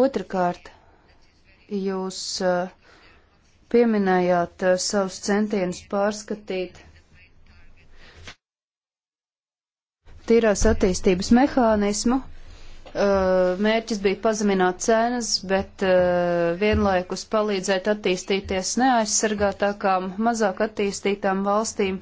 Otrakārt, jūs eh, pieminējāt eh, savus centienus pārskatīt tīrās attīstības mehānismu. Mērķis bija pazemināt cenas, bet vienlaikus palīdzēt attīstīties neaizsargātākām, mazāk attīstītām valstīm,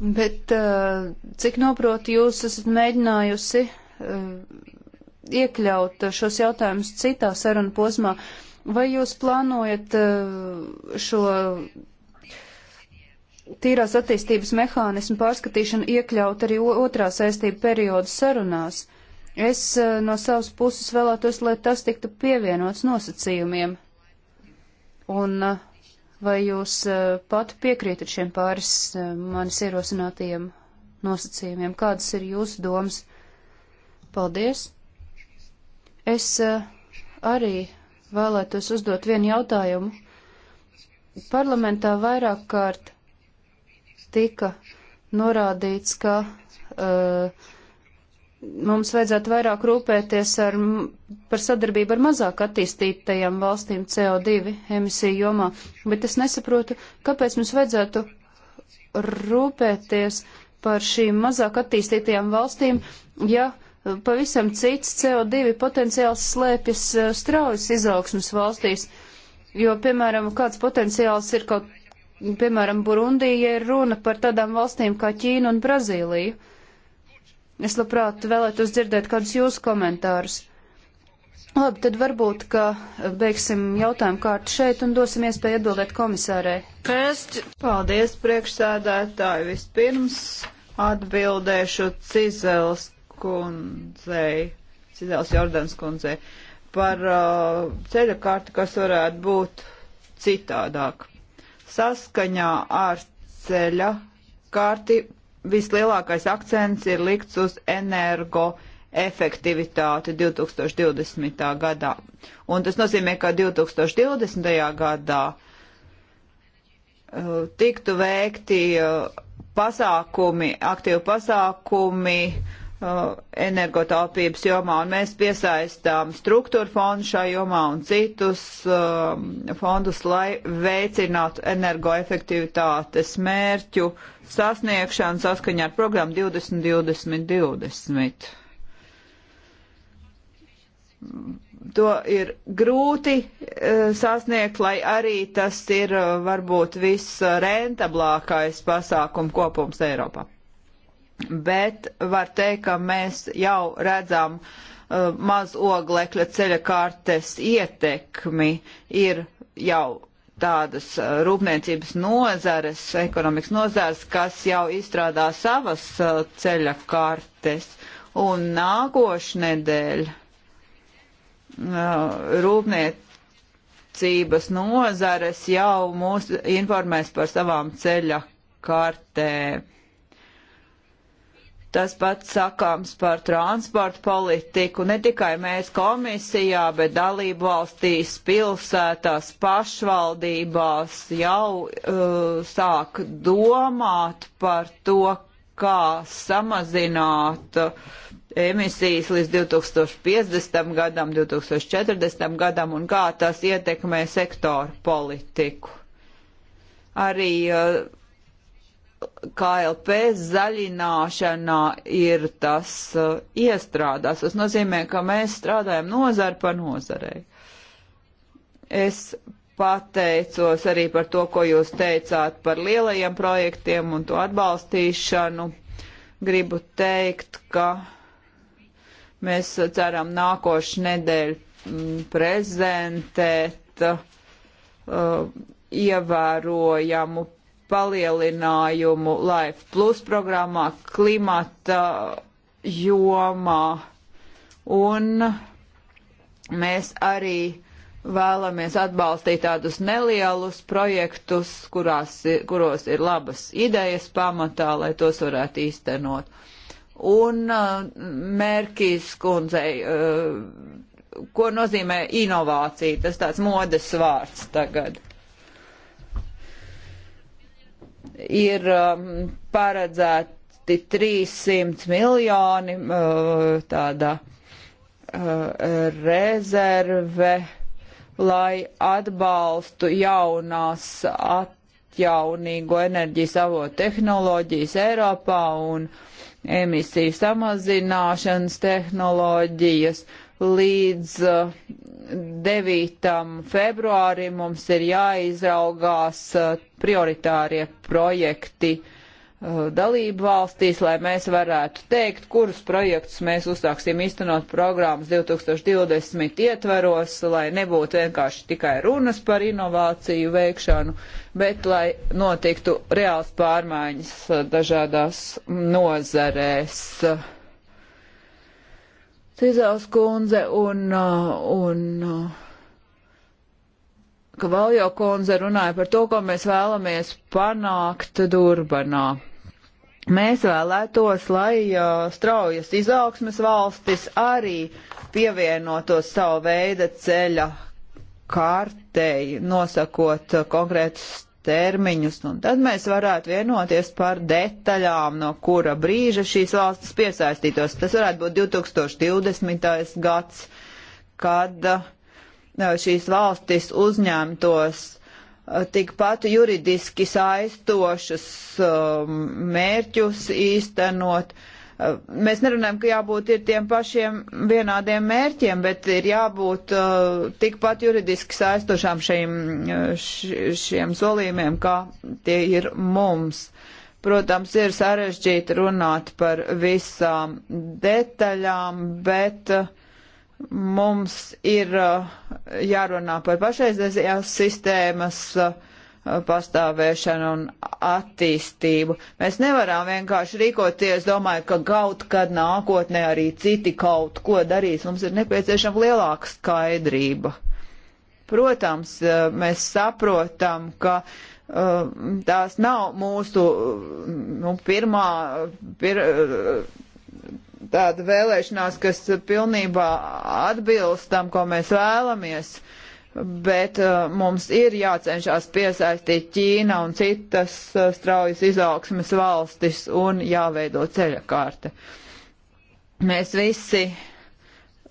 Bet, uh, cik noprotu, jūs esat mēģinājusi uh, iekļaut šos jautājumus citā saruna posmā. Vai jūs plānojat uh, šo tīrās attīstības mehānismu pārskatīšanu iekļaut arī otrā saistība perioda sarunās? Es no savas puses vēlētos, lai tas tiktu pievienots nosacījumiem. Un uh, Vai jūs eh, pat piekrītat šiem pāris eh, manis ierosinātajiem nosacījumiem? Kādas ir jūsu domas? Paldies! Es eh, arī vēlētos uzdot vienu jautājumu. Parlamentā vairāk kārt tika norādīts, ka uh, mums vajadzētu vairāk rūpēties ar, par sadarbību ar mazāk attīstītajām valstīm CO2 emisiju jomā, bet es nesaprotu, kāpēc mums vajadzētu rūpēties par šīm mazāk attīstītajām valstīm, ja pavisam cits CO2 potenciāls slēpjas eh, straujas izaugsmas valstīs, jo, piemēram, kāds potenciāls ir kaut, piemēram, Burundija, ja ir runa par tādām valstīm kā Ķīna un Brazīlija. Es labprāt vēlētos dzirdēt kādus jūsu komentārus. Labi, tad varbūt, ka eh, beigsim jautājumu kārtu šeit un dosim iespēju atbildēt komisārē. Pēst. Paldies, priekšsēdētāji. Vispirms atbildēšu Cizels kundzei, Cizels Jordans kundzei, par uh, ceļa karti, kas varētu būt citādāk. Saskaņā ar ceļa karti vislielākais akcents ir likts uz energo efektivitāti 2020. gadā. Un tas nozīmē, ka 2020. gadā uh, tiktu veikti uh, pasākumi, aktīvi pasākumi, uh, Uh, energotaupības jomā, un mēs piesaistām struktūra fondu šā jomā un citus um, fondus, lai veicinātu energoefektivitātes mērķu sasniegšanu saskaņā ar programmu 2020. 2020. To ir grūti uh, sasniegt, lai arī tas ir uh, varbūt viss rentablākais pasākumu kopums Eiropā bet var teikt, ka mēs jau redzam uh, mazoglekļa ceļa kārtes ietekmi ir jau tādas uh, rūpniecības nozares, ekonomikas nozares, kas jau izstrādā savas uh, ceļa kartes. Un nākošnedēļ uh, rūpniecības nozares jau mūs informēs par savām ceļa kartēm Tas pats sakāms par transportu politiku. Ne tikai mēs komisijā, bet dalību valstīs, pilsētās, pašvaldībās jau uh, sāk domāt par to, kā samazināt emisijas līdz 2050. gadam, 2040. gadam un kā tas ietekmē sektoru politiku. Arī uh, KLP zaļināšanā ir tas uh, iestrādās. Tas nozīmē, ka mēs strādājam nozari par nozarei. Es pateicos arī par to, ko jūs teicāt par lielajiem projektiem un to atbalstīšanu. Gribu teikt, ka mēs ceram nākošu nedēļu mm, prezentēt uh, ievērojamu palielinājumu Life Plus programmā, klimata jomā. Un mēs arī vēlamies atbalstīt tādus nelielus projektus, kurās, kuros ir labas idejas pamatā, lai tos varētu īstenot. Un uh, Merkīs kundzei, uh, ko nozīmē inovācija, tas tāds modes vārds tagad. ir um, paredzēti 300 miljoni uh, tādā uh, rezerve, lai atbalstu jaunās atjaunīgo enerģijas avotu tehnoloģijas Eiropā un emisiju samazināšanas tehnoloģijas. Uh, līdz 9. Eh, februārim mums ir jāizraugās eh, prioritārie projekti eh, dalību valstīs, lai mēs varētu teikt, kurus projektus mēs uzsāksim īstenot programmas 2020 ietveros, lai nebūtu vienkārši tikai runas par inovāciju veikšanu, bet lai notiktu reāls pārmaiņas dažādās nozarēs. Cizels kundze un, uh, un uh, Kavaljo kundze runāja par to, ko mēs vēlamies panākt Durbanā. Mēs vēlētos, lai uh, straujas izaugsmes valstis arī pievienotos savu veidu ceļa kārtei, nosakot uh, konkrētus termiņus, un tad mēs varētu vienoties par detaļām, no kura brīža šīs valstis piesaistītos. Tas varētu būt 2020. gads, kad uh, šīs valstis uzņemtos uh, tikpat juridiski saistošus um, mērķus īstenot, uh, Eh, mēs nerunājam, ka jābūt ir tiem pašiem vienādiem mērķiem, bet ir jābūt uh, tikpat juridiski saistošām eh, šiem, šiem solījumiem, kā tie ir mums. Protams, ir sarežģīti runāt par visām detaļām, bet uh, mums ir uh, jārunā par pašreizējās sistēmas uh, pastāvēšanu un attīstību. Mēs nevaram vienkārši rīkoties, domājot, ka kaut kad nākotnē arī citi kaut ko darīs. Mums ir nepieciešama lielāka skaidrība. Protams, eh, mēs saprotam, ka eh, tās nav mūsu eh, nu, pirmā. Pir, tāda vēlēšanās, kas pilnībā atbilst tam, ko mēs vēlamies. Uh, bet uh, mums ir jācenšas piesaistīt Ķīna un citas uh, straujas izaugsmes valstis un jāveido ceļa kārte. Mēs visi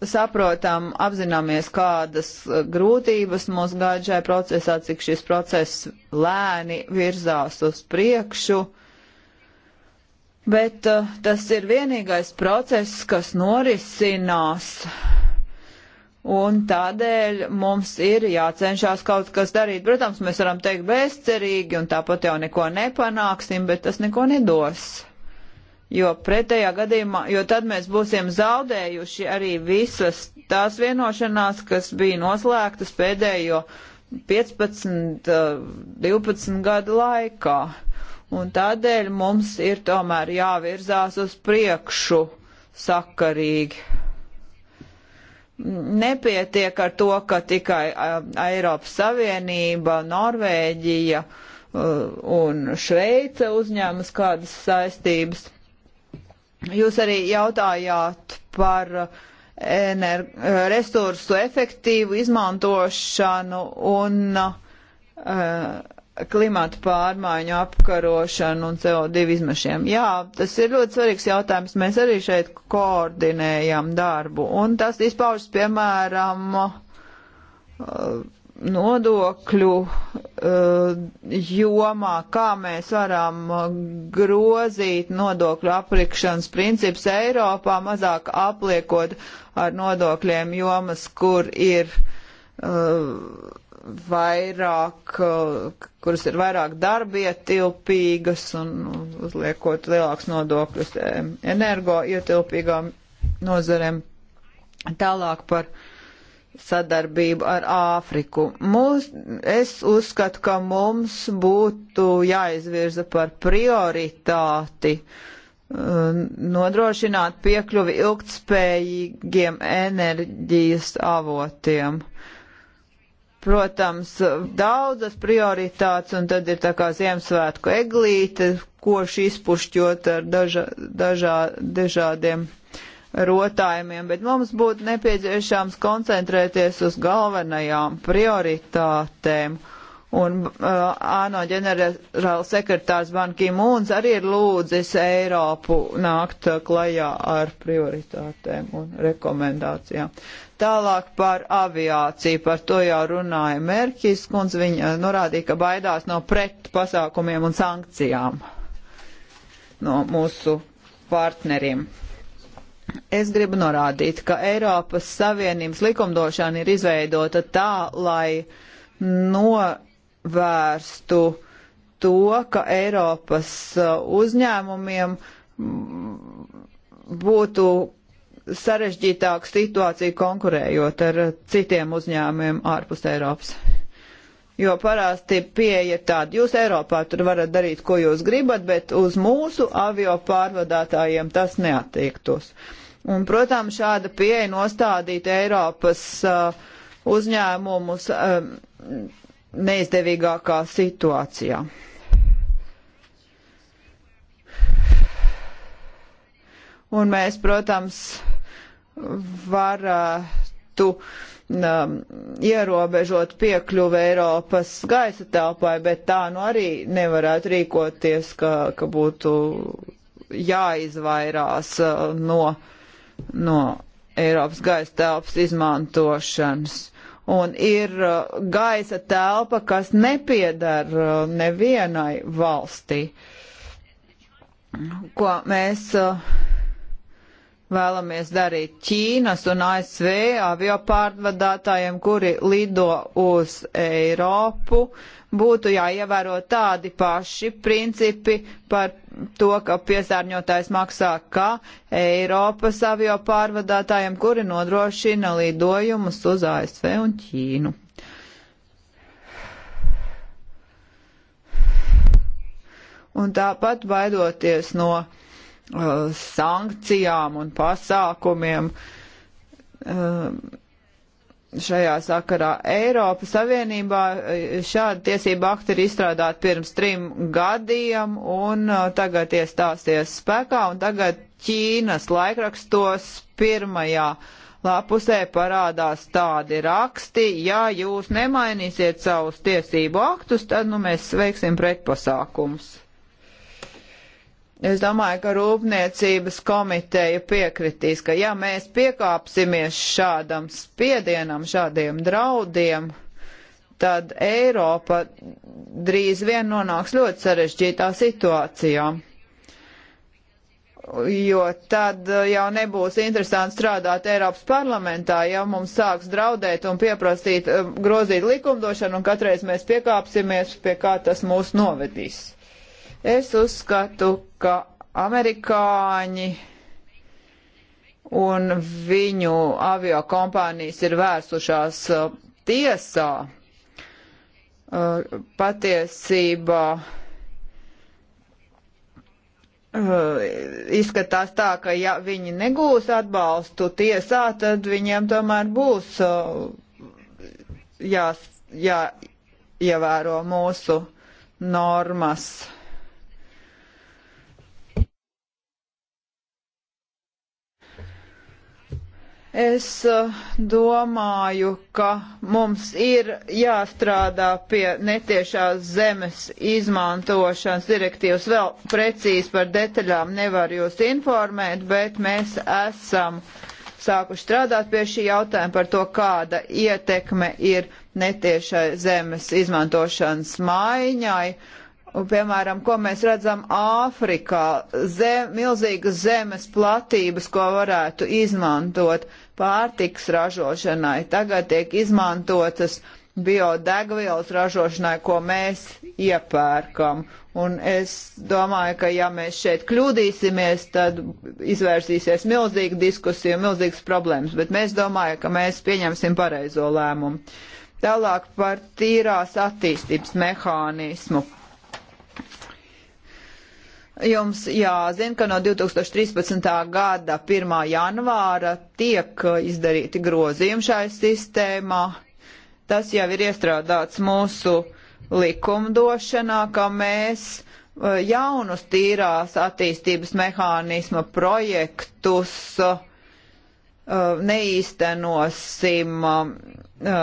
saprotam, apzināmies, kādas uh, grūtības mūs gaida šajā procesā, cik šis process lēni virzās uz priekšu. Bet uh, tas ir vienīgais process, kas norisinās uh, un tādēļ mums ir jācenšas kaut kas darīt. Protams, mēs varam teikt bezcerīgi un tāpat jau neko nepanāksim, bet tas neko nedos. Jo pretējā gadījumā, jo tad mēs būsim zaudējuši arī visas tās vienošanās, kas bija noslēgtas pēdējo 15, 12 gadu laikā. Un tādēļ mums ir tomēr jāvirzās uz priekšu sakarīgi Nepietiek ar to, ka tikai Eiropas Savienība, Norvēģija un Šveice uzņēmas kādas saistības. Jūs arī jautājāt par resursu efektīvu izmantošanu un uh, klimata pārmaiņu apkarošanu un CO2 izmešiem. Jā, tas ir ļoti svarīgs jautājums. Mēs arī šeit koordinējam darbu. Un tas izpaužas, piemēram, uh, nodokļu uh, jomā, kā mēs varam grozīt nodokļu aprikšanas principus Eiropā, mazāk apliekot ar nodokļiem jomas, kur ir uh, vairāk, eh, kuras ir vairāk darbietilpīgas un uzliekot lielāks nodokļus eh, energo ietilpīgām nozarēm. Tālāk par sadarbību ar Āfriku. Mūs, es uzskatu, ka mums būtu jāizvirza par prioritāti eh, nodrošināt piekļuvi ilgtspējīgiem enerģijas avotiem. Uh, protams, daudzas prioritātes, un tad ir tā kā Ziemassvētku eglīte, koši izpušķot ar daža, dažā, dažādiem rotājumiem, bet mums būtu nepieciešams koncentrēties uz galvenajām prioritātēm Un uh, ANO ģenerāla sekretārs Banki Mūns arī ir lūdzis Eiropu nākt klajā ar prioritātēm un rekomendācijām. Tālāk par aviāciju, par to jau runāja Merkis, kundz viņa uh, norādīja, ka baidās no pretpasākumiem un sankcijām no mūsu partneriem. Es gribu norādīt, ka Eiropas Savienības likumdošana ir izveidota tā, lai no novērstu to, ka Eiropas uh, uzņēmumiem mm, būtu sarežģītāka situācija konkurējot ar uh, citiem uzņēmumiem ārpus Eiropas. Jo parasti pieeja ir tāda, jūs Eiropā tur varat darīt, ko jūs gribat, bet uz mūsu avio pārvadātājiem tas neatiektos. Un, protams, šāda pieeja nostādīt Eiropas uh, uzņēmumus um, neizdevīgākā situācijā. Un mēs, protams, varētu um, ierobežot piekļuvi Eiropas gaisa telpai, bet tā nu arī nevarētu rīkoties, ka, ka būtu jāizvairās uh, no, no Eiropas gaisa telpas izmantošanas un ir uh, gaisa telpa, kas nepiedara uh, nevienai valstī. Ko mēs uh, vēlamies darīt Ķīnas un ASV avio pārvadātājiem, kuri lido uz Eiropu, uh, būtu jāievēro tādi paši principi par to, ka piesārņotājs maksā kā Eiropas avio pārvadātājiem, kuri nodrošina lidojumus uz ASV un Ķīnu. Un tāpat baidoties no uh, sankcijām un pasākumiem, uh, šajā sakarā. Eiropas Savienībā eh, šāda tiesība akti ir izstrādāti pirms trim gadiem un eh, tagad iestāsies spēkā un tagad Ķīnas laikrakstos pirmajā lapusē parādās tādi raksti, ja jūs nemainīsiet savus tiesību aktus, tad nu mēs veiksim pretpasākums. Es domāju, ka Rūpniecības komiteja piekritīs, ka ja mēs piekāpsimies šādam spiedienam, šādiem draudiem, tad Eiropa drīz vien nonāks ļoti sarežģītā situācijā. Jo tad jau nebūs interesanti strādāt Eiropas parlamentā, ja mums sāks draudēt un pieprasīt eh, grozīt likumdošanu, un katreiz mēs piekāpsimies, pie kā tas mūs novedīs. Es uzskatu, ka amerikāņi un viņu avio kompānijas ir vērsušās uh, tiesā. Uh, patiesībā uh, izskatās tā, ka ja viņi negūs atbalstu tiesā, tad viņiem tomēr būs jā, jā, jāievēro mūsu normas. Es eh, domāju, ka mums ir jāstrādā pie netiešās zemes izmantošanas direktīvas. Vēl precīzi par detaļām nevar jūs informēt, bet mēs esam sākuši strādāt pie šī jautājuma par to, kāda ietekme ir netiešai zemes izmantošanas maiņai. Un, piemēram, ko mēs redzam Āfrikā, zem, milzīgas zemes platības, ko varētu izmantot pārtiks ražošanai. Tagad tiek izmantotas biodegvielas ražošanai, ko mēs iepērkam. Un es domāju, ka ja mēs šeit kļūdīsimies, tad izvērsīsies milzīga diskusija, milzīgas problēmas, bet mēs domājam, ka mēs pieņemsim pareizo lēmumu. Tālāk par tīrās attīstības mehānismu. Jums jāzina, ka no 2013. gada 1. janvāra tiek izdarīti grozījumi šai sistēmā. Tas jau ir iestrādāts mūsu likumdošanā, ka mēs e, jaunus tīrās attīstības mehānisma projektus e, neīstenosim e,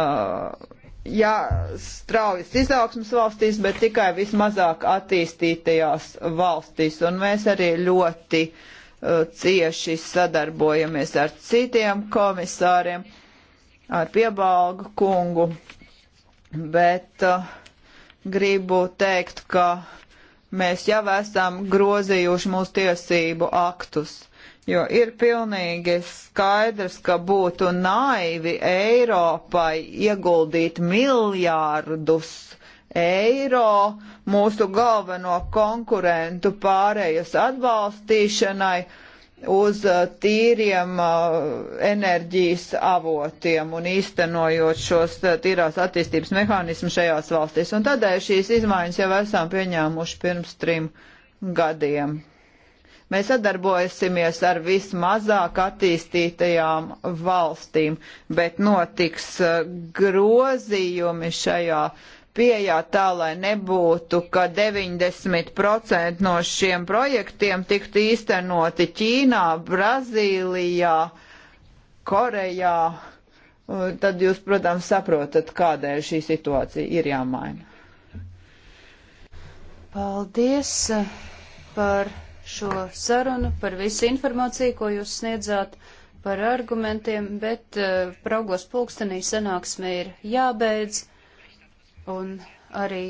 ja straujas izaugsmas valstīs, bet tikai vismazāk attīstītajās valstīs. Un mēs arī ļoti uh, cieši sadarbojamies ar citiem komisāriem, ar piebalgu kungu. Bet uh, gribu teikt, ka mēs jau esam grozījuši mūsu tiesību aktus Jo ir pilnīgi skaidrs, ka būtu naivi Eiropai ieguldīt miljārdus eiro mūsu galveno konkurentu pārējas atbalstīšanai uz uh, tīriem uh, enerģijas avotiem un īstenojot šos uh, tīrās attīstības mehānismus šajās valstīs. Un tādēļ šīs izmaiņas jau esam pieņēmuši pirms trim gadiem. Mēs sadarbojasimies ar vismazāk attīstītajām valstīm, bet notiks eh, grozījumi šajā pieejā tā, lai nebūtu, ka 90% no šiem projektiem tiktu īstenoti Ķīnā, Brazīlijā, Korejā. Eh, tad jūs, protams, saprotat, kādēļ šī situācija ir jāmaina. Paldies eh, par šo sarunu, par visu informāciju, ko jūs sniedzāt, par argumentiem, bet uh, praugos pulkstenī sanāksme ir jābeidz, un arī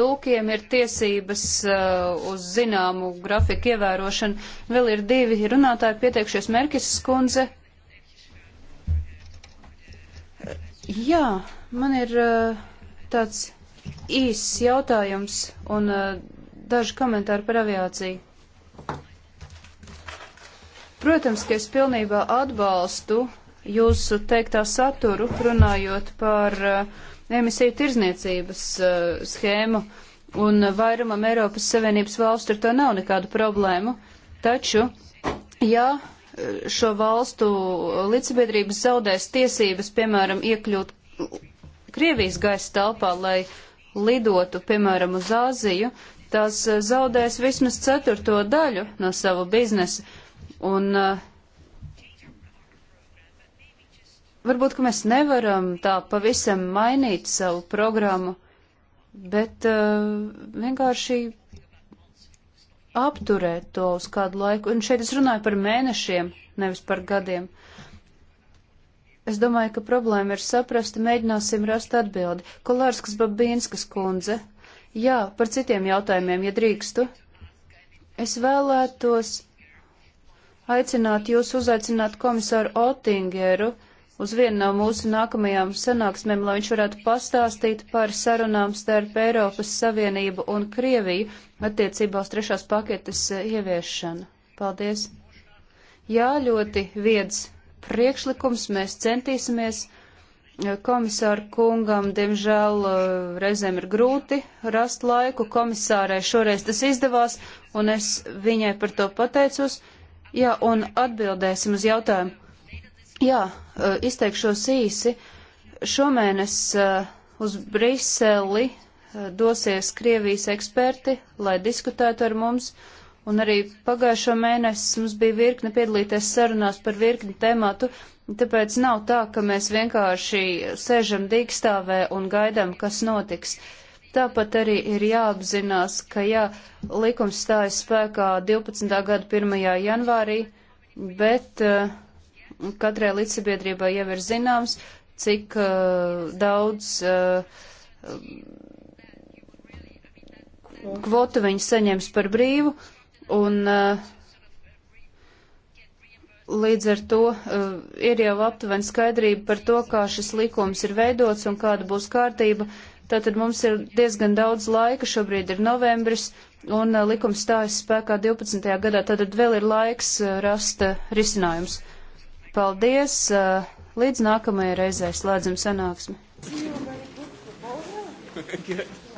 tūkiem ir tiesības uh, uz zināmu grafiku ievērošanu. Vēl ir divi runātāji pieteikšies Merkis skundze. Jā, man ir uh, tāds īss jautājums un uh, daži komentāri par aviāciju. Protams, ka es pilnībā atbalstu jūsu teiktā saturu, runājot par uh, emisiju tirzniecības uh, schēmu, un vairumam Eiropas Savienības valstu ar to nav nekādu problēmu. Taču, ja eh, šo valstu līdzsabiedrības zaudēs tiesības, piemēram, iekļūt Krievijas gaisa telpā, lai lidotu, piemēram, uz Āziju, tās zaudēs vismaz ceturto daļu no sava biznesa. Un uh, varbūt, ka mēs nevaram tā pavisam mainīt savu programmu, bet uh, vienkārši apturēt to uz kādu laiku. Un šeit es runāju par mēnešiem, nevis par gadiem. Es domāju, ka problēma ir saprast, mēģināsim rast atbildi. Kolārskas Babīnskas kundze. Jā, par citiem jautājumiem, ja drīkstu. Es vēlētos aicināt jūs uzaicināt komisāru Otingeru uz vienu no mūsu nākamajām sanāksmēm, lai viņš varētu pastāstīt par sarunām starp Eiropas Savienību un Krieviju attiecībā uz trešās paketes eh, ieviešanu. Paldies! Jā, ļoti vieds priekšlikums, mēs centīsimies eh, komisāru kungam, diemžēl, eh, reizēm ir grūti rast laiku. Komisārai šoreiz tas izdevās, un es viņai par to pateicos. Jā, un atbildēsim uz jautājumu. Jā, eh, izteikšos īsi. Šomēnes eh, uz Briseli eh, dosies Krievijas eksperti, lai diskutētu ar mums, un arī pagājušo mēnesi mums bija virkne piedalīties sarunās par virkni tematu, tāpēc nav tā, ka mēs vienkārši sēžam dīkstāvē un gaidām, kas notiks. Uh, Tāpat arī ir jāapzinās, ka ja likums stājas spēkā 12. gada 1. janvārī, bet uh, katrai līdzsabiedrībai jau ir zināms, cik uh, daudz uh, kvotu viņi saņems par brīvu, un uh, līdz ar to uh, ir jau aptuveni skaidrība par to, kā šis likums ir veidots un kāda būs kārtība, Tātad mums ir diezgan daudz laika, šobrīd ir novembris, un likums stājas spēkā 12. gadā, tātad vēl ir laiks rast risinājums. Paldies! Līdz nākamajai reizei slēdzam sanāksmi. Good.